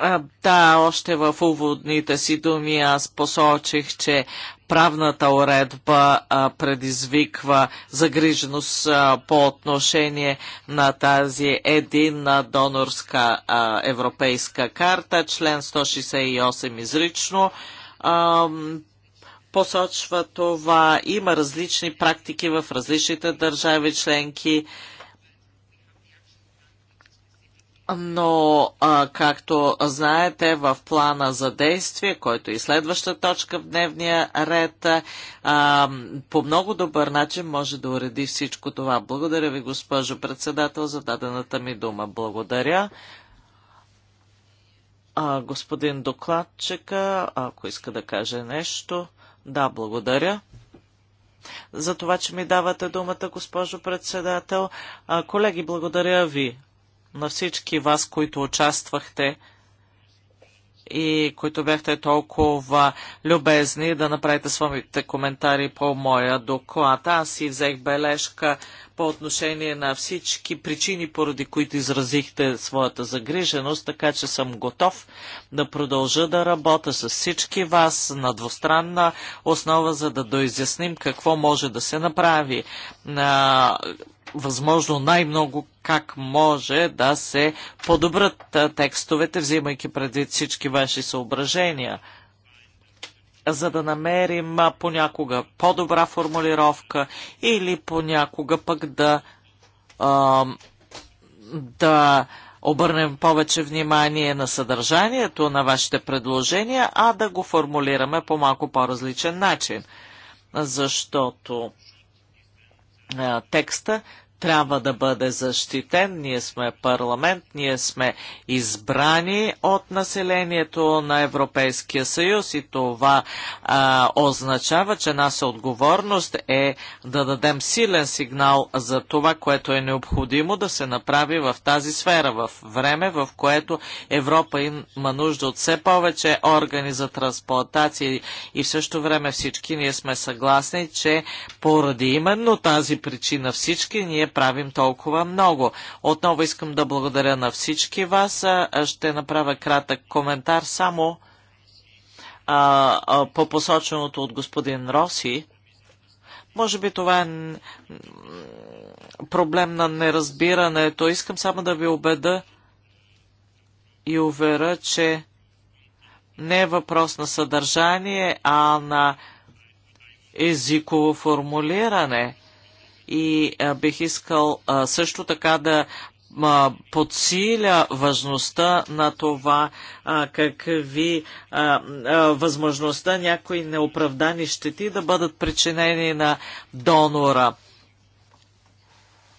А, да, още в уводните си думи аз посочих, че правната уредба а, предизвиква загриженост а, по отношение на тази единна донорска а, европейска карта, член 168 изрично посочва това. Има различни практики в различните държави членки. Но, а, както знаете, в плана за действие, който е и следваща точка в дневния ред, а, по много добър начин може да уреди всичко това. Благодаря ви, госпожо председател, за дадената ми дума. Благодаря. А, господин докладчика, ако иска да каже нещо. Да, благодаря. За това, че ми давате думата, госпожо председател. Колеги, благодаря ви на всички вас, които участвахте и които бяхте толкова любезни да направите своите коментари по моя доклад. Аз си взех бележка по отношение на всички причини, поради които изразихте своята загриженост, така че съм готов да продължа да работя с всички вас на двустранна основа, за да доизясним какво може да се направи възможно най-много как може да се подобрат текстовете, взимайки предвид всички ваши съображения, за да намерим понякога по-добра формулировка или понякога пък да, да обърнем повече внимание на съдържанието на вашите предложения, а да го формулираме по малко по-различен начин. Защото текста, трябва да бъде защитен. Ние сме парламент, ние сме избрани от населението на Европейския съюз и това а, означава, че наша отговорност е да дадем силен сигнал за това, което е необходимо да се направи в тази сфера, в време, в което Европа има нужда от все повече органи за трансплантации и в същото време всички ние сме съгласни, че поради именно тази причина всички ние правим толкова много. Отново искам да благодаря на всички вас. Ще направя кратък коментар само а, а, по посоченото от господин Роси. Може би това е проблем на неразбирането. Искам само да ви убеда и уверя, че не е въпрос на съдържание, а на езиково формулиране – и а, бих искал а, също така да подсиля важността на това а, какви а, а, възможността някои неоправдани щети да бъдат причинени на донора.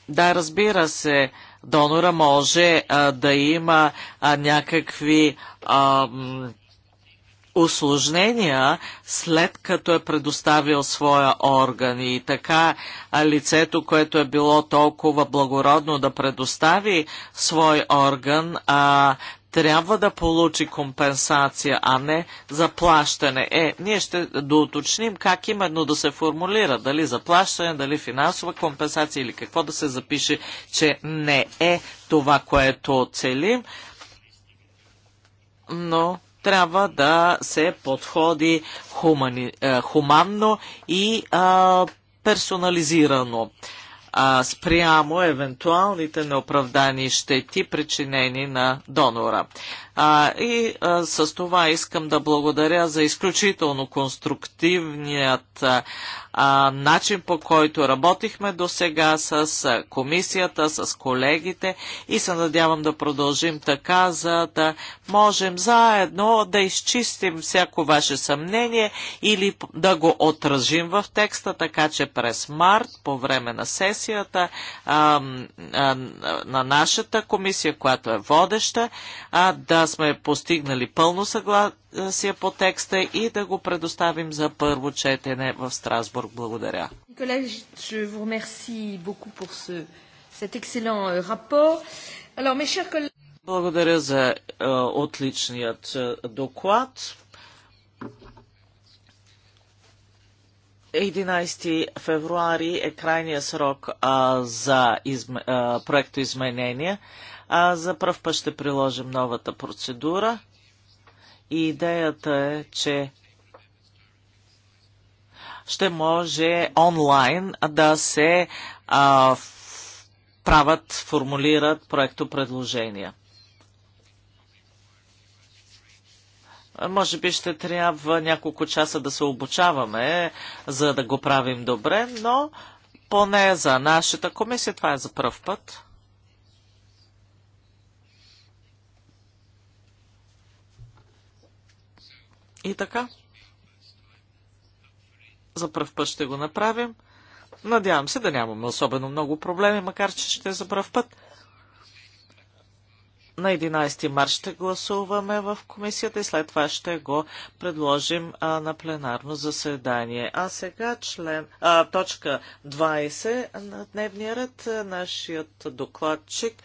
Да, разбира се, донора може а, да има а, някакви а, м, осложнения, след като е предоставил своя орган. И така лицето, което е било толкова благородно да предостави свой орган, а, трябва да получи компенсация, а не заплащане. Е, ние ще доуточним как именно да се формулира, дали заплащане, дали финансова компенсация или какво да се запише, че не е това, което целим. Но трябва да се подходи хумани, е, хуманно и а, персонализирано а, спрямо евентуалните неоправдани щети, причинени на донора. А, и а, с това искам да благодаря за изключително конструктивният а, начин по който работихме до сега с комисията, с колегите и се надявам да продължим така, за да можем заедно да изчистим всяко ваше съмнение или да го отражим в текста, така че през март по време на сесията а, а, на нашата комисия, която е водеща, а, да сме постигнали пълно съгласие по текста и да го предоставим за първо четене в Страсбург. Благодаря. Euh, Благодаря за е, отличният е, доклад. 11 февруари е крайния срок за е, проекто а, а за първ път ще приложим новата процедура. И идеята е, че ще може онлайн да се а, правят, формулират проектопредложения. Може би ще трябва няколко часа да се обучаваме, за да го правим добре, но поне за нашата комисия това е за първ път. И така. За пръв път ще го направим. Надявам се да нямаме особено много проблеми, макар че ще е за пръв път. На 11 марта ще гласуваме в комисията и след това ще го предложим а, на пленарно заседание. А сега член, а, точка 20 на дневния ред. Нашият докладчик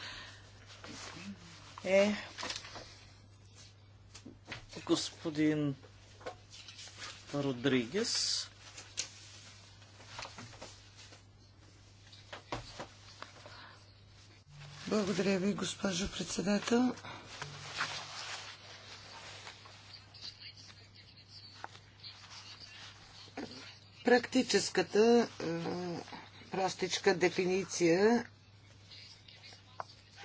е господин Родригес. Благодаря ви, госпожо председател. Практическата е, простичка дефиниция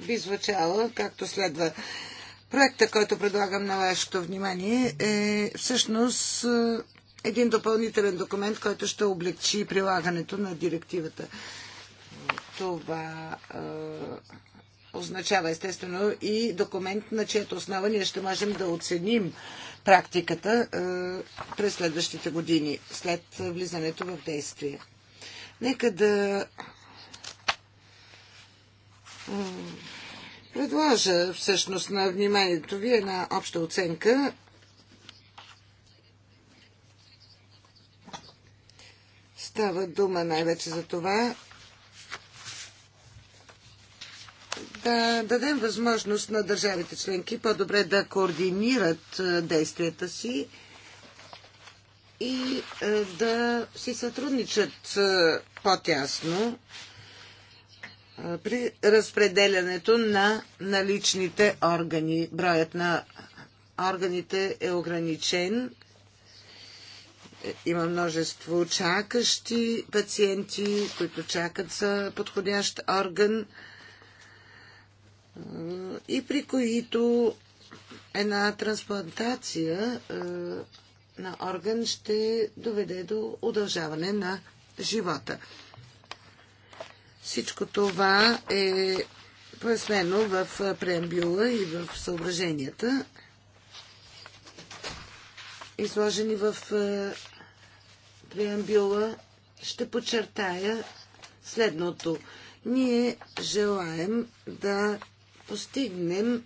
би звучала както следва. Проекта, който предлагам на вашето внимание, е всъщност е, един допълнителен документ, който ще облегчи прилагането на директивата. Това е, означава естествено и документ, на чието основа ние ще можем да оценим практиката е, през следващите години, след влизането в действие. Нека да предложа всъщност на вниманието ви една обща оценка Става дума най-вече за това да дадем възможност на държавите членки по-добре да координират е, действията си и е, да си сътрудничат е, по-тясно при разпределянето на наличните органи. Броят на органите е ограничен. Е, има множество чакащи пациенти, които чакат за подходящ орган и при които една трансплантация на орган ще доведе до удължаване на живота. Всичко това е пояснено в преамбюла и в съображенията, изложени в преамбюла. Ще подчертая следното. Ние желаем да постигнем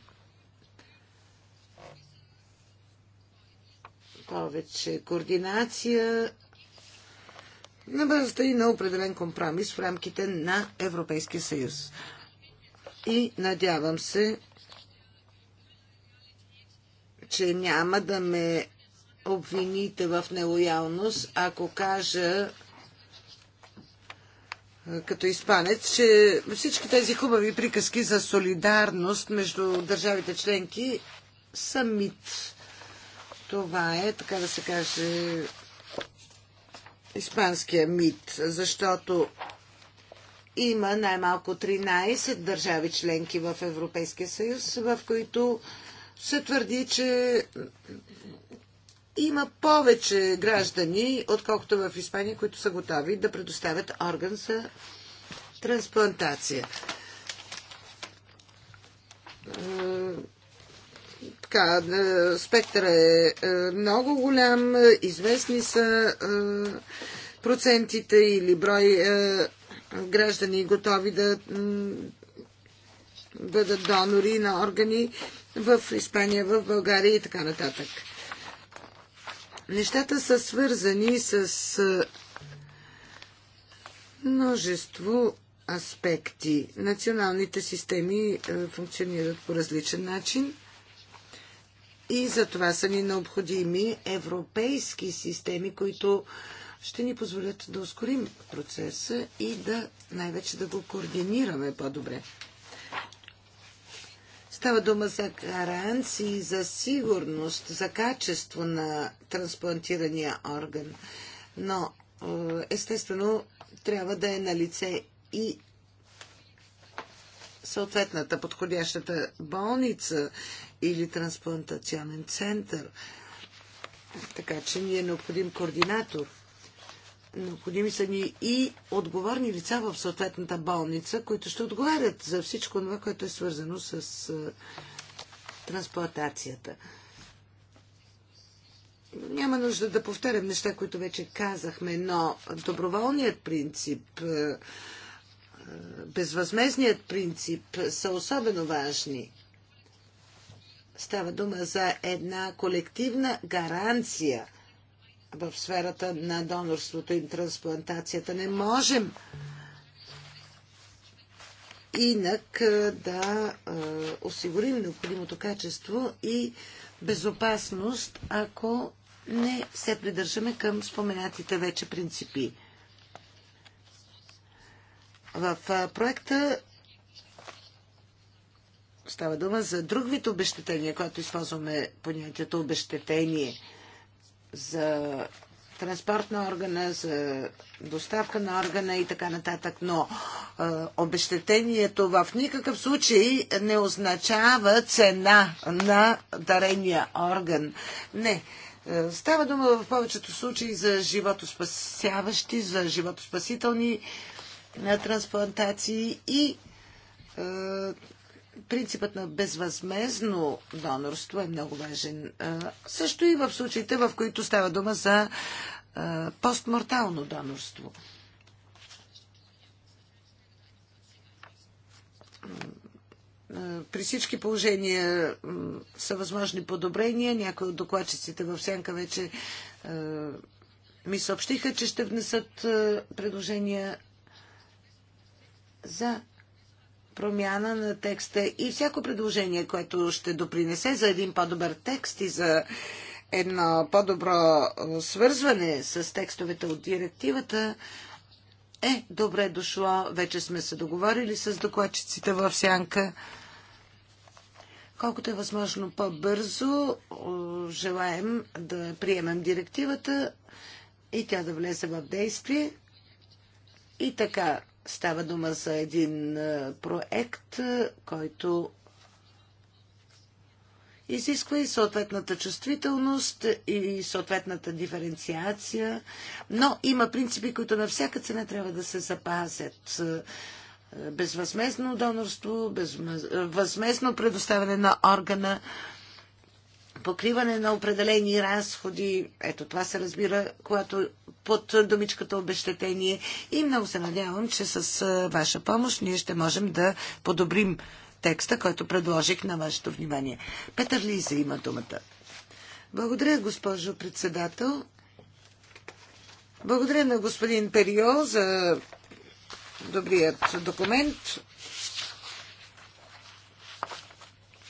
повече координация на базата и на определен компромис в рамките на Европейския съюз. И надявам се, че няма да ме обвините в нелоялност, ако кажа като испанец, че всички тези хубави приказки за солидарност между държавите членки са мит. Това е, така да се каже, испанския мит, защото има най-малко 13 държави членки в Европейския съюз, в които се твърди, че има повече граждани, отколкото в Испания, които са готови да предоставят орган за трансплантация. Е, така, е, спектъра е, е много голям, известни са е, процентите или брой граждани готови да бъдат донори на органи в Испания, в България и така нататък. Нещата са свързани с множество аспекти. Националните системи функционират по различен начин. И за това са ни необходими европейски системи, които ще ни позволят да ускорим процеса и да най-вече да го координираме по-добре. Става дума за гаранции, за сигурност, за качество на трансплантирания орган. Но е, естествено трябва да е на лице и съответната подходящата болница или трансплантационен център. Така че ни е необходим координатор. Необходими са ни и отговорни лица в съответната болница, които ще отговарят за всичко това, което е свързано с трансплантацията. Няма нужда да повтарям неща, които вече казахме, но доброволният принцип, безвъзмезният принцип са особено важни. Става дума за една колективна гаранция в сферата на донорството и трансплантацията. Не можем инак да осигурим необходимото качество и безопасност, ако не се придържаме към споменатите вече принципи. В проекта Става дума за друг вид обещетение, което използваме понятието обещетение за транспорт на органа, за доставка на органа и така нататък. Но е, обещетението в никакъв случай не означава цена на дарения орган. Не. Е, става дума в повечето случаи за животоспасяващи, за животоспасителни трансплантации и принципът на безвъзмезно донорство е много важен. Също и в случаите, в които става дума за постмортално донорство. При всички положения са възможни подобрения. Някои от докладчиците в Сянка вече ми съобщиха, че ще внесат предложения за промяна на текста и всяко предложение, което ще допринесе за един по-добър текст и за едно по-добро свързване с текстовете от директивата, е добре дошло. Вече сме се договорили с докладчиците в Сянка. Колкото е възможно по-бързо, желаем да приемем директивата и тя да влезе в действие. И така, Става дума за един проект, който изисква и съответната чувствителност, и съответната диференциация, но има принципи, които на всяка цена трябва да се запазят. Безвъзмезно донорство, безвъзмезно предоставяне на органа, покриване на определени разходи. Ето това се разбира, когато под думичката обещетение и много се надявам, че с ваша помощ ние ще можем да подобрим текста, който предложих на вашето внимание. Петър Лиза има думата. Благодаря, госпожо председател. Благодаря на господин Перио за добрият документ.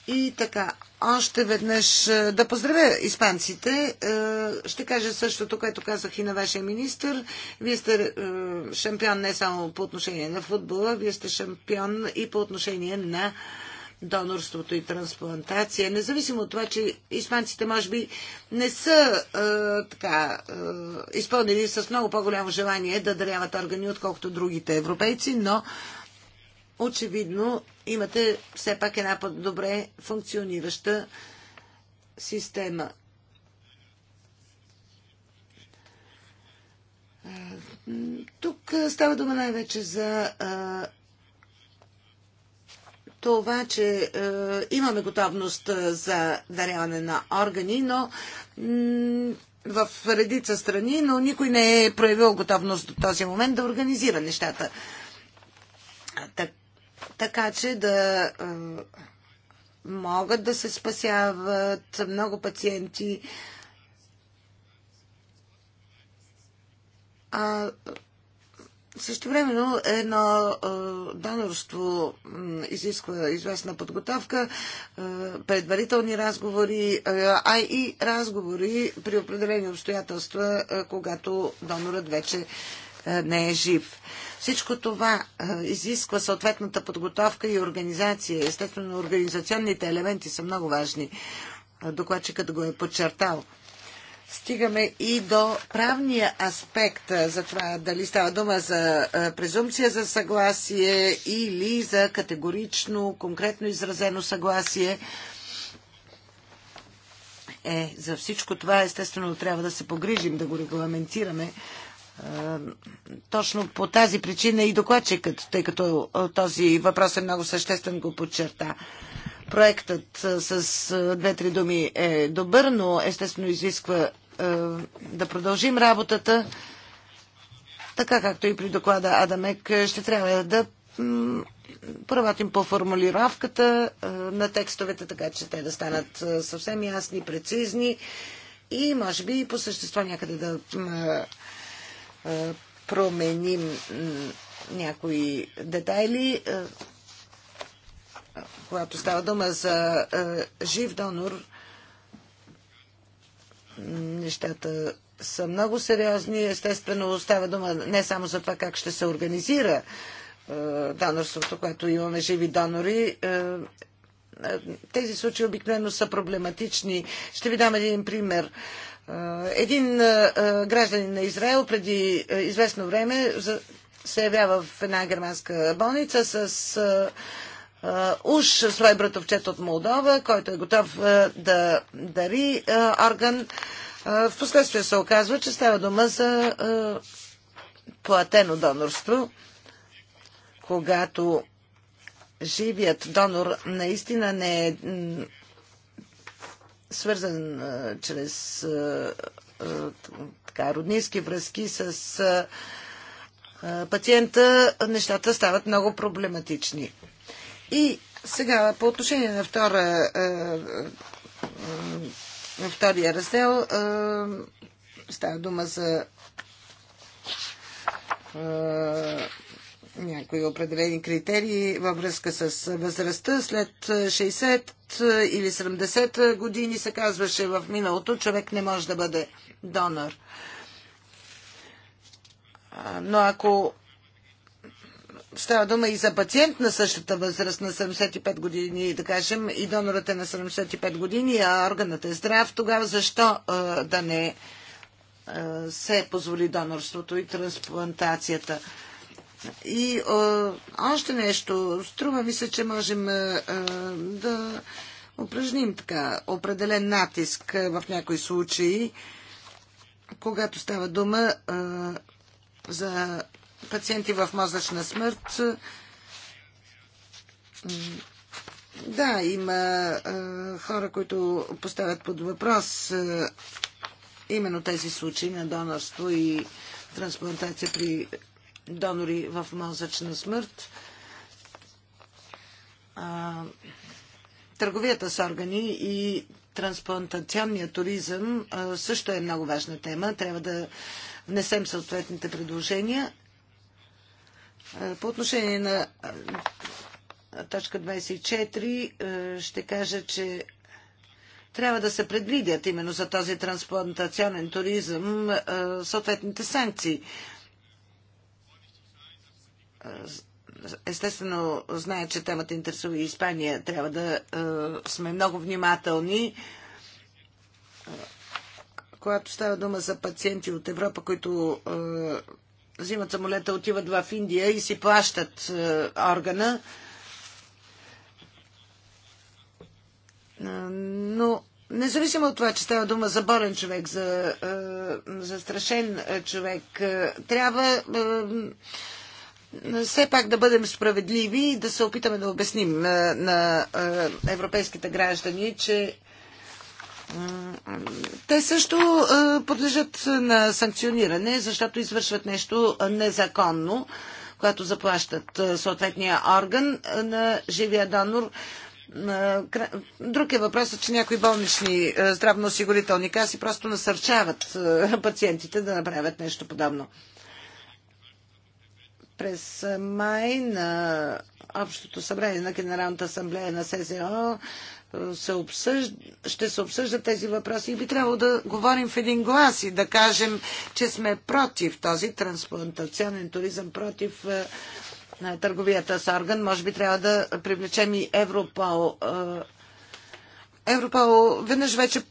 И така, още веднъж е, да поздравя испанците. Е, ще кажа същото, което казах и на вашия министр. Вие сте е, шампион не само по отношение на футбола, вие сте шампион и по отношение на донорството и трансплантация. Независимо от това, че испанците може би не са е, така, е, изпълнили с много по-голямо желание да даряват органи, отколкото другите европейци, но очевидно имате все пак една добре функционираща система. Тук става дума най-вече за това, че е, имаме готовност за даряване на органи, но в редица страни, но никой не е проявил готовност до този момент да организира нещата. Так, така че да могат да се спасяват много пациенти. А, също времено едно донорство изисква известна подготовка, предварителни разговори, а, а и разговори при определени обстоятелства, когато донорът вече не е жив. Всичко това изисква съответната подготовка и организация. Естествено, организационните елементи са много важни. Докладчикът го е подчертал стигаме и до правния аспект за това дали става дума за презумпция за съгласие или за категорично, конкретно изразено съгласие. Е, за всичко това естествено трябва да се погрижим, да го регламентираме е, точно по тази причина и докладчикът, тъй като е, този въпрос е много съществен, го подчерта. Проектът е, с две-три думи е добър, но естествено изисква да продължим работата. Така както и при доклада Адамек, ще трябва да поработим по формулировката на текстовете, така че те да станат съвсем ясни, прецизни и може би по същество някъде да е, променим някои детайли. Е, когато става дума за е, жив донор, нещата са много сериозни. Естествено, става дума не само за това как ще се организира донорството, което имаме живи донори. Тези случаи обикновено са проблематични. Ще ви дам един пример. Един гражданин на Израел преди известно време се явява в една германска болница с уж свой братовчет от Молдова, който е готов да дари орган. Впоследствие се оказва, че става дума за платено донорство, когато живият донор наистина не е свързан чрез така, роднински връзки с пациента, нещата стават много проблематични. И сега, по отношение на втора, на втория раздел, става дума за някои определени критерии във връзка с възрастта. След 60 или 70 години се казваше в миналото, човек не може да бъде донор. Но ако става дума и за пациент на същата възраст на 75 години, да кажем, и донорът е на 75 години, а органът е здрав, тогава защо да не се позволи донорството и трансплантацията? И а, още нещо. Струва ми се, че можем а, да упражним така определен натиск а, в някои случаи, когато става дума а, за пациенти в мозъчна смърт. Да, има а, хора, които поставят под въпрос а, именно тези случаи на донорство и трансплантация при донори в мозъчна смърт. Търговията с органи и трансплантационния туризъм също е много важна тема. Трябва да внесем съответните предложения. По отношение на точка 24 ще кажа, че трябва да се предвидят именно за този трансплантационен туризъм съответните санкции естествено знаят, че темата интересува и Испания. Трябва да е, сме много внимателни когато става дума за пациенти от Европа, които е, взимат самолета, отиват в Индия и си плащат е, органа. но независимо от това, че става дума за болен човек, за е, застрашен човек, е, трябва е, все пак да бъдем справедливи и да се опитаме да обясним е, на, на е, европейските граждани, че те също е, подлежат на санкциониране, защото извършват нещо незаконно, което заплащат съответния орган на живия донор. Друг е въпросът, че някои болнични здравноосигурителни каси просто насърчават пациентите да направят нещо подобно през май на Общото събрание на Генералната асамблея на СЗО е, се ще се обсъждат тези въпроси и би трябвало да говорим в един глас и да кажем, че сме против този трансплантационен туризъм, против е, на търговията с орган. Може би трябва да привлечем и Европол. Е, Европол веднъж вече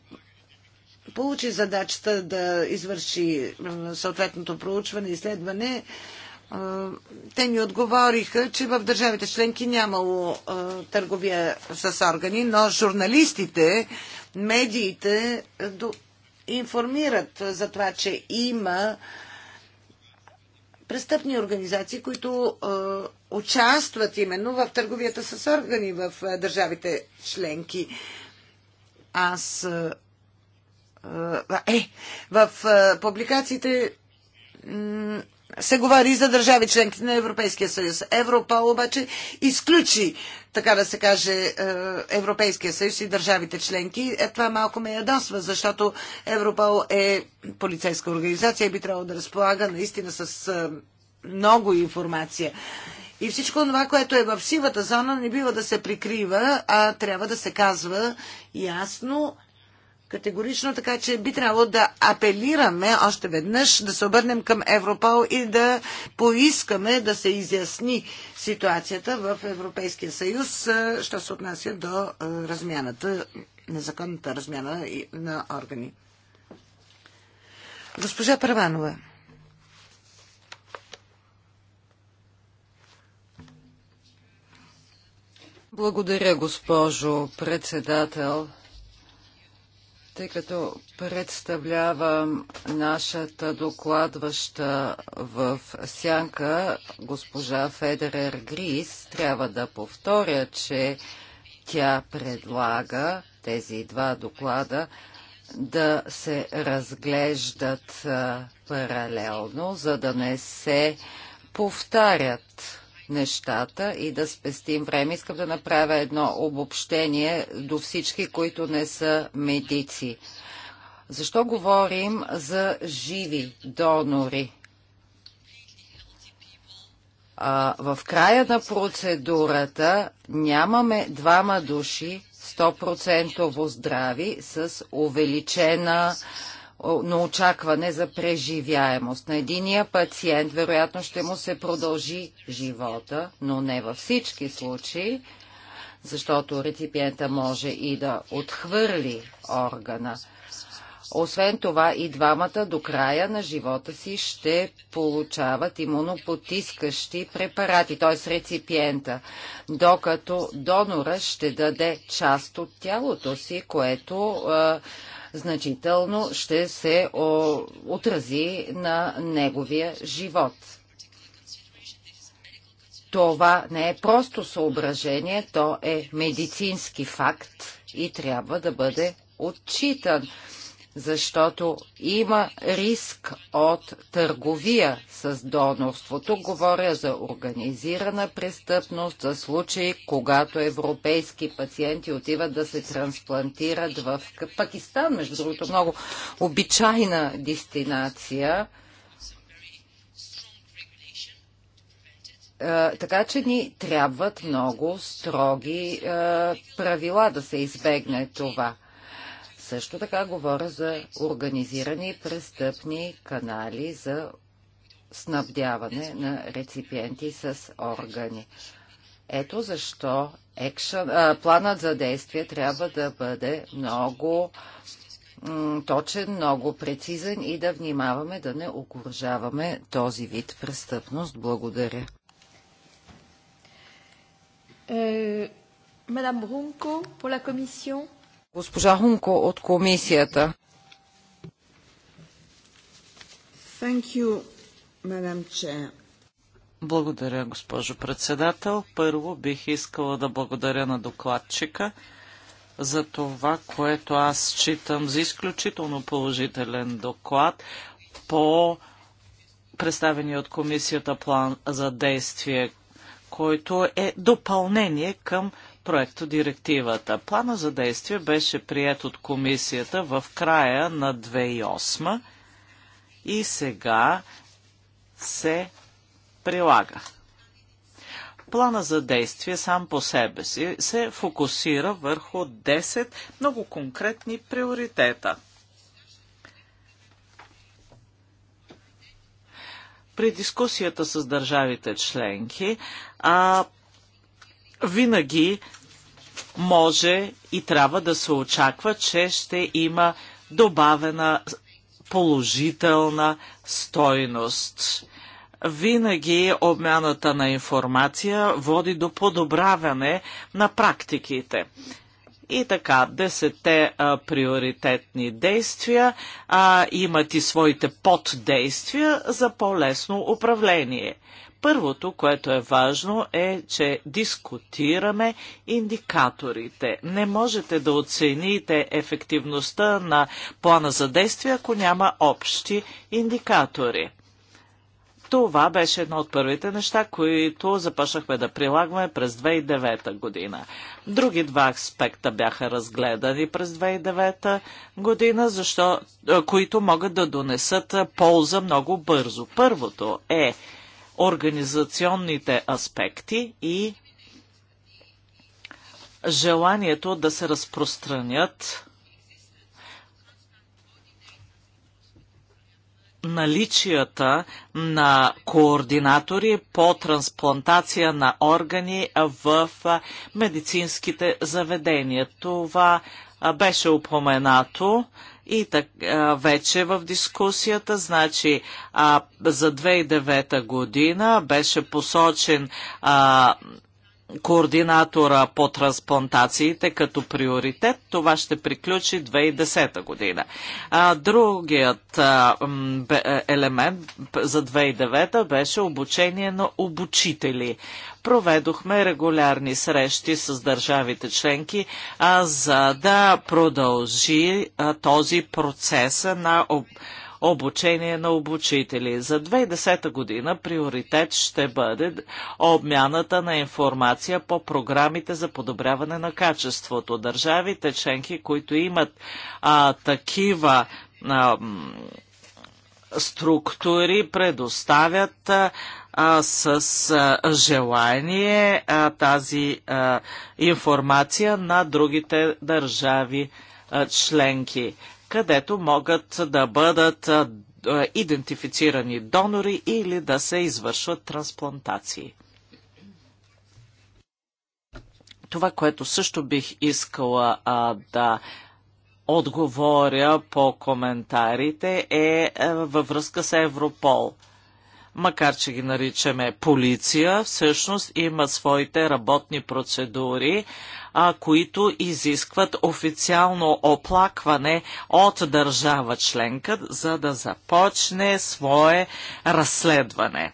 получи задачата да извърши съответното проучване, и изследване те ни отговориха, че в държавите членки нямало търговия с органи, но журналистите, медиите информират за това, че има престъпни организации, които участват именно в търговията с органи в държавите членки. Аз. Е, в публикациите се говори за държави членки на Европейския съюз. Европол обаче изключи, така да се каже, е, Европейския съюз и държавите членки. Е, това малко ме ядосва, защото Европол е полицейска организация и би трябвало да разполага наистина с е, много информация. И всичко това, което е в сивата зона, не бива да се прикрива, а трябва да се казва ясно категорично, така че би трябвало да апелираме още веднъж, да се обърнем към Европол и да поискаме да се изясни ситуацията в Европейския съюз, що се отнася до размяната, незаконната размяна на органи. Госпожа Първанова. Благодаря, госпожо председател. Тъй като представлявам нашата докладваща в сянка, госпожа Федерер Грис, трябва да повторя, че тя предлага тези два доклада да се разглеждат паралелно, за да не се повтарят нещата и да спестим време. Искам да направя едно обобщение до всички, които не са медици. Защо говорим за живи донори? А, в края на процедурата нямаме двама души 100% здрави с увеличена а, на очакване за преживяемост. На единия пациент вероятно ще му се продължи живота, но не във всички случаи, защото реципиента може и да отхвърли органа. Освен това и двамата до края на живота си ще получават имунопотискащи препарати, т.е. реципиента, докато донора ще даде част от тялото си, което е, значително ще се отрази на неговия живот. Това не е просто съображение, то е медицински факт и трябва да бъде отчитан защото има риск от търговия с донорството. говоря за организирана престъпност, за случаи, когато европейски пациенти отиват да се трансплантират в Пакистан, между другото много обичайна дестинация. Е, така че ни трябват много строги е, правила да се избегне това. Също така говоря за организирани престъпни канали за снабдяване на реципиенти с органи. Ето защо екшен, а, планът за действие трябва да бъде много точен, много прецизен и да внимаваме да не окоръжаваме този вид престъпност. Благодаря. Е, мадам Брунко, по комисия. Госпожа Хунко от комисията. Thank you, Madam Благодаря, госпожо председател. Първо бих искала да благодаря на докладчика за това, което аз считам за изключително положителен доклад по представения от комисията план за действие, който е допълнение към проекто директивата. Плана за действие беше прият от комисията в края на 2008 и сега се прилага. Плана за действие сам по себе си се фокусира върху 10 много конкретни приоритета. При дискусията с държавите членки а, винаги може и трябва да се очаква, че ще има добавена положителна стойност. Винаги обмяната на информация води до подобряване на практиките. И така, десетте а, приоритетни действия а, имат и своите поддействия за по-лесно управление. Първото, което е важно, е, че дискутираме индикаторите. Не можете да оцените ефективността на плана за действие, ако няма общи индикатори. Това беше едно от първите неща, които започнахме да прилагаме през 2009 година. Други два аспекта бяха разгледани през 2009 година, защо, които могат да донесат полза много бързо. Първото е организационните аспекти и желанието да се разпространят наличията на координатори по трансплантация на органи в медицинските заведения. Това беше упоменато и так, вече в дискусията, значи а, за 2009 година беше посочен а, координатора по трансплантациите като приоритет. Това ще приключи 2010 година. А, другият а, е, елемент за 2009 беше обучение на обучители. Проведохме регулярни срещи с държавите членки, а, за да продължи а, този процес на обучение обучение на обучители. За 2010 година приоритет ще бъде обмяната на информация по програмите за подобряване на качеството. Държавите членки, които имат а, такива а, структури, предоставят а, с а, желание а, тази а, информация на другите държави а, членки където могат да бъдат идентифицирани донори или да се извършват трансплантации. Това, което също бих искала а, да отговоря по коментарите е а, във връзка с Европол. Макар, че ги наричаме полиция, всъщност има своите работни процедури, а, които изискват официално оплакване от държава членка, за да започне свое разследване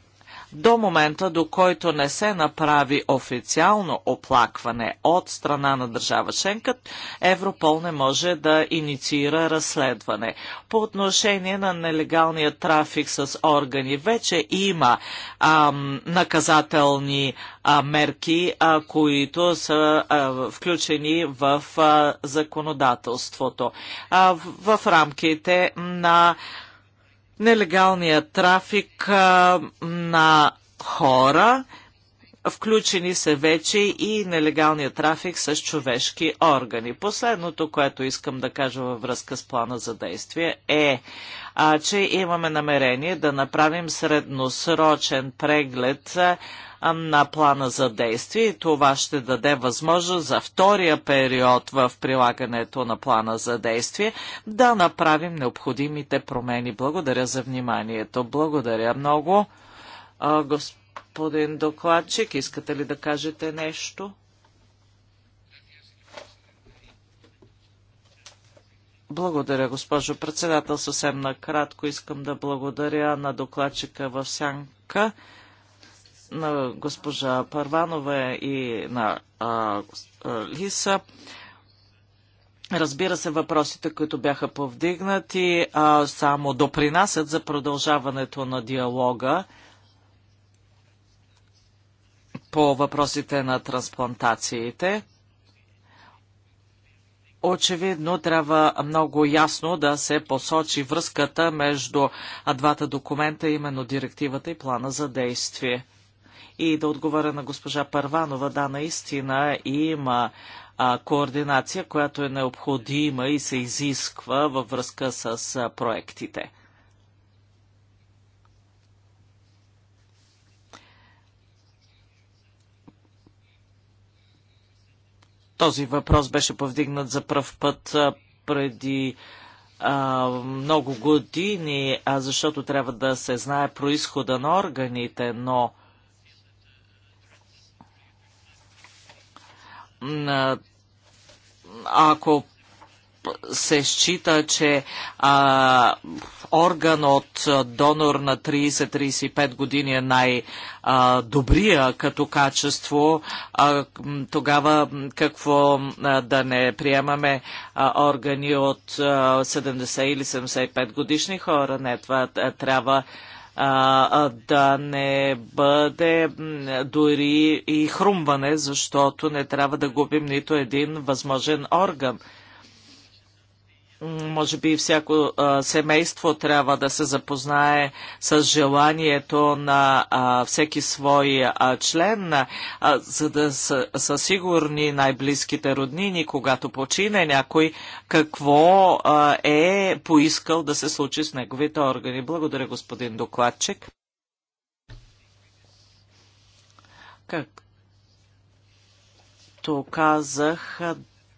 до момента, до който не се направи официално оплакване от страна на държава Шенка, Европол не може да инициира разследване. По отношение на нелегалния трафик с органи, вече има ам, наказателни а, мерки, а, които са а, включени в а, законодателството. А, в, в рамките на нелегалния трафик на хора. Включени се вече и нелегалния трафик с човешки органи. Последното, което искам да кажа във връзка с плана за действие е, че имаме намерение да направим средносрочен преглед на плана за действие. Това ще даде възможност за втория период в прилагането на плана за действие да направим необходимите промени. Благодаря за вниманието. Благодаря много. господин докладчик, искате ли да кажете нещо? Благодаря, госпожо председател. Съвсем накратко искам да благодаря на докладчика в Сянка на госпожа Парванова и на а, Лиса. Разбира се, въпросите, които бяха повдигнати, а, само допринасят за продължаването на диалога по въпросите на трансплантациите. Очевидно трябва много ясно да се посочи връзката между двата документа, именно директивата и плана за действие. И да отговоря на госпожа Парванова, да, наистина има координация, която е необходима и се изисква във връзка с проектите. Този въпрос беше повдигнат за пръв път преди а, много години, а защото трябва да се знае происхода на органите, но ако се счита, че а, орган от донор на 30-35 години е най-добрия като качество, а, тогава какво а, да не приемаме а, органи от а, 70 или 75 годишни хора? Не, това е, трябва а, да не бъде дори и хрумване, защото не трябва да губим нито един възможен орган може би всяко а, семейство трябва да се запознае с желанието на а, всеки свой а, член, а, за да са, са сигурни най-близките роднини, когато почине някой, какво а, е поискал да се случи с неговите органи. Благодаря, господин докладчик. Както казах,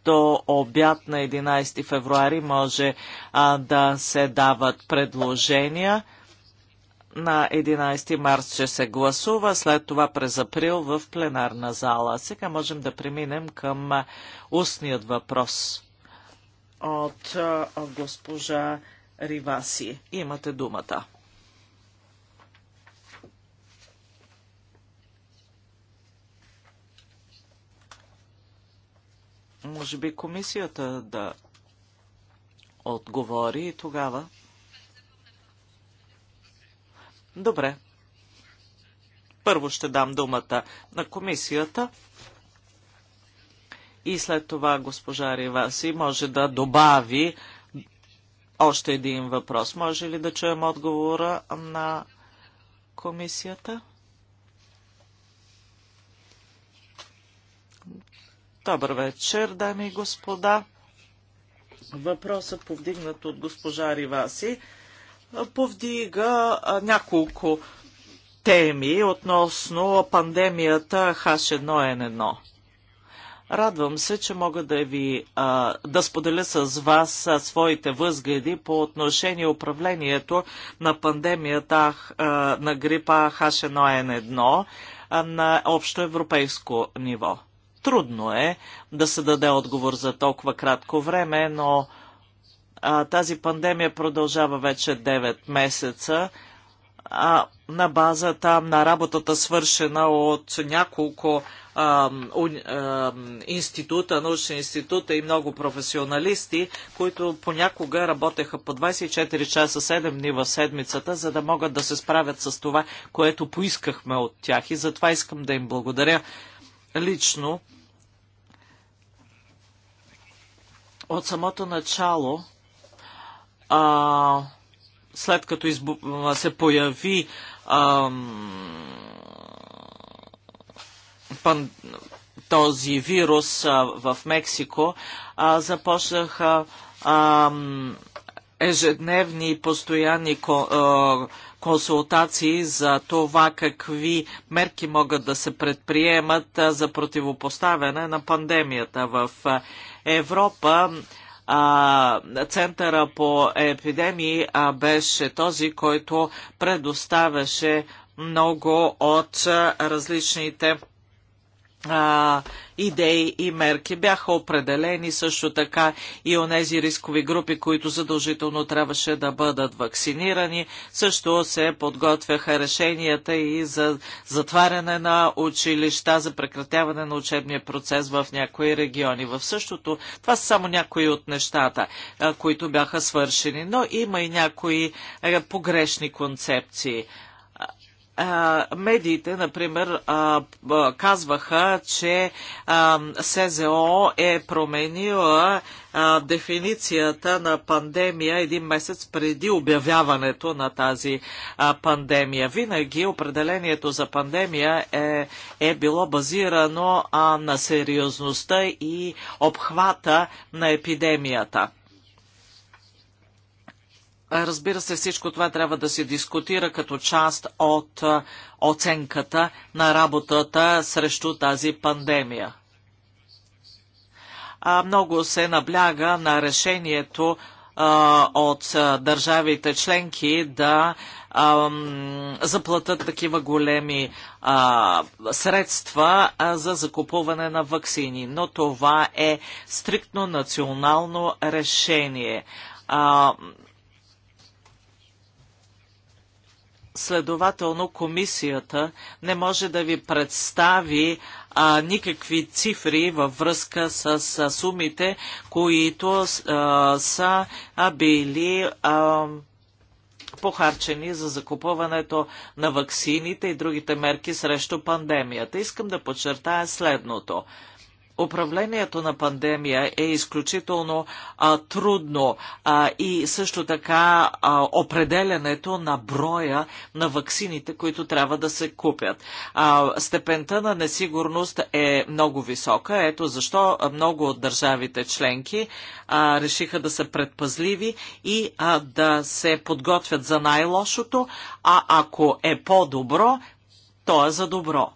до обяд на 11 февруари може а, да се дават предложения. На 11 март ще се гласува, след това през април в пленарна зала. Сега можем да преминем към устният въпрос от госпожа Риваси. Имате думата. Може би комисията да отговори и тогава. Добре. Първо ще дам думата на комисията и след това госпожа Риваси може да добави още един въпрос. Може ли да чуем отговора на комисията? Добър вечер, дами и господа. Въпросът, повдигнат от госпожа Риваси, повдига няколко теми относно пандемията H1N1. Радвам се, че мога да ви да споделя с вас своите възгледи по отношение управлението на пандемията на грипа H1N1 на общо европейско ниво. Трудно е да се даде отговор за толкова кратко време, но а, тази пандемия продължава вече 9 месеца а, на базата на работата свършена от няколко а, а, института, научни института и много професионалисти, които понякога работеха по 24 часа 7 дни в седмицата, за да могат да се справят с това, което поискахме от тях. И затова искам да им благодаря лично от самото начало, а, след като избу... се появи а, пан... този вирус а, в Мексико, а, започнаха а, ежедневни и постоянни а, консултации за това какви мерки могат да се предприемат за противопоставяне на пандемията в Европа. Центъра по епидемии беше този, който предоставяше много от различните а, идеи и мерки. Бяха определени също така и онези рискови групи, които задължително трябваше да бъдат вакцинирани. Също се подготвяха решенията и за затваряне на училища, за прекратяване на учебния процес в някои региони. В същото, това са само някои от нещата, които бяха свършени, но има и някои е, погрешни концепции медиите, например, казваха, че СЗО е променила дефиницията на пандемия един месец преди обявяването на тази пандемия. Винаги определението за пандемия е, е било базирано на сериозността и обхвата на епидемията. Разбира се, всичко това трябва да се дискутира като част от оценката на работата срещу тази пандемия. А много се набляга на решението от държавите членки да а, заплатат такива големи а, средства а, за закупуване на вакцини. Но това е стриктно национално решение. А, Следователно, комисията не може да ви представи а, никакви цифри във връзка с, с сумите, които а, са а, били а, похарчени за закупуването на ваксините и другите мерки срещу пандемията. Искам да подчертая следното управлението на пандемия е изключително а, трудно а, и също така а, определенето на броя на ваксините, които трябва да се купят. А, степента на несигурност е много висока. Ето защо много от държавите членки а, решиха да са предпазливи и а, да се подготвят за най-лошото, а ако е по-добро, то е за добро.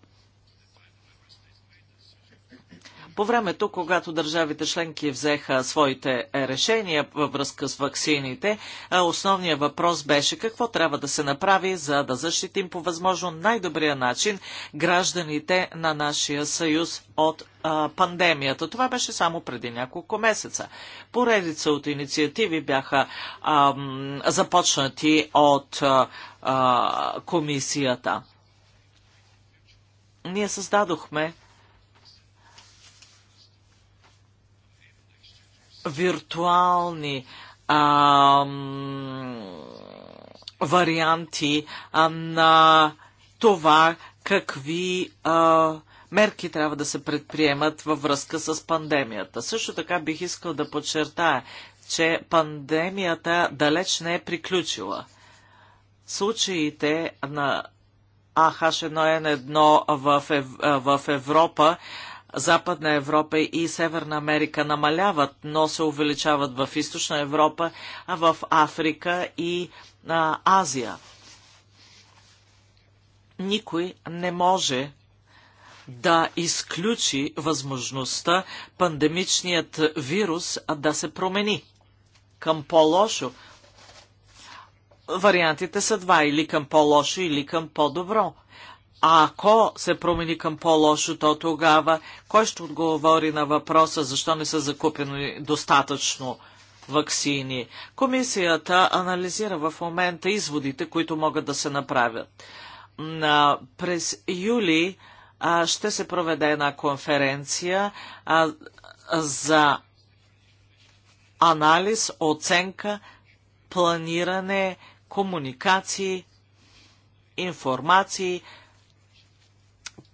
По времето, когато държавите членки взеха своите е, решения във връзка с ваксините, е, основният въпрос беше какво трябва да се направи, за да защитим по възможно най-добрия начин гражданите на нашия съюз от е, пандемията. Това беше само преди няколко месеца. Поредица от инициативи бяха започнати от а, комисията. Ние създадохме виртуални а, варианти а, на това какви а, мерки трябва да се предприемат във връзка с пандемията. Също така бих искал да подчертая, че пандемията далеч не е приключила. Случаите на АХ1N1 в, Ев... в Европа Западна Европа и Северна Америка намаляват, но се увеличават в Източна Европа, а в Африка и а, Азия. Никой не може да изключи възможността пандемичният вирус да се промени към по-лошо. Вариантите са два или към по-лошо, или към по-добро. А ако се промени към по лошото то тогава кой ще отговори на въпроса защо не са закупени достатъчно ваксини? Комисията анализира в момента изводите, които могат да се направят. На, през юли а, ще се проведе една конференция а, за анализ, оценка, планиране, комуникации, информации,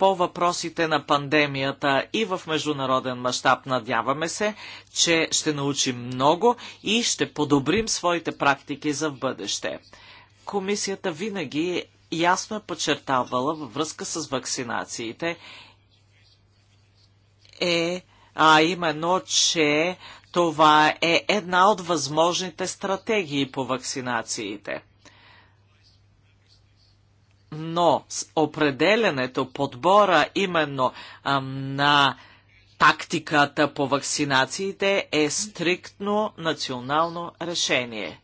по въпросите на пандемията и в международен мащаб. Надяваме се, че ще научим много и ще подобрим своите практики за в бъдеще. Комисията винаги ясно е подчертавала във връзка с вакцинациите е, а именно, че това е една от възможните стратегии по вакцинациите но с определенето, подбора именно а, на тактиката по вакцинациите е стриктно национално решение.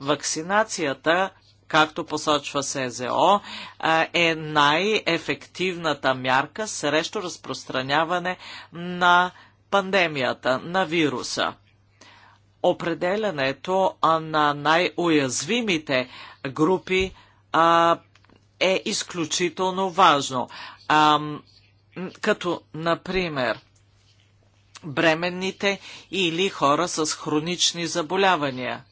Вакцинацията, както посочва СЗО, е най-ефективната мярка срещу разпространяване на пандемията, на вируса. Определенето на най-уязвимите групи е изключително важно. А, като, например, бременните или хора с хронични заболявания.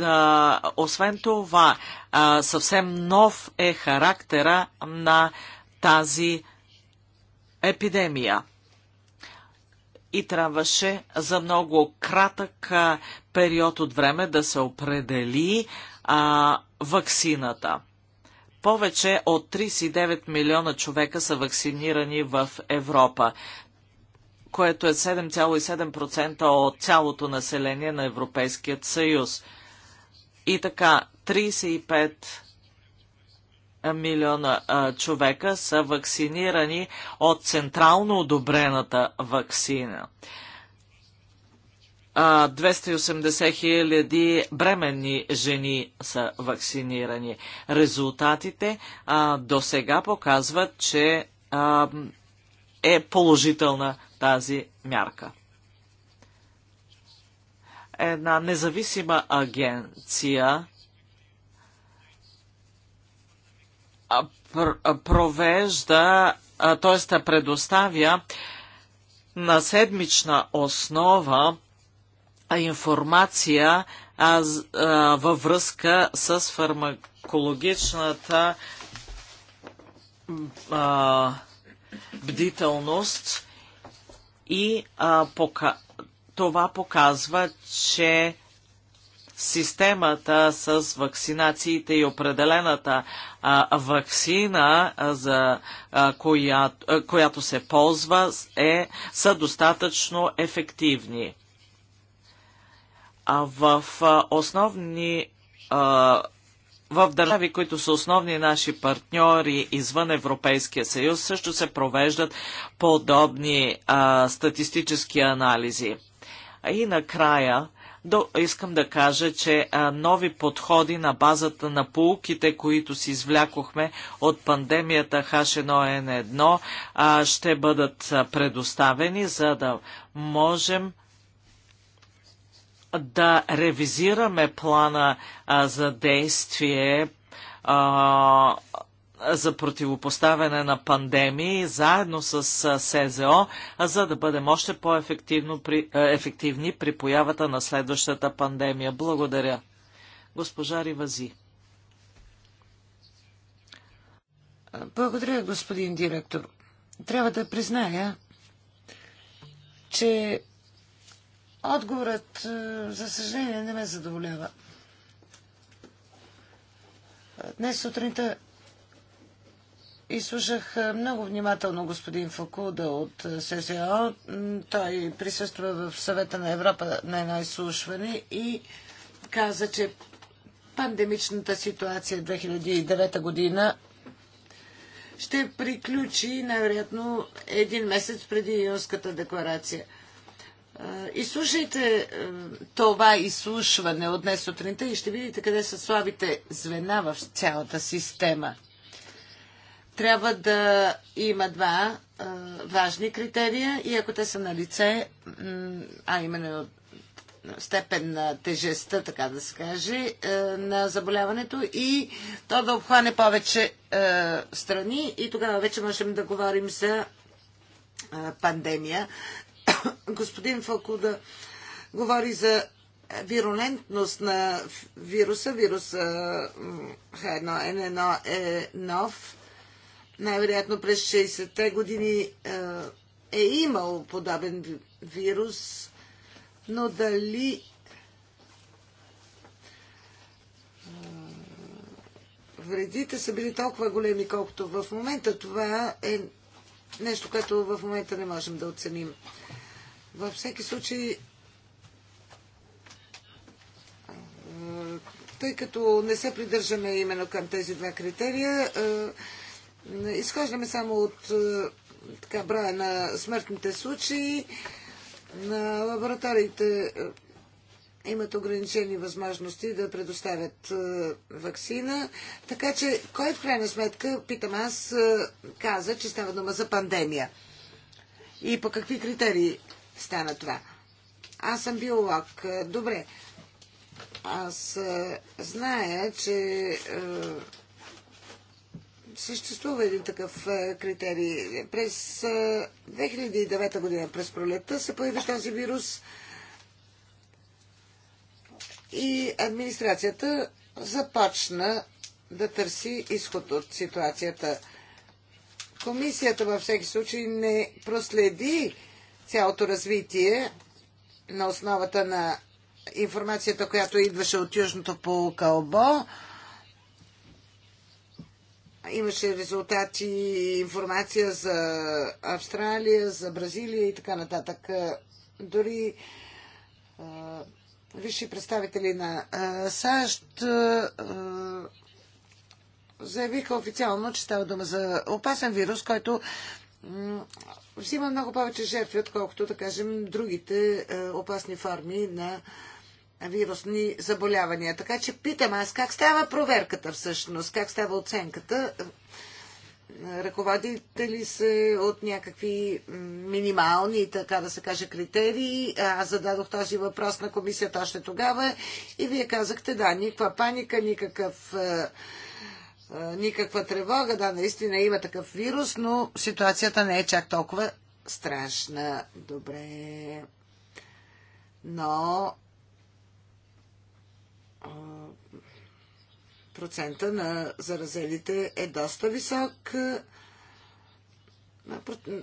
А, освен това, а, съвсем нов е характера на тази епидемия. И трябваше за много кратък период от време да се определи а, ваксината. Повече от 39 милиона човека са вакцинирани в Европа, което е 7,7% от цялото население на Европейският съюз. И така, 35 милиона а, човека са вакцинирани от централно одобрената вакцина. 280 хиляди бременни жени са вакцинирани. Резултатите до сега показват, че а, е положителна тази мярка. Една независима агенция провежда, т.е. предоставя на седмична основа информация а, а, във връзка с фармакологичната а, бдителност и а, пока... това показва, че системата с вакцинациите и определената а, вакцина, а, за, а, която, а, която се ползва, е, са достатъчно ефективни в основни в държави, които са основни наши партньори извън Европейския съюз, също се провеждат подобни а, статистически анализи. И накрая до, искам да кажа, че а, нови подходи на базата на полуките, които си извлякохме от пандемията H1N1, а, ще бъдат предоставени, за да можем да ревизираме плана а, за действие а, за противопоставяне на пандемии заедно с СЗО, за да бъдем още по-ефективни при, при появата на следващата пандемия. Благодаря. Госпожа Ривази. Благодаря, господин директор. Трябва да призная, че Отговорът, е, за съжаление, не ме задоволява. Днес сутринта изслушах е, много внимателно господин Факуда от е, ССО. Той присъства в съвета на Европа на едно изслушване и каза, че пандемичната ситуация 2009 година ще приключи най-вероятно един месец преди Юнската декларация – слушайте е, това изслушване от днес сутринта и ще видите къде са слабите звена в цялата система. Трябва да има два е, важни критерия и ако те са на лице, а именно степен на тежестта, така да се каже, е, на заболяването и то да обхване повече страни и тогава вече можем да говорим за пандемия. господин да говори за вирулентност на вируса. Вируса H1N1 е нов. Най-вероятно през 60-те години е, е имал подобен вирус, но дали е, вредите са били толкова големи, колкото в момента, това е нещо, което в момента не можем да оценим. Във всеки случай, тъй като не се придържаме именно към тези два критерия, изхождаме само от така, броя на смъртните случаи. На лабораториите имат ограничени възможности да предоставят вакцина. Така че, кой в крайна сметка, питам аз, каза, че става дума за пандемия? И по какви критерии стана това. Аз съм биолог. Добре. Аз е, зная, че е, съществува един такъв е, критерий. През 2009 година, през пролетта, се появи този вирус и администрацията започна да търси изход от ситуацията. Комисията във всеки случай не проследи цялото развитие на основата на информацията, която идваше от Южното полукълбо. Имаше резултати и информация за Австралия, за Бразилия и така нататък. Дори а, висши представители на а, САЩ а, заявиха официално, че става дума за опасен вирус, който взима много повече жертви, отколкото, да кажем, другите е, опасни форми на вирусни заболявания. Така че питам аз как става проверката всъщност, как става оценката. Ръководите ли се от някакви минимални, така да се каже, критерии? Аз зададох този въпрос на комисията още тогава и вие казахте, да, никаква паника, никакъв е, никаква тревога. Да, наистина има такъв вирус, но ситуацията не е чак толкова страшна. Добре. Но процента на заразелите е доста висок.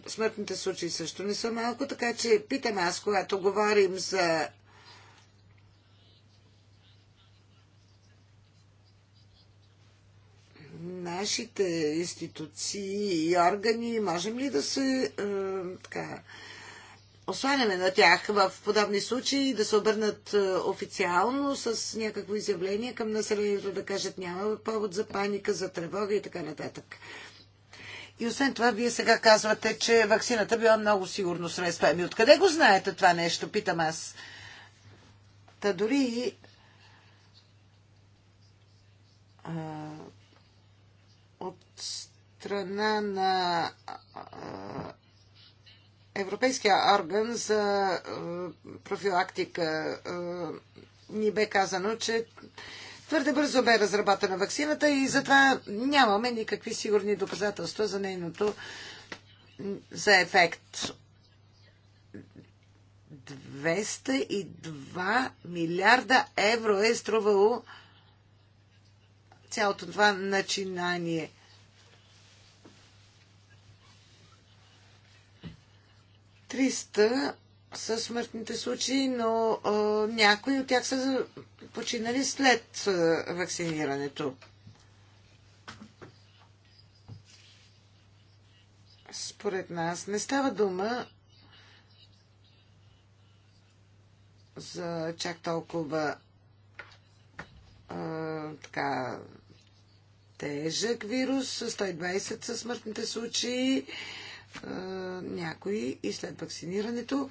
Смъртните случаи също не са малко, така че питам аз, когато говорим за нашите институции и органи, можем ли да се е, така, осланяме на тях в подобни случаи, да се обърнат е, официално с някакво изявление към населението, да кажат няма повод за паника, за тревога и така нататък. И освен това, вие сега казвате, че вакцината била много сигурно средство. Ами откъде го знаете това нещо, питам аз. Та дори страна на Европейския орган за профилактика ни бе казано, че твърде бързо бе разработена вакцината и затова нямаме никакви сигурни доказателства за нейното за ефект. 202 милиарда евро е струвало цялото това начинание. 300 са смъртните случаи, но а, някои от тях са починали след а, вакцинирането. Според нас не става дума за чак толкова а, така тежък вирус. 120 са смъртните случаи. А, някои и след вакцинирането,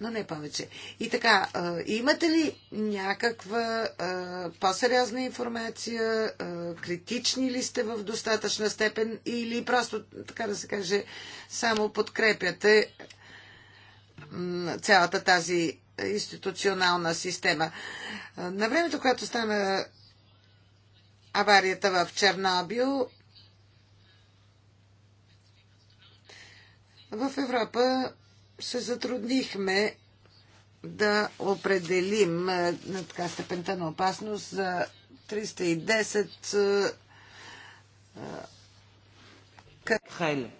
но не повече. И така, имате ли някаква по-сериозна информация? критични ли сте в достатъчна степен или просто, така да се каже, само подкрепяте цялата тази институционална система? на времето, когато стана аварията в Чернобил, В Европа се затруднихме да определим е, на така степента на опасност за 310 е, е, Керела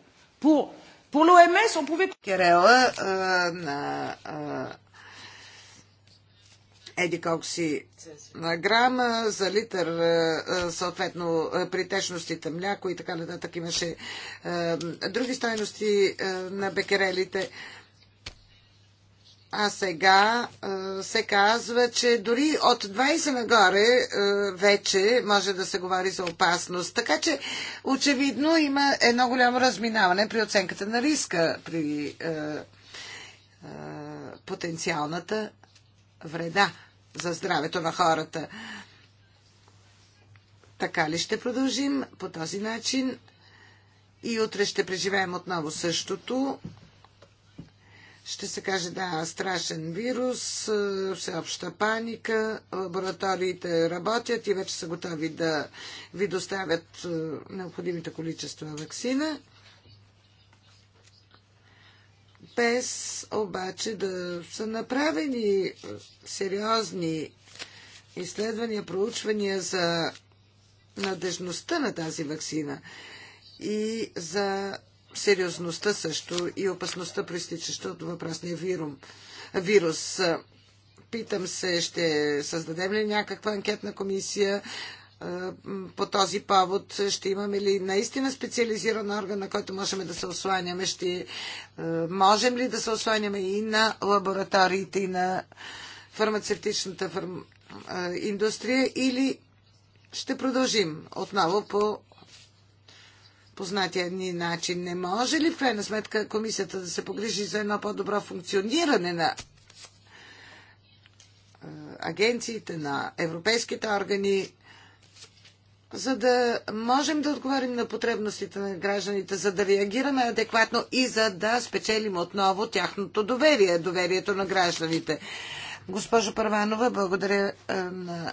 на еди колко си грама за литър, е, е, съответно е, при течностите мляко и така нататък имаше други стойности на бекерелите. А сега се казва, че дори от 20 нагоре вече може да се говори за опасност. Така че очевидно има едно голямо разминаване при оценката на риска при потенциалната вреда за здравето на хората. Така ли ще продължим по този начин? И утре ще преживеем отново същото. Ще се каже, да, страшен вирус, е, всеобща паника, лабораториите работят и вече са готови да ви доставят е, необходимите количества вакцина без обаче да са направени е, сериозни изследвания, проучвания за надежността на тази вакцина и за сериозността също и опасността, проистичаща от въпросния вирум, вирус. Е, питам се, ще създадем ли някаква анкетна комисия, по този повод? Ще имаме ли наистина специализиран орган, на който можем да се осланяме? Ще можем ли да се осланяме и на лабораториите, и на фармацевтичната фарм... индустрия? Или ще продължим отново по познатия ни начин. Не може ли в крайна сметка комисията да се погрижи за едно по-добро функциониране на агенциите, на европейските органи, за да можем да отговорим на потребностите на гражданите, за да реагираме адекватно и за да спечелим отново тяхното доверие, доверието на гражданите. Госпожо Първанова, благодаря е, на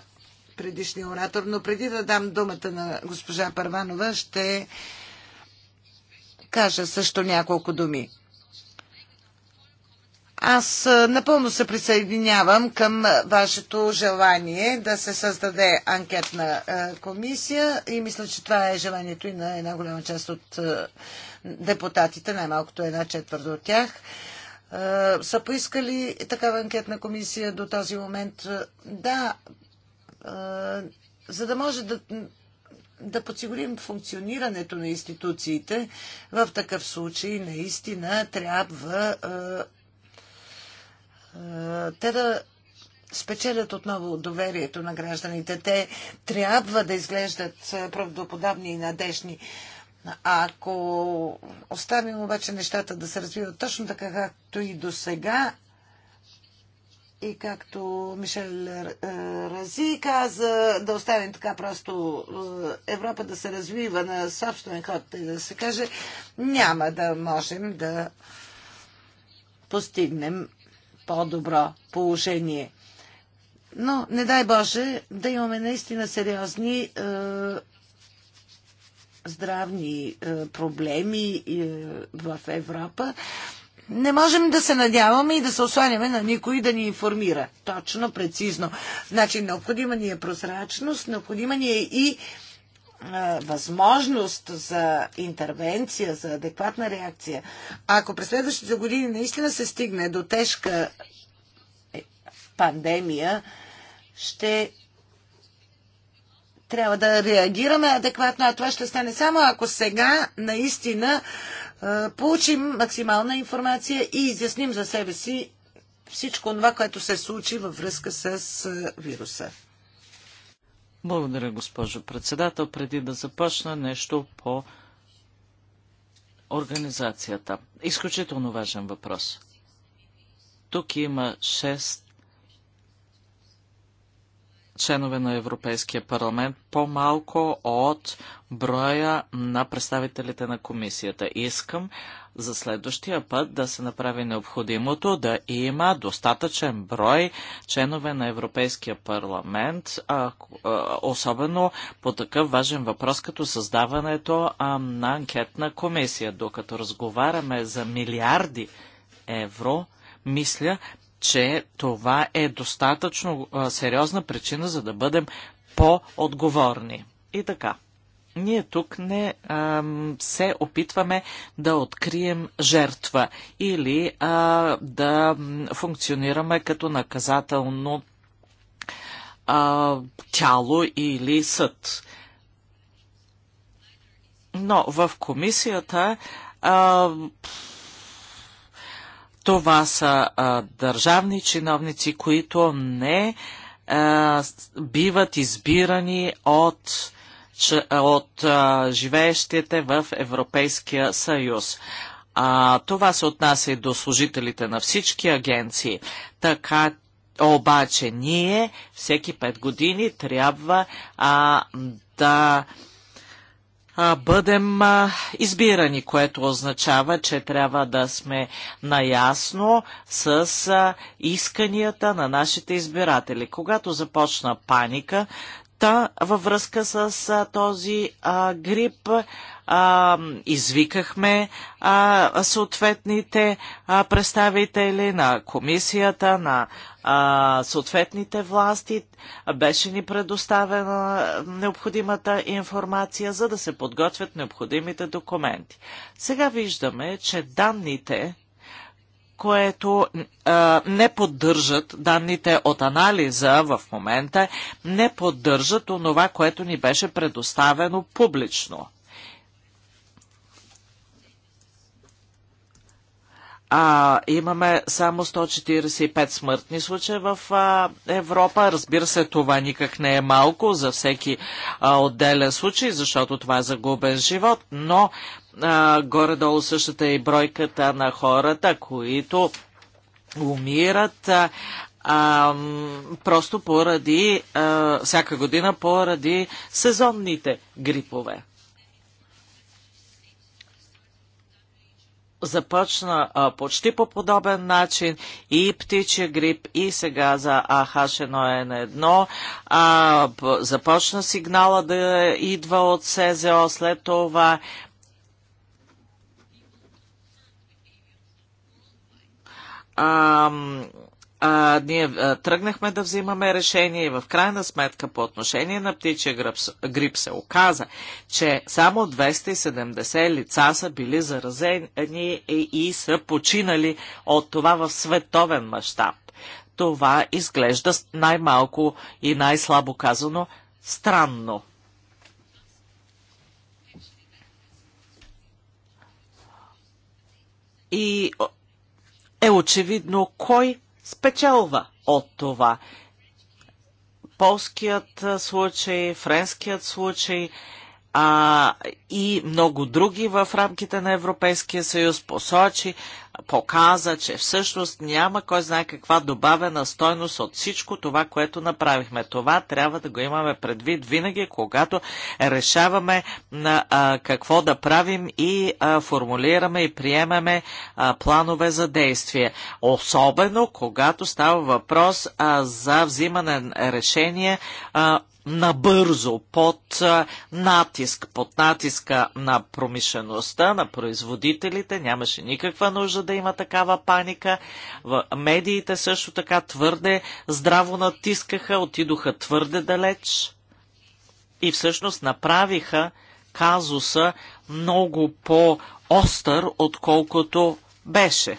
предишния оратор, но преди да дам думата на госпожа Първанова, ще кажа също няколко думи. Аз напълно се присъединявам към вашето желание да се създаде анкетна комисия и мисля, че това е желанието и на една голяма част от депутатите, най-малкото една четвърт от тях. Са поискали такава анкетна комисия до този момент? Да, за да може да, да подсигурим функционирането на институциите, в такъв случай наистина трябва те да спечелят отново доверието на гражданите. Те трябва да изглеждат правдоподобни и надежни. Ако оставим обаче нещата да се развиват точно така, както и до сега, и както Мишел Рази каза, да оставим така просто Европа да се развива на собствен ход, и да се каже, няма да можем да постигнем по-добро положение. Но не дай Боже да имаме наистина сериозни е, здравни е, проблеми е, в Европа. Не можем да се надяваме и да се осланяме на никой да ни информира. Точно, прецизно. Значи, необходима ни е прозрачност, необходима ни е и е, възможност за интервенция, за адекватна реакция, ако през следващите години наистина се стигне до тежка е, пандемия, ще трябва да реагираме адекватно, а това ще стане само ако сега наистина получим максимална информация и изясним за себе си всичко това, което се случи във връзка с вируса. Благодаря, госпожо председател. Преди да започна нещо по организацията. Изключително важен въпрос. Тук има 6 членове на Европейския парламент, по-малко от броя на представителите на комисията. Искам за следващия път да се направи необходимото да има достатъчен брой членове на Европейския парламент, особено по такъв важен въпрос като създаването на анкетна комисия. Докато разговаряме за милиарди евро, мисля, че това е достатъчно сериозна причина, за да бъдем по-отговорни. И така ние тук не а, се опитваме да открием жертва или а, да функционираме като наказателно а, тяло или съд. Но в комисията а, това са а, държавни чиновници, които не а, биват избирани от от живеещите в Европейския съюз. А, това се отнася и до служителите на всички агенции. Така обаче ние всеки 5 години трябва а, да а, бъдем а, избирани, което означава, че трябва да сме наясно с а, исканията на нашите избиратели. Когато започна паника, Та във връзка с а, този а, грип а, извикахме а, съответните а, представители на комисията, на а, съответните власти. Беше ни предоставена необходимата информация, за да се подготвят необходимите документи. Сега виждаме, че данните което е, не поддържат данните от анализа в момента, не поддържат онова, което ни беше предоставено публично. А, имаме само 145 смъртни случая в а, Европа. Разбира се, това никак не е малко за всеки а, отделен случай, защото това е загубен живот, но горе-долу същата е и бройката на хората, които умират а, просто поради а, всяка година поради сезонните грипове. започна а, почти по подобен начин и птичия грип, и сега за ах 1 започна сигнала да идва от СЗО, след това а, а, ние а, тръгнахме да взимаме решение и в крайна сметка по отношение на птичия грип, грип се оказа, че само 270 лица са били заразени и, и са починали от това в световен мащаб. Това изглежда най-малко и най-слабо казано странно. И е очевидно кой спечелва от това. Полският случай, френският случай а, и много други в рамките на Европейския съюз посочи показа, че всъщност няма кой знае каква добавена стойност от всичко това, което направихме. Това трябва да го имаме предвид винаги, когато решаваме на, а, какво да правим и а, формулираме и приемаме а, планове за действие. Особено когато става въпрос а, за взимане решение а, набързо, под натиск, под натиска на промишлеността, на производителите. Нямаше никаква нужда да има такава паника. В медиите също така твърде здраво натискаха, отидоха твърде далеч и всъщност направиха казуса много по-остър, отколкото беше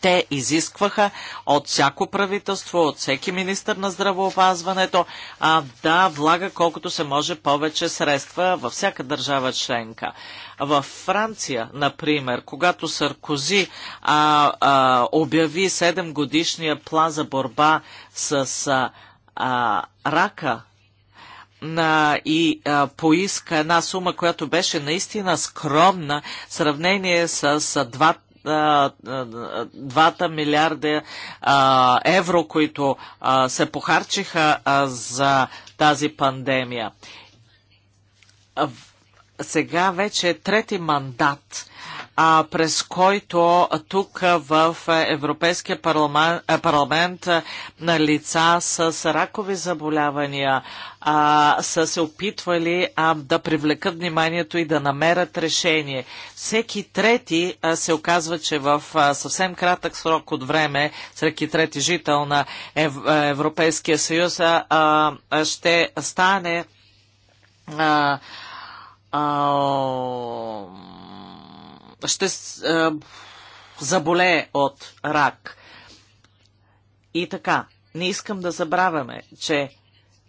те изискваха от всяко правителство, от всеки министр на здравоопазването, а да влага колкото се може повече средства във всяка държава членка. Във Франция, например, когато Саркози а, а, обяви 7 годишния план за борба с а, а, рака на, и а, поиска една сума, която беше наистина скромна в сравнение с а, Двата милиарда евро, които се похарчиха за тази пандемия. Сега вече е трети мандат през който тук в Европейския парламент, парламент на лица с ракови заболявания а, са се опитвали а, да привлекат вниманието и да намерят решение. Всеки трети а, се оказва, че в а, съвсем кратък срок от време, всеки трети жител на Ев, Европейския съюз а, а, ще стане а, а, ще е, заболее от рак. И така, не искам да забравяме, че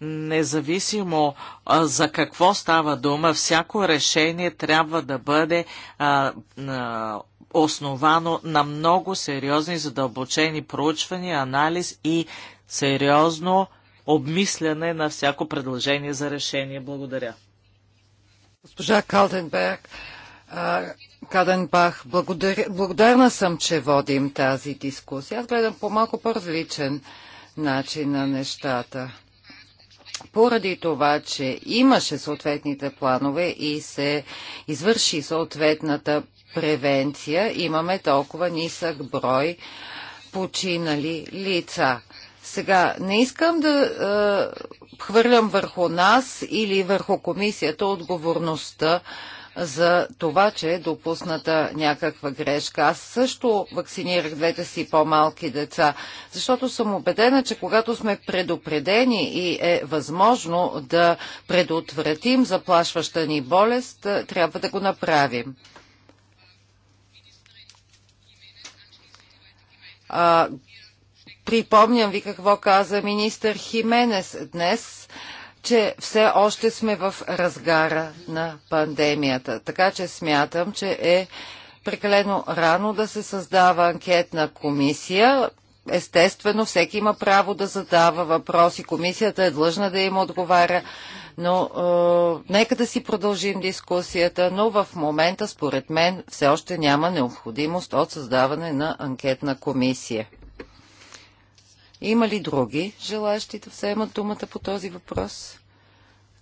независимо а, за какво става дума, всяко решение трябва да бъде а, а, основано на много сериозни задълбочени проучвания, анализ и сериозно обмисляне на всяко предложение за решение. Благодаря. Госпожа Калденберг, Каденбах, благодаря, благодарна съм, че водим тази дискусия. Аз гледам по малко по-различен начин на нещата. Поради това, че имаше съответните планове и се извърши съответната превенция, имаме толкова нисък брой починали лица. Сега, не искам да е, хвърлям върху нас или върху комисията отговорността за това, че е допусната някаква грешка. Аз също вакцинирах двете си по-малки деца, защото съм убедена, че когато сме предупредени и е възможно да предотвратим заплашваща ни болест, е, трябва да го направим. А, припомням ви какво каза министър Хименес днес. А, че все още сме в разгара на пандемията. Така че смятам, че е прекалено рано да се създава анкетна комисия. Естествено, всеки има право да задава въпроси. Комисията е длъжна да им отговаря. Но е, нека да си продължим дискусията, но в момента, според мен, все още няма необходимост от създаване на анкетна комисия. Има ли други желащи да вземат думата по този въпрос?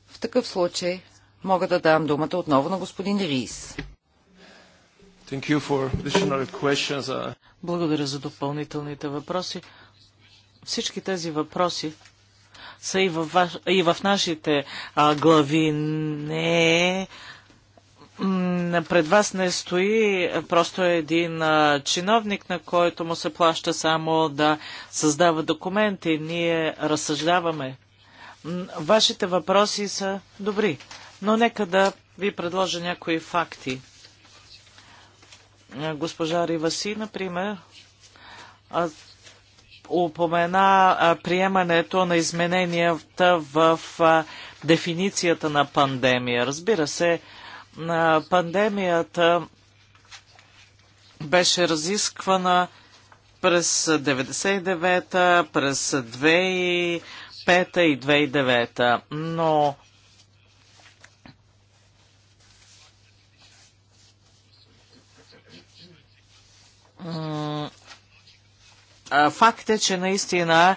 В такъв случай мога да дам думата отново на господин Рис. Uh, Благодаря за допълнителните въпроси. Всички тези въпроси са и, ваш... и в нашите а, глави. Не е, пред вас не стои просто един чиновник, на който му се плаща само да създава документи. Ние разсъждаваме. Вашите въпроси са добри, но нека да ви предложа някои факти. Госпожа Риваси, например, упомена приемането на измененията в дефиницията на пандемия. Разбира се, пандемията беше разисквана през 99-та, през 2005-та и 2009-та. Но факт е, че наистина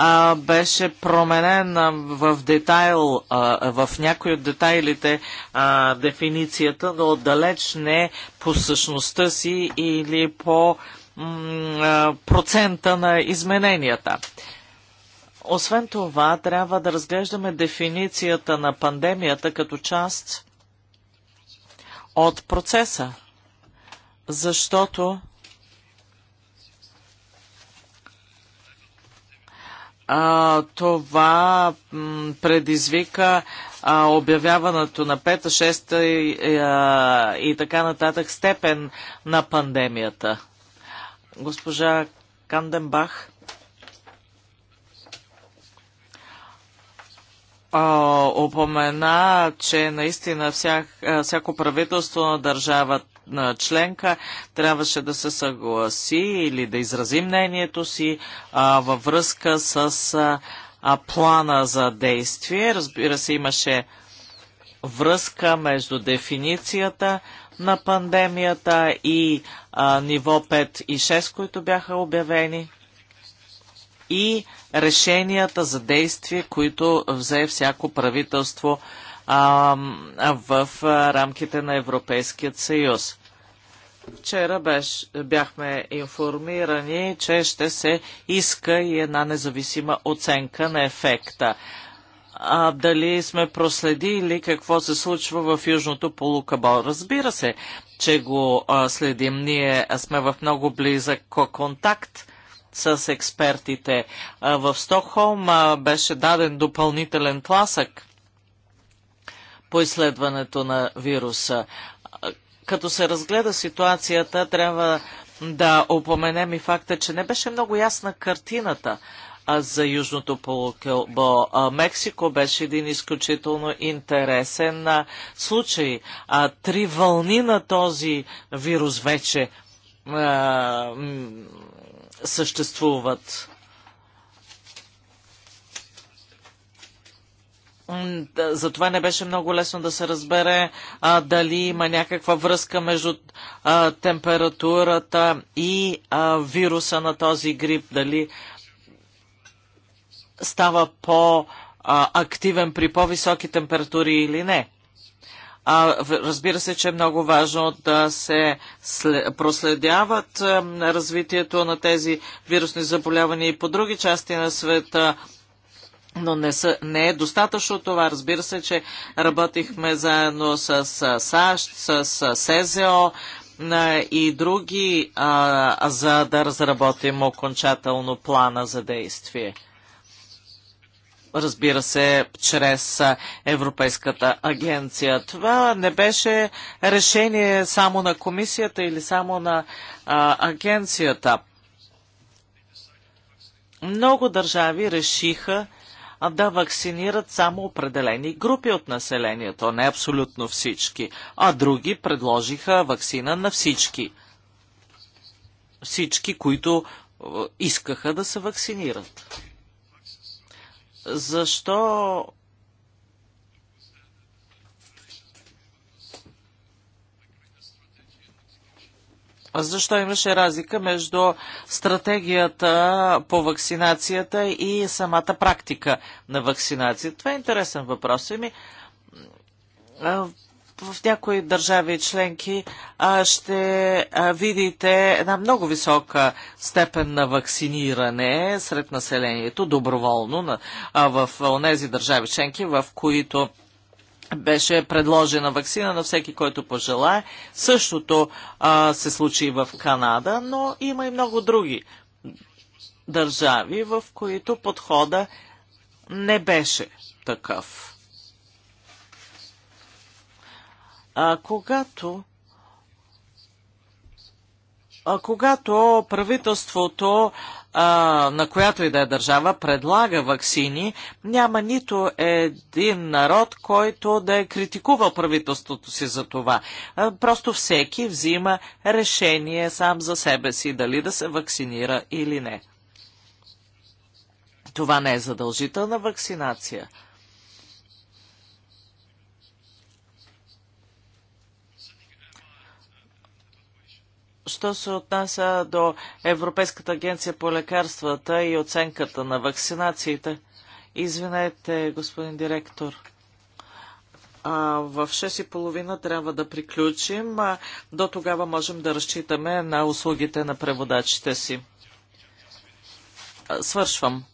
а, беше променен в детайл, а, в някои от детайлите а, дефиницията, но далеч не по същността си или по процента на измененията. Освен това, трябва да разглеждаме дефиницията на пандемията като част от процеса, защото а, това предизвика а, обявяването на 5, 6 и, а, и така нататък степен на пандемията. Госпожа Канденбах. опомена, че наистина всяко правителство на държавата членка трябваше да се съгласи или да изрази мнението си а, във връзка с а, плана за действие. Разбира се, имаше връзка между дефиницията на пандемията и а, ниво 5 и 6, които бяха обявени и решенията за действие, които взе всяко правителство а, в рамките на Европейският съюз. Вчера беше, бяхме информирани, че ще се иска и една независима оценка на ефекта. А, дали сме проследили какво се случва в Южното полукабо? Разбира се, че го а, следим. Ние сме в много близък контакт с експертите. А, в Стокхолм а, беше даден допълнителен тласък по изследването на вируса. Като се разгледа ситуацията, трябва да опоменем и факта, че не беше много ясна картината за Южното полукълбо. Мексико беше един изключително интересен случай. Три вълни на този вирус вече съществуват. затова не беше много лесно да се разбере а, дали има някаква връзка между а, температурата и а, вируса на този грип, дали става по-активен при по-високи температури или не. А, разбира се, че е много важно да се проследяват развитието на тези вирусни заболявания и по други части на света но не, са, не е достатъчно това. Разбира се, че работихме заедно с, САЩ, с, с СЗО и други, а, за да разработим окончателно плана за действие. Разбира се, чрез Европейската агенция. Това не беше решение само на комисията или само на а, агенцията. Много държави решиха да вакцинират само определени групи от населението, не абсолютно всички, а други предложиха вакцина на всички. Всички, които е, искаха да се вакцинират. Защо защо имаше разлика между стратегията по вакцинацията и самата практика на вакцинация. Това е интересен въпрос. Еми, в някои държави и членки ще видите една много висока степен на вакциниране сред населението, доброволно, в тези държави членки, в които беше предложена вакцина на всеки, който пожелае. Същото а, се случи и в Канада, но има и много други държави, в които подхода не беше такъв. А, когато а, когато правителството а, на която и да е държава предлага вакцини, няма нито един народ, който да е критикувал правителството си за това. А, просто всеки взима решение сам за себе си, дали да се вакцинира или не. Това не е задължителна вакцинация. Що се отнася до Европейската агенция по лекарствата и оценката на вакцинациите? Извинете, господин директор. А, в 6.30 трябва да приключим. А, до тогава можем да разчитаме на услугите на преводачите си. свършвам.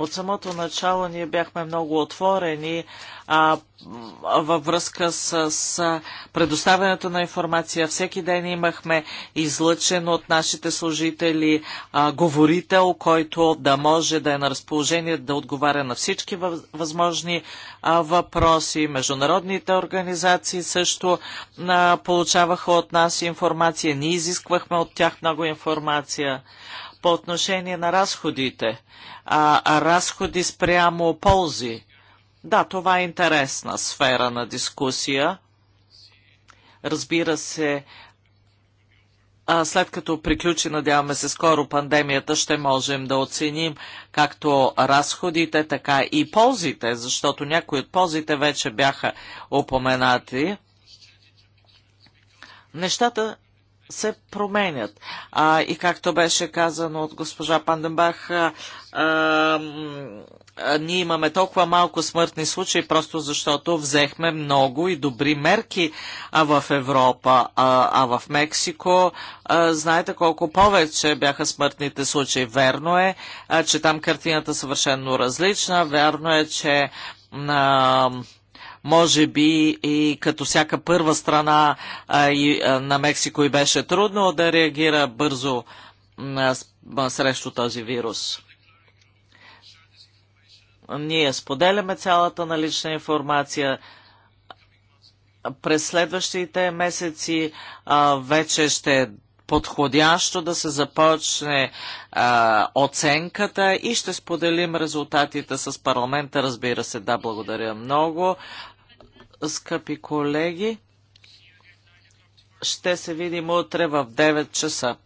От самото начало ние бяхме много отворени а, във връзка с, с предоставянето на информация. Всеки ден имахме излъчен от нашите служители а, говорител, който да може да е на разположение да отговаря на всички възможни а, въпроси. Международните организации също а, получаваха от нас информация. Ние изисквахме от тях много информация по отношение на разходите, а, разходи спрямо ползи. Да, това е интересна сфера на дискусия. Разбира се, след като приключи, надяваме се скоро пандемията, ще можем да оценим както разходите, така и ползите, защото някои от ползите вече бяха упоменати. Нещата се променят. А, и както беше казано от госпожа Панденбах, а, а, ние имаме толкова малко смъртни случаи, просто защото взехме много и добри мерки а в Европа, а, а в Мексико. А, знаете колко повече бяха смъртните случаи. Верно е, а, че там картината е съвършено различна. Верно е, че а, може би и като всяка първа страна а, и, а, на Мексико и беше трудно да реагира бързо а, срещу този вирус. Ние споделяме цялата налична информация. През следващите месеци а, вече ще е подходящо да се започне а, оценката и ще споделим резултатите с парламента, разбира се. Да, благодаря много скъпи колеги. Ще се видим утре в 9 часа.